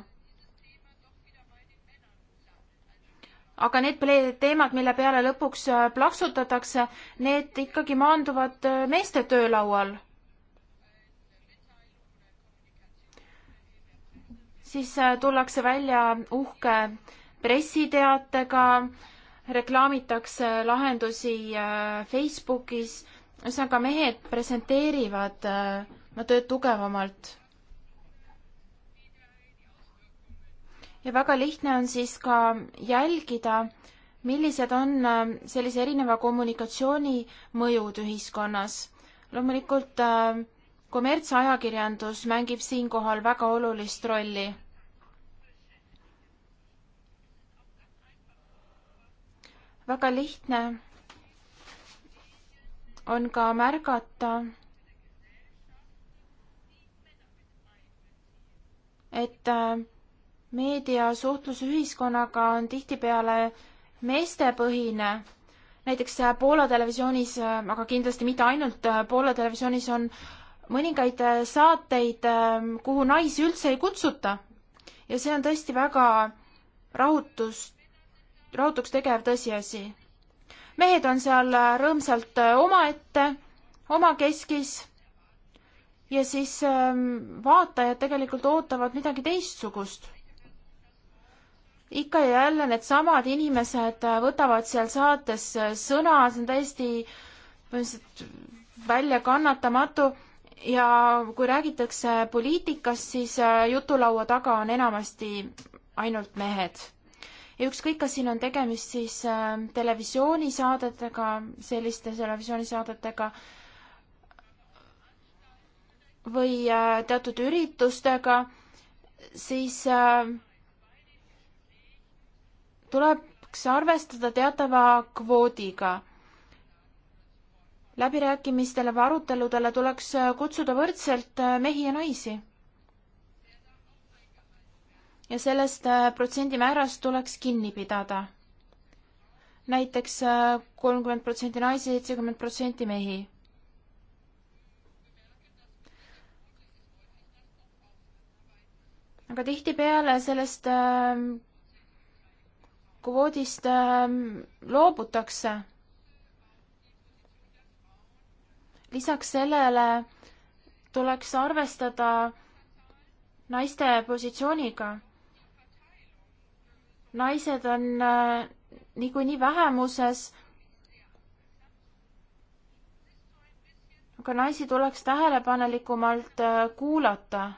aga need teemad, mille peale lõpuks äh, plaksutatakse, need ikkagi maanduvad äh, meeste töölaual. siis äh, tullakse välja uhke pressiteatega, reklaamitakse lahendusi Facebookis, ühesõnaga mehed presenteerivad oma tööd tugevamalt ja väga lihtne on siis ka jälgida, millised on äh, sellise erineva kommunikatsiooni mõjud ühiskonnas. loomulikult äh, kommertsajakirjandus mängib siinkohal väga olulist rolli. väga lihtne on ka märgata, et äh, meedia suhtlus ühiskonnaga on tihtipeale meestepõhine. näiteks äh, Poola televisioonis, äh, aga kindlasti mitte ainult äh, Poola televisioonis on mõningaid saateid, ähm, kuhu naisi üldse ei kutsuta. ja see on tõesti väga rahutust, rahutuks tegev tõsiasi. mehed on seal rõõmsalt omaette, omakeskis ja siis ähm, vaatajad tegelikult ootavad midagi teistsugust ikka ja jälle needsamad inimesed äh, võtavad seal saates äh, sõna, see on täiesti põhimõtteliselt väljakannatamatu ja kui räägitakse poliitikast, siis äh, jutulaua taga on enamasti ainult mehed. ja ükskõik, kas siin on tegemist siis televisioonisaadetega, selliste televisioonisaadetega, või teatud üritustega, siis äh, tuleks arvestada teatava kvoodiga. läbirääkimistele või aruteludele tuleks kutsuda võrdselt mehi ja naisi. ja sellest äh, protsendimäärast tuleks kinni pidada. näiteks äh, kolmkümmend protsenti naisi, seitsekümmend protsenti mehi aga tihtipeale sellest äh, kvoodist ähm, loobutakse. lisaks sellele tuleks arvestada naiste positsiooniga. naised on äh, niikuinii vähemuses. aga naisi tuleks tähelepanelikumalt äh, kuulata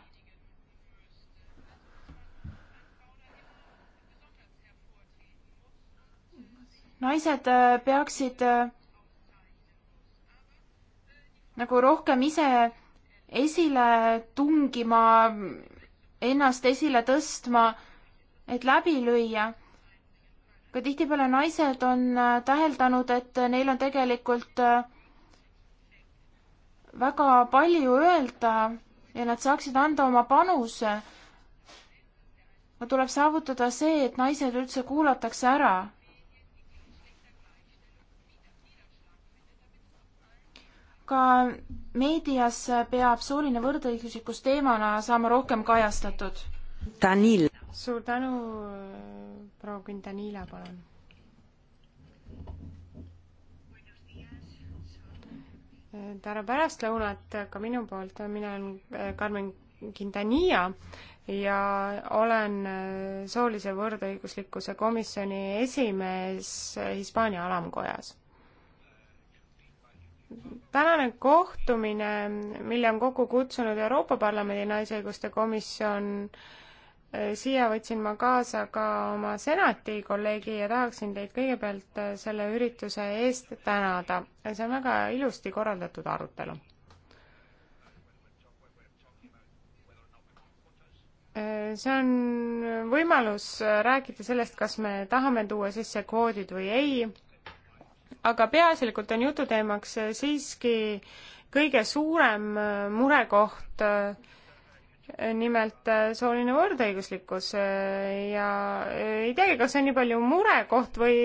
naised äh, peaksid äh, nagu rohkem ise esile tungima, ennast esile tõstma, et läbi lüüa. ka tihtipeale naised on äh, täheldanud, et neil on tegelikult väga palju öelda ja nad saaksid anda oma panuse. aga tuleb saavutada see, et naised üldse kuulatakse ära ka meedias peab sooline võrdõiguslikkus teemana saama rohkem kajastatud. Danil. suur tänu, proua Quintanilla, palun. tere pärastlõunat ka minu poolt, mina olen Carmen äh, Quintanilla ja olen äh, soolise võrdõiguslikkuse komisjoni esimees äh, Hispaania alamkojas tänane kohtumine, mille on kokku kutsunud Euroopa Parlamendi Naisõiguste Komisjon, eh, siia võtsin ma kaasa ka oma senati kolleegi ja tahaksin teid kõigepealt eh, selle ürituse eest tänada. see on väga ilusti korraldatud arutelu. Eh, see on võimalus rääkida sellest, kas me tahame tuua sisse kvoodid või ei aga peaasjalikult on jututeemaks äh, siiski kõige suurem äh, murekoht äh, nimelt sooline võrdõiguslikkus ja ei teagi, kas see on nii palju murekoht või,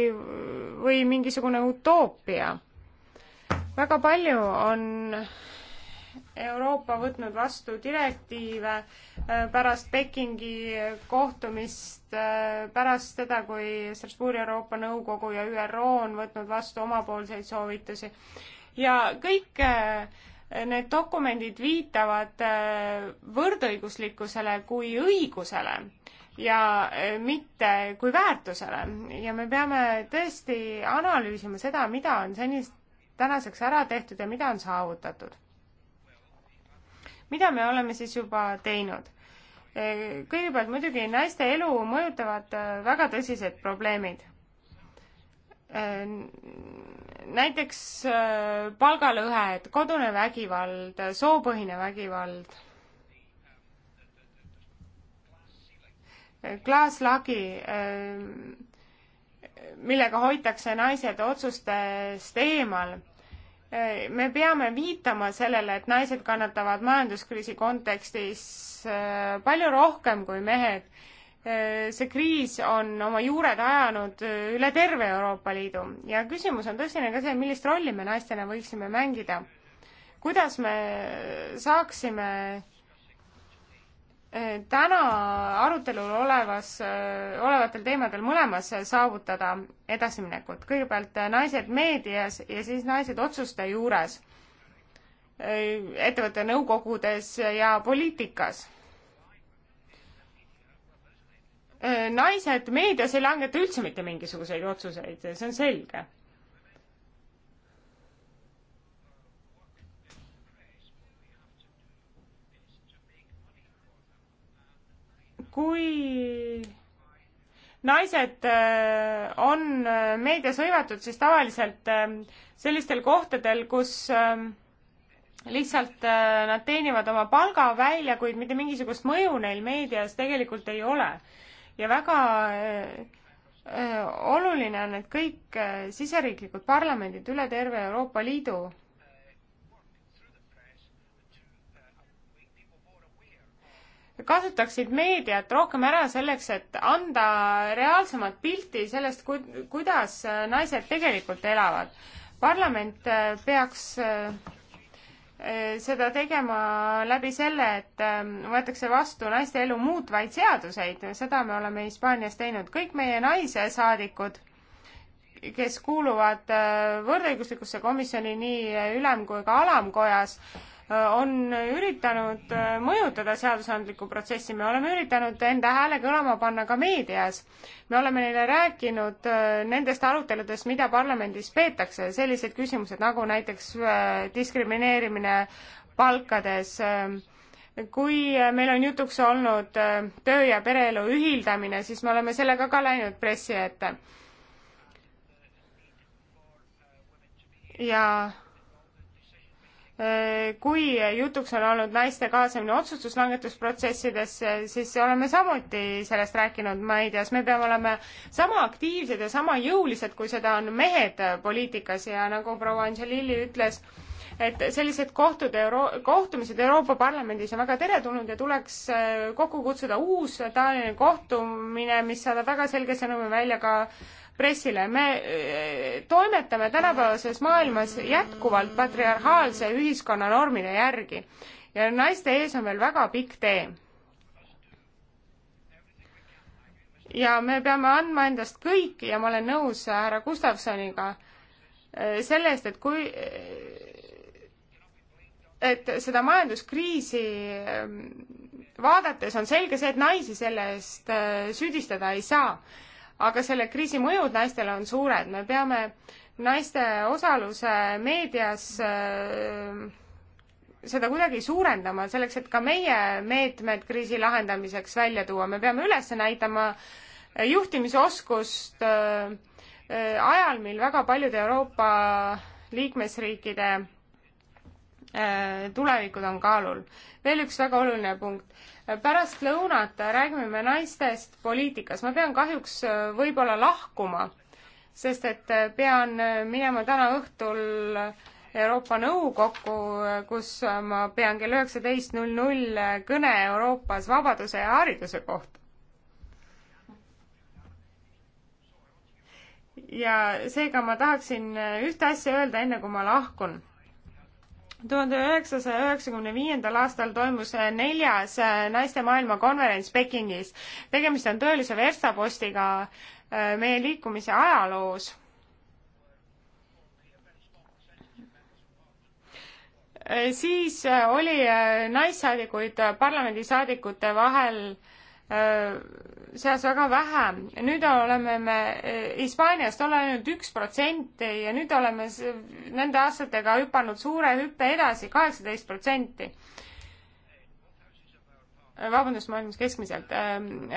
või mingisugune utoopia. väga palju on Euroopa võtnud vastu direktiive äh, pärast Pekingi kohtumist, äh, pärast seda, kui Strasbourgi Euroopa Nõukogu ja ÜRO on võtnud vastu omapoolseid soovitusi. ja kõik äh, need dokumendid viitavad võrdõiguslikkusele kui õigusele ja mitte kui väärtusele ja me peame tõesti analüüsima seda, mida on senist tänaseks ära tehtud ja mida on saavutatud mida me oleme siis juba teinud? kõigepealt muidugi naiste elu mõjutavad äh, väga tõsised probleemid. Äh, näiteks äh, palgalõhed, kodune vägivald, soopõhine vägivald, klaaslagi, millega hoitakse naised otsustest eemal me peame viitama sellele, et naised kannatavad majanduskriisi kontekstis äh, palju rohkem kui mehed. Äh, see kriis on oma juured ajanud äh, üle terve Euroopa Liidu ja küsimus on tõsine ka see, millist rolli me naistena võiksime mängida. kuidas me saaksime täna arutelul olevas, olevatel teemadel mõlemas saavutada edasiminekut. kõigepealt naised meedias ja siis naised otsuste juures, e, ettevõtte nõukogudes ja poliitikas. E, naised meedias ei langeta üldse mitte mingisuguseid otsuseid, see on selge kui naised äh, on äh, meedias hõivatud, siis tavaliselt äh, sellistel kohtadel, kus ähm, lihtsalt nad teenivad oma palga välja, kuid mitte mingisugust mõju neil meedias tegelikult ei ole. ja väga oluline on, et kõik siseriiklikud parlamendid üle terve Euroopa Liidu kasutaksid meediat rohkem ära selleks, et anda reaalsemat pilti sellest, kuidas äh, naised tegelikult elavad. parlament äh, peaks äh, seda tegema läbi selle, et ähm, võetakse vastu naiste elu muutvaid seaduseid, seda me oleme Hispaanias teinud, kõik meie naisesaadikud, kes kuuluvad võrdõiguslikusse komisjoni nii ülem- kui ka alamkojas, on üritanud äh, mõjutada seadusandlikku protsessi, me oleme üritanud enda hääle kõlama panna ka meedias. me oleme neile rääkinud äh, nendest aruteludest, mida parlamendis peetakse, sellised küsimused nagu näiteks äh, diskrimineerimine palkades, kui meil on jutuks olnud töö ja pereelu ühildamine, siis me oleme sellega ka läinud pressi ette. ja Äh, kui jutuks on olnud naiste kaasamine otsustuslangetusprotsessidesse, siis oleme samuti sellest rääkinud, ma ei tea, kas me peame olema sama aktiivsed ja sama jõulised, kui seda on mehed poliitikas ja nagu proua Angelilli ütles, et sellised kohtud Euro-, kohtumised Euroopa Parlamendis on väga teretulnud ja tuleks äh, kokku kutsuda uus taoline kohtumine, mis saadab väga selge sõnumi välja ka pressile. me eh, toimetame tänapäevases maailmas jätkuvalt patriarhaalse ühiskonna normide järgi ja naiste ees on veel väga pikk tee. ja me peame andma endast kõik ja ma olen nõus härra Gustavsoniga eh, selle eest, et kui, eh, et seda majanduskriisi vaadates on selge see, et naisi selle eest süüdistada ei saa aga selle kriisi mõjud naistele on suured, me peame naiste osaluse meedias äh, seda kuidagi suurendama, selleks et ka meie meetmed kriisi lahendamiseks välja tuua, me peame üles näitama juhtimisoskust äh, ajal, mil väga paljude Euroopa liikmesriikide äh, tulevikud on kaalul. veel üks väga oluline punkt pärast lõunat räägime me naistest poliitikas. ma pean kahjuks äh, võib-olla lahkuma, sest et äh, pean äh, minema täna õhtul Euroopa Nõukokku, kus ma pean kell üheksateist null null kõne Euroopas vabaduse ja hariduse kohta. ja seega ma tahaksin ühte asja öelda, enne kui ma lahkun tuhande üheksasaja üheksakümne viiendal aastal toimus äh, neljas äh, naiste maailmakonverents Pekingis. tegemist on tõelise verstapostiga äh, meie liikumise ajaloos. siis oli naissaadikuid parlamendisaadikute vahel äh, Äh, seas väga vähe. nüüd oleme me äh, Hispaaniast olla ainult üks protsent ja nüüd oleme nende aastatega hüpanud suure hüppe edasi, kaheksateist protsenti äh, vabandust, maailmas keskmiselt. Ähm,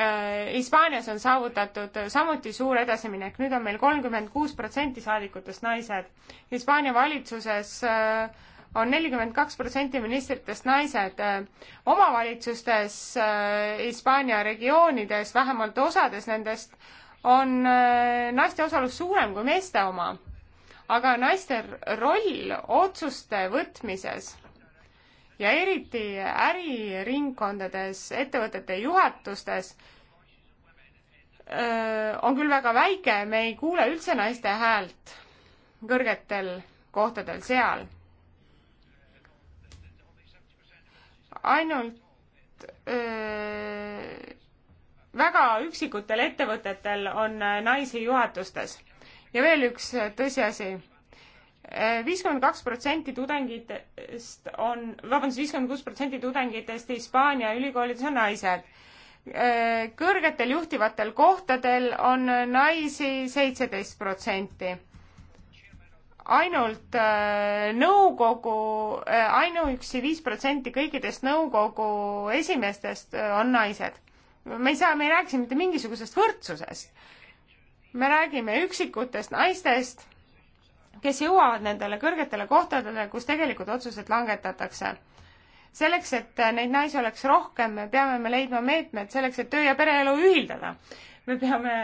Hispaanias on saavutatud samuti suur edasiminek, nüüd on meil kolmkümmend kuus protsenti saadikutest naised. Hispaania valitsuses äh, on nelikümmend kaks protsenti ministritest naised. Äh, omavalitsustes äh, Hispaania regioonides, vähemalt osades nendest, on äh, naiste osalus suurem kui meeste oma. aga naiste roll otsuste võtmises ja eriti äriringkondades, ettevõtete juhatustes, on küll väga väike, me ei kuule üldse naiste häält kõrgetel kohtadel seal ainult öö, väga üksikutel ettevõtetel on naisi juhatustes. ja veel üks tõsiasi. viiskümmend kaks protsenti tudengitest on, vabandust, viiskümmend kuus protsenti tudengitest Hispaania ülikoolides on naised. kõrgetel juhtivatel kohtadel on naisi seitseteist protsenti ainult äh, nõukogu, äh, ainuüksi viis protsenti kõikidest nõukogu esimeestest äh, on naised. me ei saa, me ei rääkisi mitte mingisugusest võrdsusest. me räägime üksikutest naistest, kes jõuavad nendele kõrgetele kohtadele, kus tegelikult otsused langetatakse. selleks, et neid naisi oleks rohkem, me peame me leidma meetmed selleks, et töö ja pereelu ühildada. me peame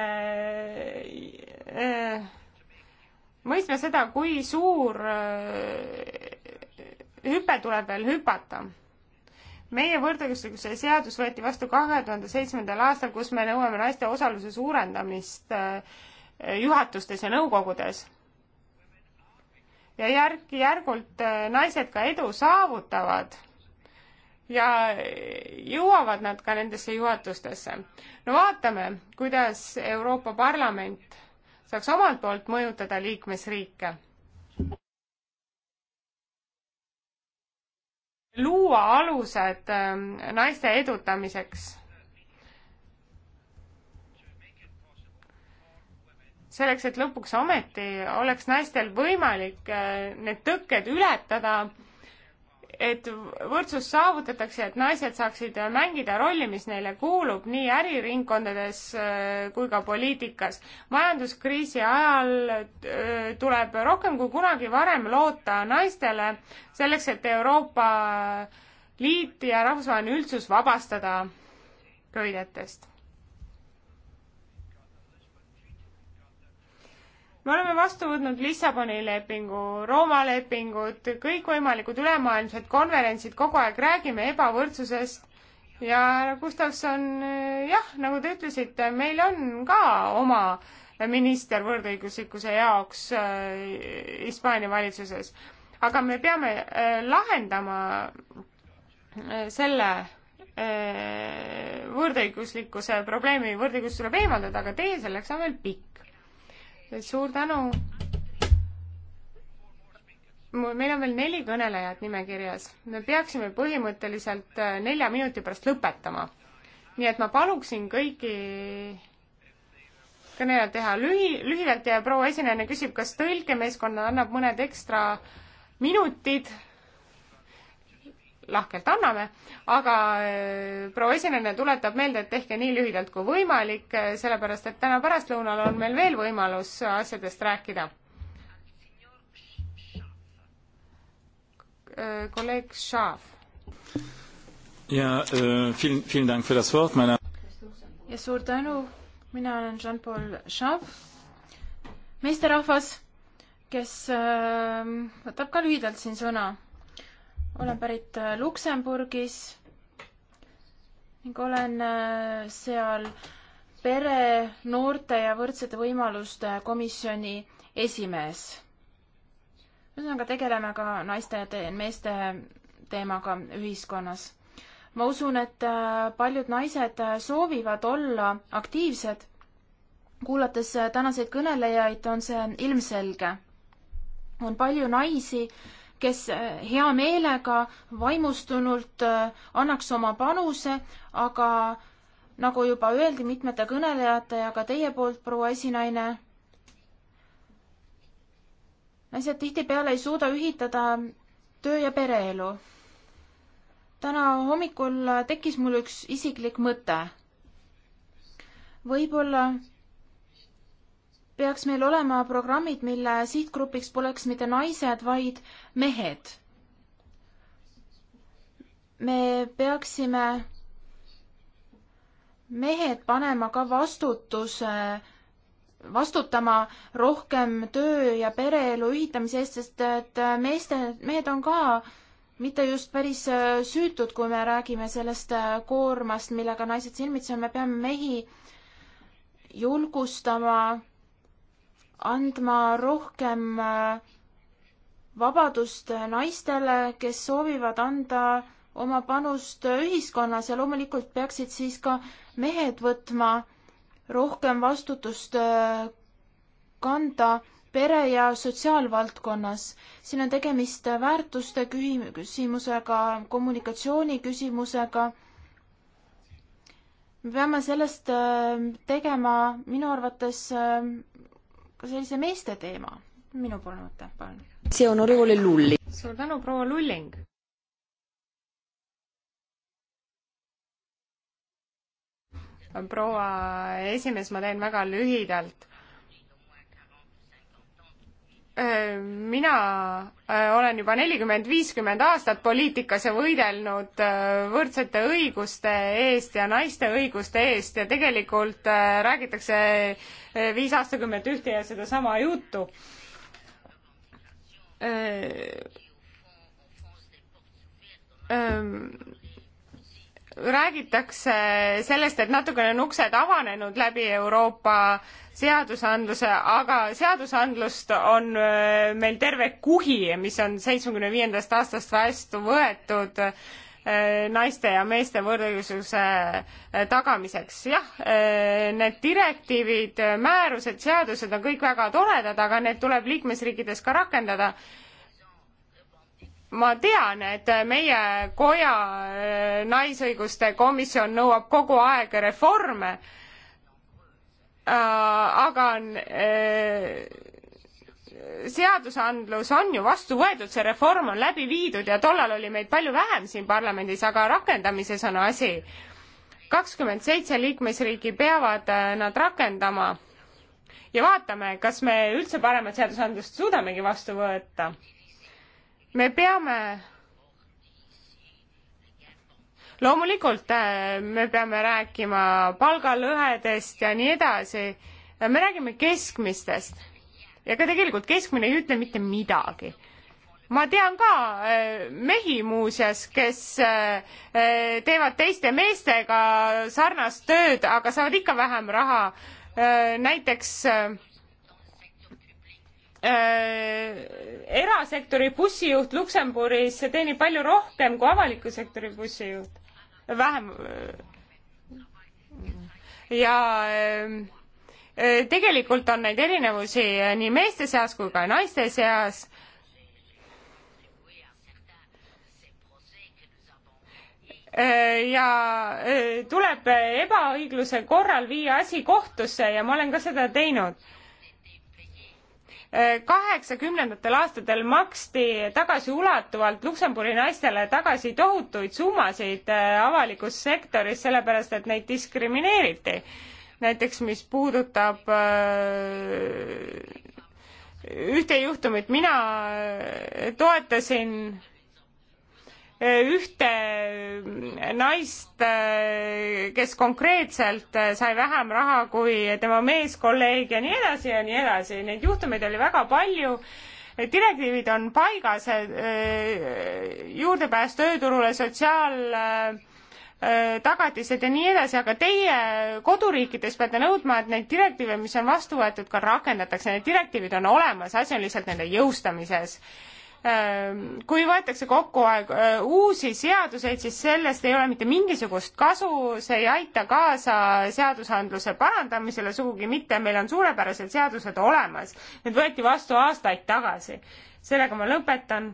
äh, mõistma seda, kui suur äh, hüpe tuleb veel hüpata. meie võrdõiguslikkuse seadus võeti vastu kahe tuhande seitsmendal aastal, kus me nõuame naiste osaluse suurendamist äh, juhatustes ja nõukogudes. ja järk-järgult äh, naised ka edu saavutavad ja jõuavad nad ka nendesse juhatustesse. no vaatame, kuidas Euroopa Parlament saaks omalt poolt mõjutada liikmesriike. luua alused ähm, naiste edutamiseks. selleks, et lõpuks ometi oleks naistel võimalik äh, need tõkked ületada et võrdsus saavutatakse, et naised saaksid mängida rolli, mis neile kuulub nii äriringkondades äh, kui ka poliitikas. majanduskriisi ajal äh, tuleb rohkem kui kunagi varem loota naistele selleks, et Euroopa Liit ja rahvusvaheline üldsus vabastada köidetest me oleme vastu võtnud Lissaboni lepingu, Rooma lepingud, kõikvõimalikud ülemaailmsed konverentsid, kogu aeg räägime ebavõrdsusest ja Gustavson, jah, nagu te ütlesite, meil on ka oma minister võrdõiguslikkuse jaoks äh, Hispaania valitsuses. aga me peame äh, lahendama äh, selle võrdõiguslikkuse probleemi, võrdõigustus tuleb eemaldada, aga tee selleks on veel pikk suur tänu. meil on veel neli kõnelejat nimekirjas. me peaksime põhimõtteliselt äh, nelja minuti pärast lõpetama. nii et ma paluksin kõiki kõnelejad teha lühi, lühidalt ja proua esinejana küsib, kas tõlkemeeskonna annab mõned ekstra minutid lahkelt anname, aga äh, proua esinejana tuletab meelde, et tehke nii lühidalt kui võimalik, äh, sellepärast et täna pärastlõunal on meil veel võimalus asjadest rääkida. Äh, kolleeg Šaav. ja film, film tänk für das Wort, meine. ja suur tänu, mina olen Jean-Paul Šaav, meesterahvas, kes äh, võtab ka lühidalt siin sõna olen pärit äh, Luksemburgis ning olen äh, seal pere, noorte ja võrdsete võimaluste komisjoni esimees. ühesõnaga, tegeleme ka naiste ja te meeste teemaga ühiskonnas. ma usun, et äh, paljud naised soovivad olla aktiivsed. kuulates tänaseid kõnelejaid, on see ilmselge. on palju naisi, kes äh, hea meelega vaimustunult äh, annaks oma panuse, aga nagu juba öeldi mitmete kõnelejate ja ka teie poolt, proua esinaine, naised tihtipeale ei suuda ühitada töö- ja pereelu. täna hommikul tekkis mul üks isiklik mõte. võib-olla peaks meil olema programmid, mille sihtgrupiks poleks mitte naised, vaid mehed. me peaksime mehed panema ka vastutuse, vastutama rohkem töö ja pereelu ühitamise eest, sest et meeste, mehed on ka mitte just päris äh, süütud, kui me räägime sellest äh, koormast, millega naised silmitsi on, me peame mehi julgustama andma rohkem äh, vabadust naistele, kes soovivad anda oma panust ühiskonnas ja loomulikult peaksid siis ka mehed võtma rohkem vastutust äh, kanda pere- ja sotsiaalvaldkonnas. siin on tegemist väärtuste küsimusega, kommunikatsiooni küsimusega. me peame sellest äh, tegema minu arvates ka sellise meeste teema. minu poole mõte, palun. see on Orivole Lulli. suur tänu, proua Lulling. proua esimees, ma teen väga lühidalt Äh, mina äh, olen juba nelikümmend, viiskümmend aastat poliitikas ja võidelnud äh, võrdsete õiguste eest ja naiste õiguste eest ja tegelikult räägitakse viis aastakümmet ühte ja sedasama juttu. Ähm, räägitakse sellest, et natukene on uksed avanenud läbi Euroopa seadusandluse, aga seadusandlust on äh, meil terve kuhi, mis on seitsmekümne viiendast aastast vastu võetud äh, naiste ja meeste võrdõiguslikkuse äh, tagamiseks. jah, need direktiivid, määrused, seadused on kõik väga toredad, aga need tuleb liikmesriikides ka rakendada ma tean, et meie koja äh, naisõiguste komisjon nõuab kogu aeg reforme, äh, aga äh, seadusandlus on ju vastu võetud, see reform on läbi viidud ja tollal oli meid palju vähem siin parlamendis, aga rakendamises on asi. kakskümmend seitse liikmesriiki peavad nad rakendama ja vaatame, kas me üldse paremat seadusandlust suudamegi vastu võtta me peame loomulikult äh, me peame rääkima palgalõhedest ja nii edasi. me räägime keskmistest ja ka tegelikult keskmine ei ütle mitte midagi. ma tean ka äh, mehi muuseas, kes äh, teevad teiste meestega sarnast tööd, aga saavad ikka vähem raha. näiteks Äh, erasektori bussijuht Luksemburgis teenib palju rohkem kui avaliku sektori bussijuht. vähem. Äh, ja äh, tegelikult on neid erinevusi nii meeste seas kui ka naiste seas. ja tuleb ebaõigluse korral viia asi kohtusse ja ma olen ka seda teinud kaheksakümnendatel aastatel maksti tagasiulatuvalt Luksemburgi naistele tagasi tohutuid summasid äh, avalikus sektoris, sellepärast et neid diskrimineeriti. näiteks mis puudutab äh, ühte juhtumit, mina äh, toetasin Eh, ühte eh, naist, eh, kes konkreetselt sai vähem raha kui tema meeskolleeg ja nii edasi ja nii edasi, neid juhtumeid oli väga palju. direktiivid on paigas, juurdepääs tööturule, sotsiaal tagatised ja nii edasi, aga teie koduriikides peate nõudma, et neid direktiive, mis on vastu võetud, ka rakendatakse, need direktiivid on olemas, asi on lihtsalt nende jõustamises Ehm, kui võetakse kokku aeg äh, uusi seaduseid, siis sellest ei ole mitte mingisugust kasu, see ei aita kaasa seadusandluse parandamisele sugugi mitte, meil on suurepärased seadused olemas, need võeti vastu aastaid tagasi. sellega ma lõpetan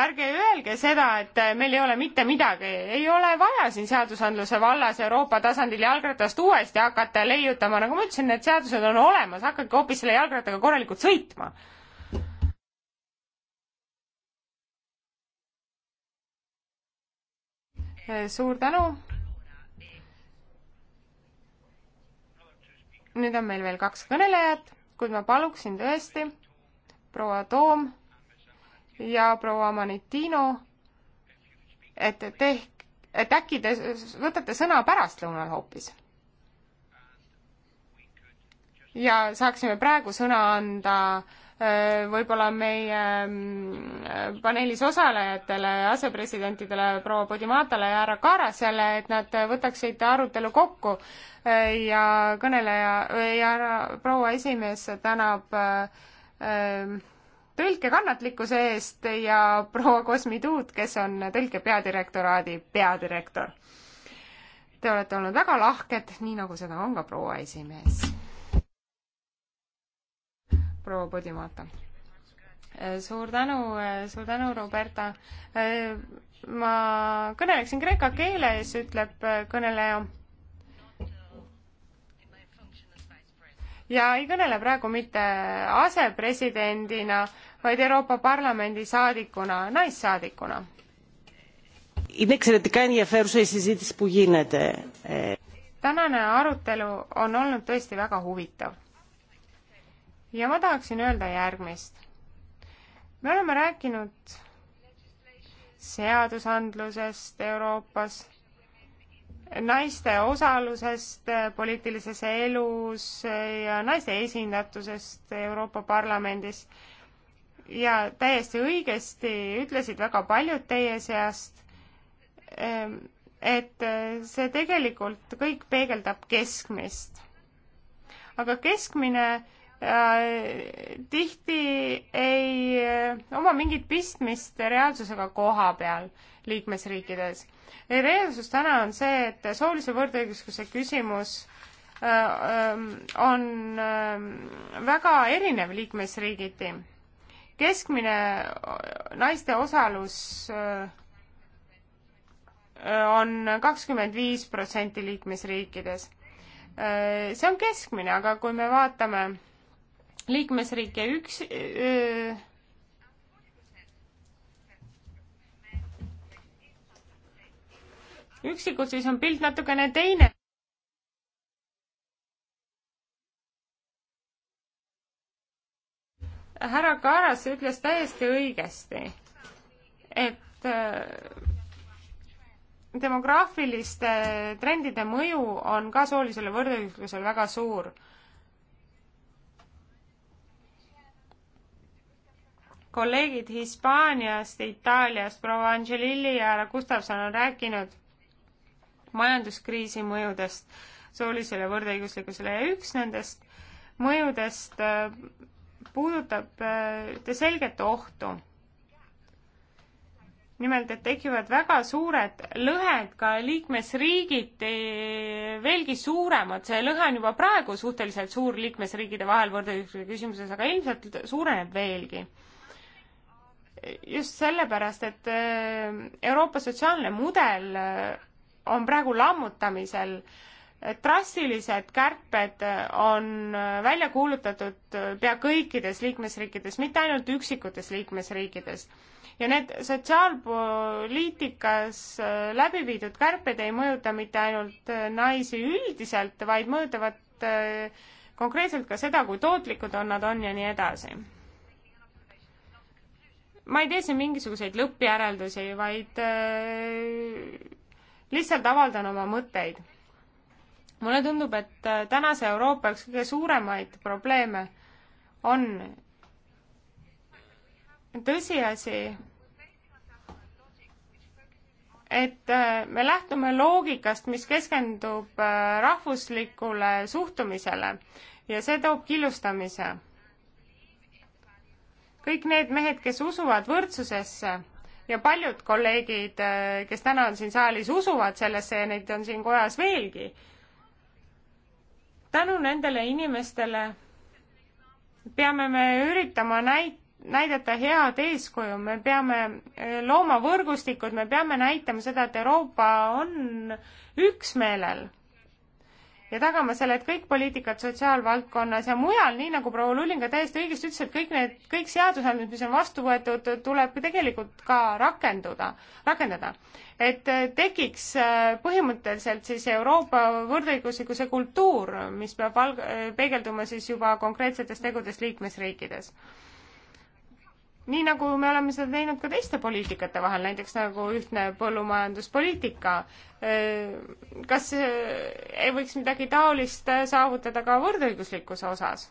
ärge öelge seda, et äh, meil ei ole mitte midagi, ei ole vaja siin seadusandluse vallas Euroopa tasandil jalgratast uuesti hakata leiutama, nagu ma ütlesin, need seadused on olemas, hakake hoopis selle jalgrattaga korralikult sõitma äh, suur tänu. nüüd on meil veel kaks kõnelejat, kuid ma paluksin tõesti, proua Toom, ja proua Manitino, et tehk-, et äkki te võtate sõna pärastlõunal hoopis? ja saaksime praegu sõna anda äh, võib-olla meie mm, paneelis osalejatele, asepresidentidele, proua Podimatale ja härra Kaarasele, et nad võtaksid arutelu kokku äh, ja kõneleja ja proua esimees tänab äh, tõlkekannatlikkuse eest ja proua Kosmi Tuut, kes on tõlke peadirektoraadi peadirektor. Te olete olnud väga lahked, nii nagu seda on ka proua esimees. proua Podimata. suur tänu, suur tänu, Roberta. ma kõneleksin kreeka keeles, ütleb kõneleja ja ei kõnele praegu mitte asepresidendina, vaid Euroopa Parlamendi saadikuna, naissaadikuna. tänane arutelu on olnud tõesti väga huvitav. ja ma tahaksin öelda järgmist. me oleme rääkinud seadusandlusest Euroopas naiste osalusest poliitilises elus ja naiste esindatusest Euroopa Parlamendis. ja täiesti õigesti ütlesid väga paljud teie seast, ehm, et see tegelikult kõik peegeldab keskmist. aga keskmine Äh, tihti ei äh, oma mingit pistmist reaalsusega koha peal liikmesriikides. reaalsus täna on see, et soolise võrdõiguslikkuse küsimus äh, ähm, on ähm, väga erinev liikmesriigiti. keskmine naiste osalus on kakskümmend viis protsenti liikmesriikides. see on keskmine, aga kui me vaatame liikmesriike üks öö, üksikud, siis on pilt natukene teine. härra Kaaras ütles täiesti õigesti, et demograafiliste trendide mõju on ka soolisele võrdõiguslusele väga suur kolleegid Hispaaniast, Itaaliast, proua Angelilli ja härra Gustavson on rääkinud majanduskriisi mõjudest soolisele võrdõiguslikkusele ja üks nendest mõjudest äh, puudutab äh, ühte selget ohtu. nimelt, et tekivad väga suured lõhed ka liikmesriigiti, äh, veelgi suuremad, see lõhe on juba praegu suhteliselt suur liikmesriikide vahel võrdõiguslikkuse küsimuses, aga ilmselt suureneb veelgi just sellepärast, et äh, Euroopa sotsiaalne mudel äh, on praegu lammutamisel. drastilised kärped äh, on välja kuulutatud pea kõikides liikmesriikides, mitte ainult üksikutes liikmesriikides. ja need sotsiaalpoliitikas läbi viidud kärped ei mõjuta mitte ainult naisi üldiselt, vaid mõjutavad konkreetselt ka seda, kui tootlikud on nad on ja nii edasi ma ei tee siin mingisuguseid lõppjäreldusi, vaid äh, lihtsalt avaldan oma mõtteid. mulle tundub, et äh, tänase Euroopa üks kõige suuremaid probleeme on tõsiasi, et äh, me lähtume loogikast, mis keskendub rahvuslikule suhtumisele ja see toob killustamise kõik need mehed, kes usuvad võrdsusesse ja paljud kolleegid, eh, kes täna on siin saalis, usuvad sellesse ja neid on siin kojas veelgi. tänu nendele inimestele peame me üritama näit-, näidata head eeskuju, me peame eh, looma võrgustikud, me peame näitama seda, et Euroopa on üksmeelel ja tagama selle, et kõik poliitikad sotsiaalvaldkonnas ja mujal, nii nagu proua Lulling ka täiesti õigesti ütles, et kõik need, kõik seadusandmed, mis on vastu võetud, tuleb tegelikult ka rakenduda, rakendada. et äh, tekiks äh, põhimõtteliselt siis Euroopa võrdõiguslikkuse kultuur, mis peab alg-, äh, peegelduma siis juba konkreetsetes tegudes liikmesriikides nii nagu me oleme seda teinud ka teiste poliitikate vahel, näiteks nagu ühtne põllumajanduspoliitika. kas ei võiks midagi taolist äh, saavutada ka võrdõiguslikkuse osas?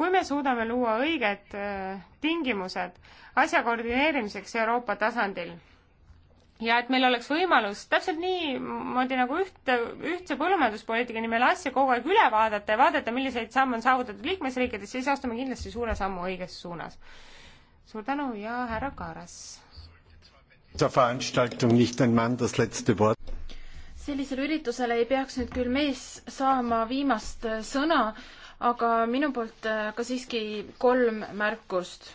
kui me suudame luua õiged tingimused asja koordineerimiseks Euroopa tasandil ja et meil oleks võimalus täpselt niimoodi nagu ühte, ühtse põllumajanduspoliitika nimel asja kogu aeg üle vaadata ja vaadata, milliseid samme on saavutatud liikmesriikides, siis astume kindlasti suure sammu õiges suunas. suur tänu ja härra Kaaras. sellisel üritusel ei peaks nüüd küll mees saama viimast sõna, aga minu poolt ka siiski kolm märkust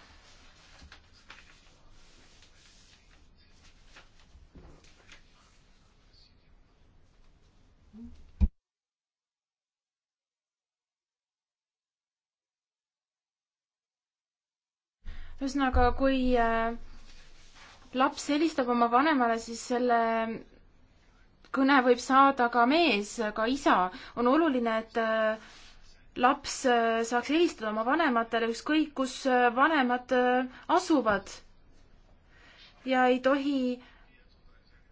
ühesõnaga, kui äh, laps helistab oma vanemale, siis selle kõne võib saada ka mees, ka isa. on oluline, et äh, laps äh, saaks helistada oma vanematele ükskõik, kus vanemad asuvad. ja ei tohi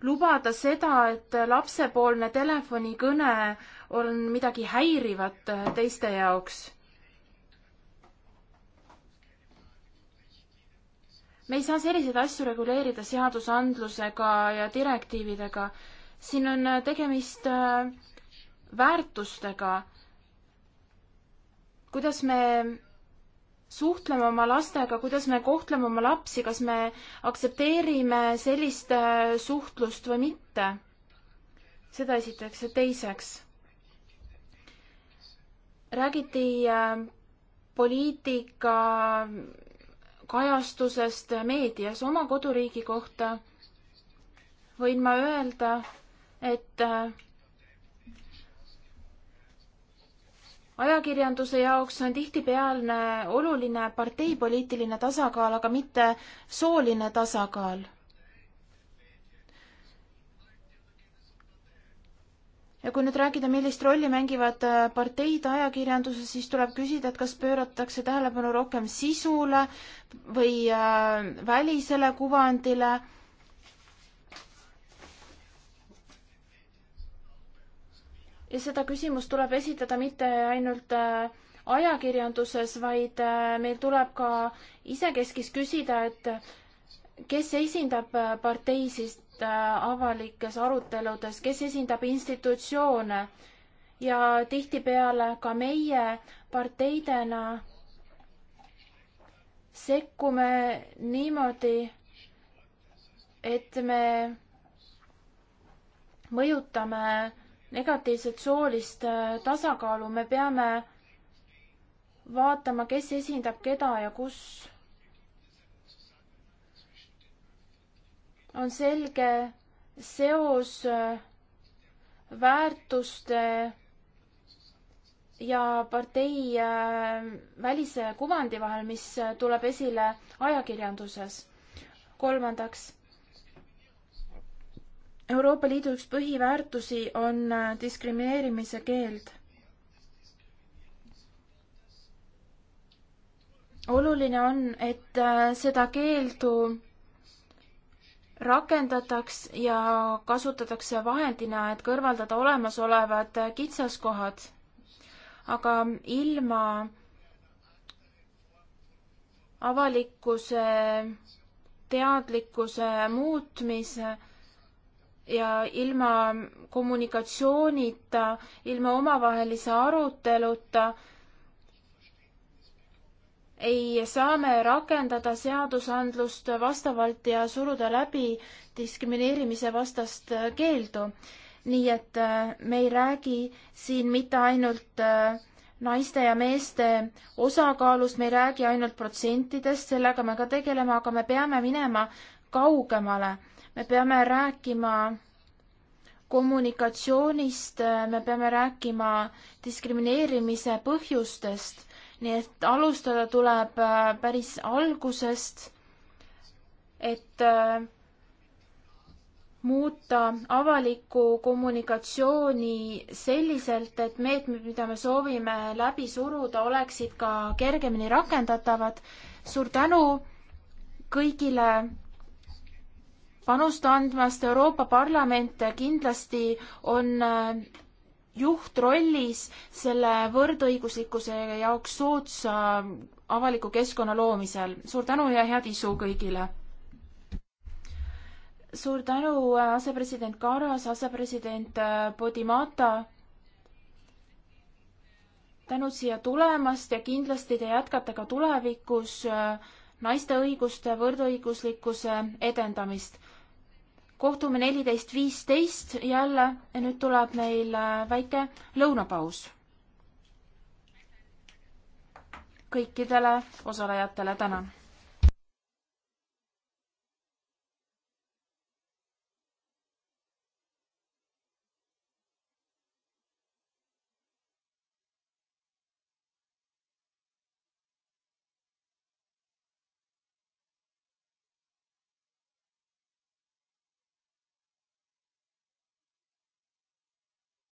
lubada seda, et lapsepoolne telefonikõne on midagi häirivat teiste jaoks me ei saa selliseid asju reguleerida seadusandlusega ja direktiividega. siin on äh, tegemist äh, väärtustega. kuidas me suhtleme oma lastega, kuidas me kohtleme oma lapsi, kas me aktsepteerime sellist äh, suhtlust või mitte? seda esiteks ja teiseks räägiti poliitika kajastusest meedias oma koduriigi kohta võin ma öelda, et äh, ajakirjanduse jaoks on tihtipeale oluline parteipoliitiline tasakaal, aga mitte sooline tasakaal. ja kui nüüd rääkida, millist rolli mängivad äh, parteid ajakirjanduses, siis tuleb küsida, et kas pööratakse tähelepanu rohkem sisule või äh, välisele kuvandile. ja seda küsimust tuleb esitada mitte ainult äh, ajakirjanduses, vaid meil tuleb ka isekeskis küsida, et kes esindab parteisid Äh, avalikes aruteludes, kes esindab institutsioone ja tihtipeale ka meie parteidena sekkume niimoodi, et me mõjutame negatiivset soolist äh, tasakaalu, me peame vaatama, kes esindab keda ja kus on selge seos äh, väärtuste ja partei äh, välise kuvandi vahel, mis äh, tuleb esile ajakirjanduses. kolmandaks, Euroopa Liidu üks põhiväärtusi on diskrimineerimise keeld. oluline on, et seda keeldu rakendataks ja kasutatakse vahendina, et kõrvaldada olemasolevad kitsaskohad. aga ilma avalikkuse teadlikkuse muutmise ja ilma kommunikatsioonita, ilma omavahelise aruteluta ei saa me rakendada seadusandlust vastavalt ja suruda läbi diskrimineerimise vastast äh, keeldu. nii et äh, me ei räägi siin mitte ainult äh, naiste ja meeste osakaalust, me ei räägi ainult protsentidest, sellega me ka tegeleme, aga me peame minema kaugemale. me peame rääkima kommunikatsioonist, me peame rääkima diskrimineerimise põhjustest nii et alustada tuleb äh, päris algusest, et äh, muuta avalikku kommunikatsiooni selliselt, et meetmed, mida me soovime läbi suruda, oleksid ka kergemini rakendatavad. suur tänu kõigile panust andmast, Euroopa Parlament kindlasti on äh, juhtrollis selle võrdõiguslikkuse jaoks soodsa avaliku keskkonna loomisel. suur tänu ja head isu kõigile! suur tänu, äh, asepresident Karas, asepresident äh, Podimata. tänud siia tulemast ja kindlasti te jätkate ka tulevikus äh, naiste õiguste, võrdõiguslikkuse edendamist kohtume neliteist viisteist jälle ja nüüd tuleb meil äh, väike lõunapaus. kõikidele osalejatele tänan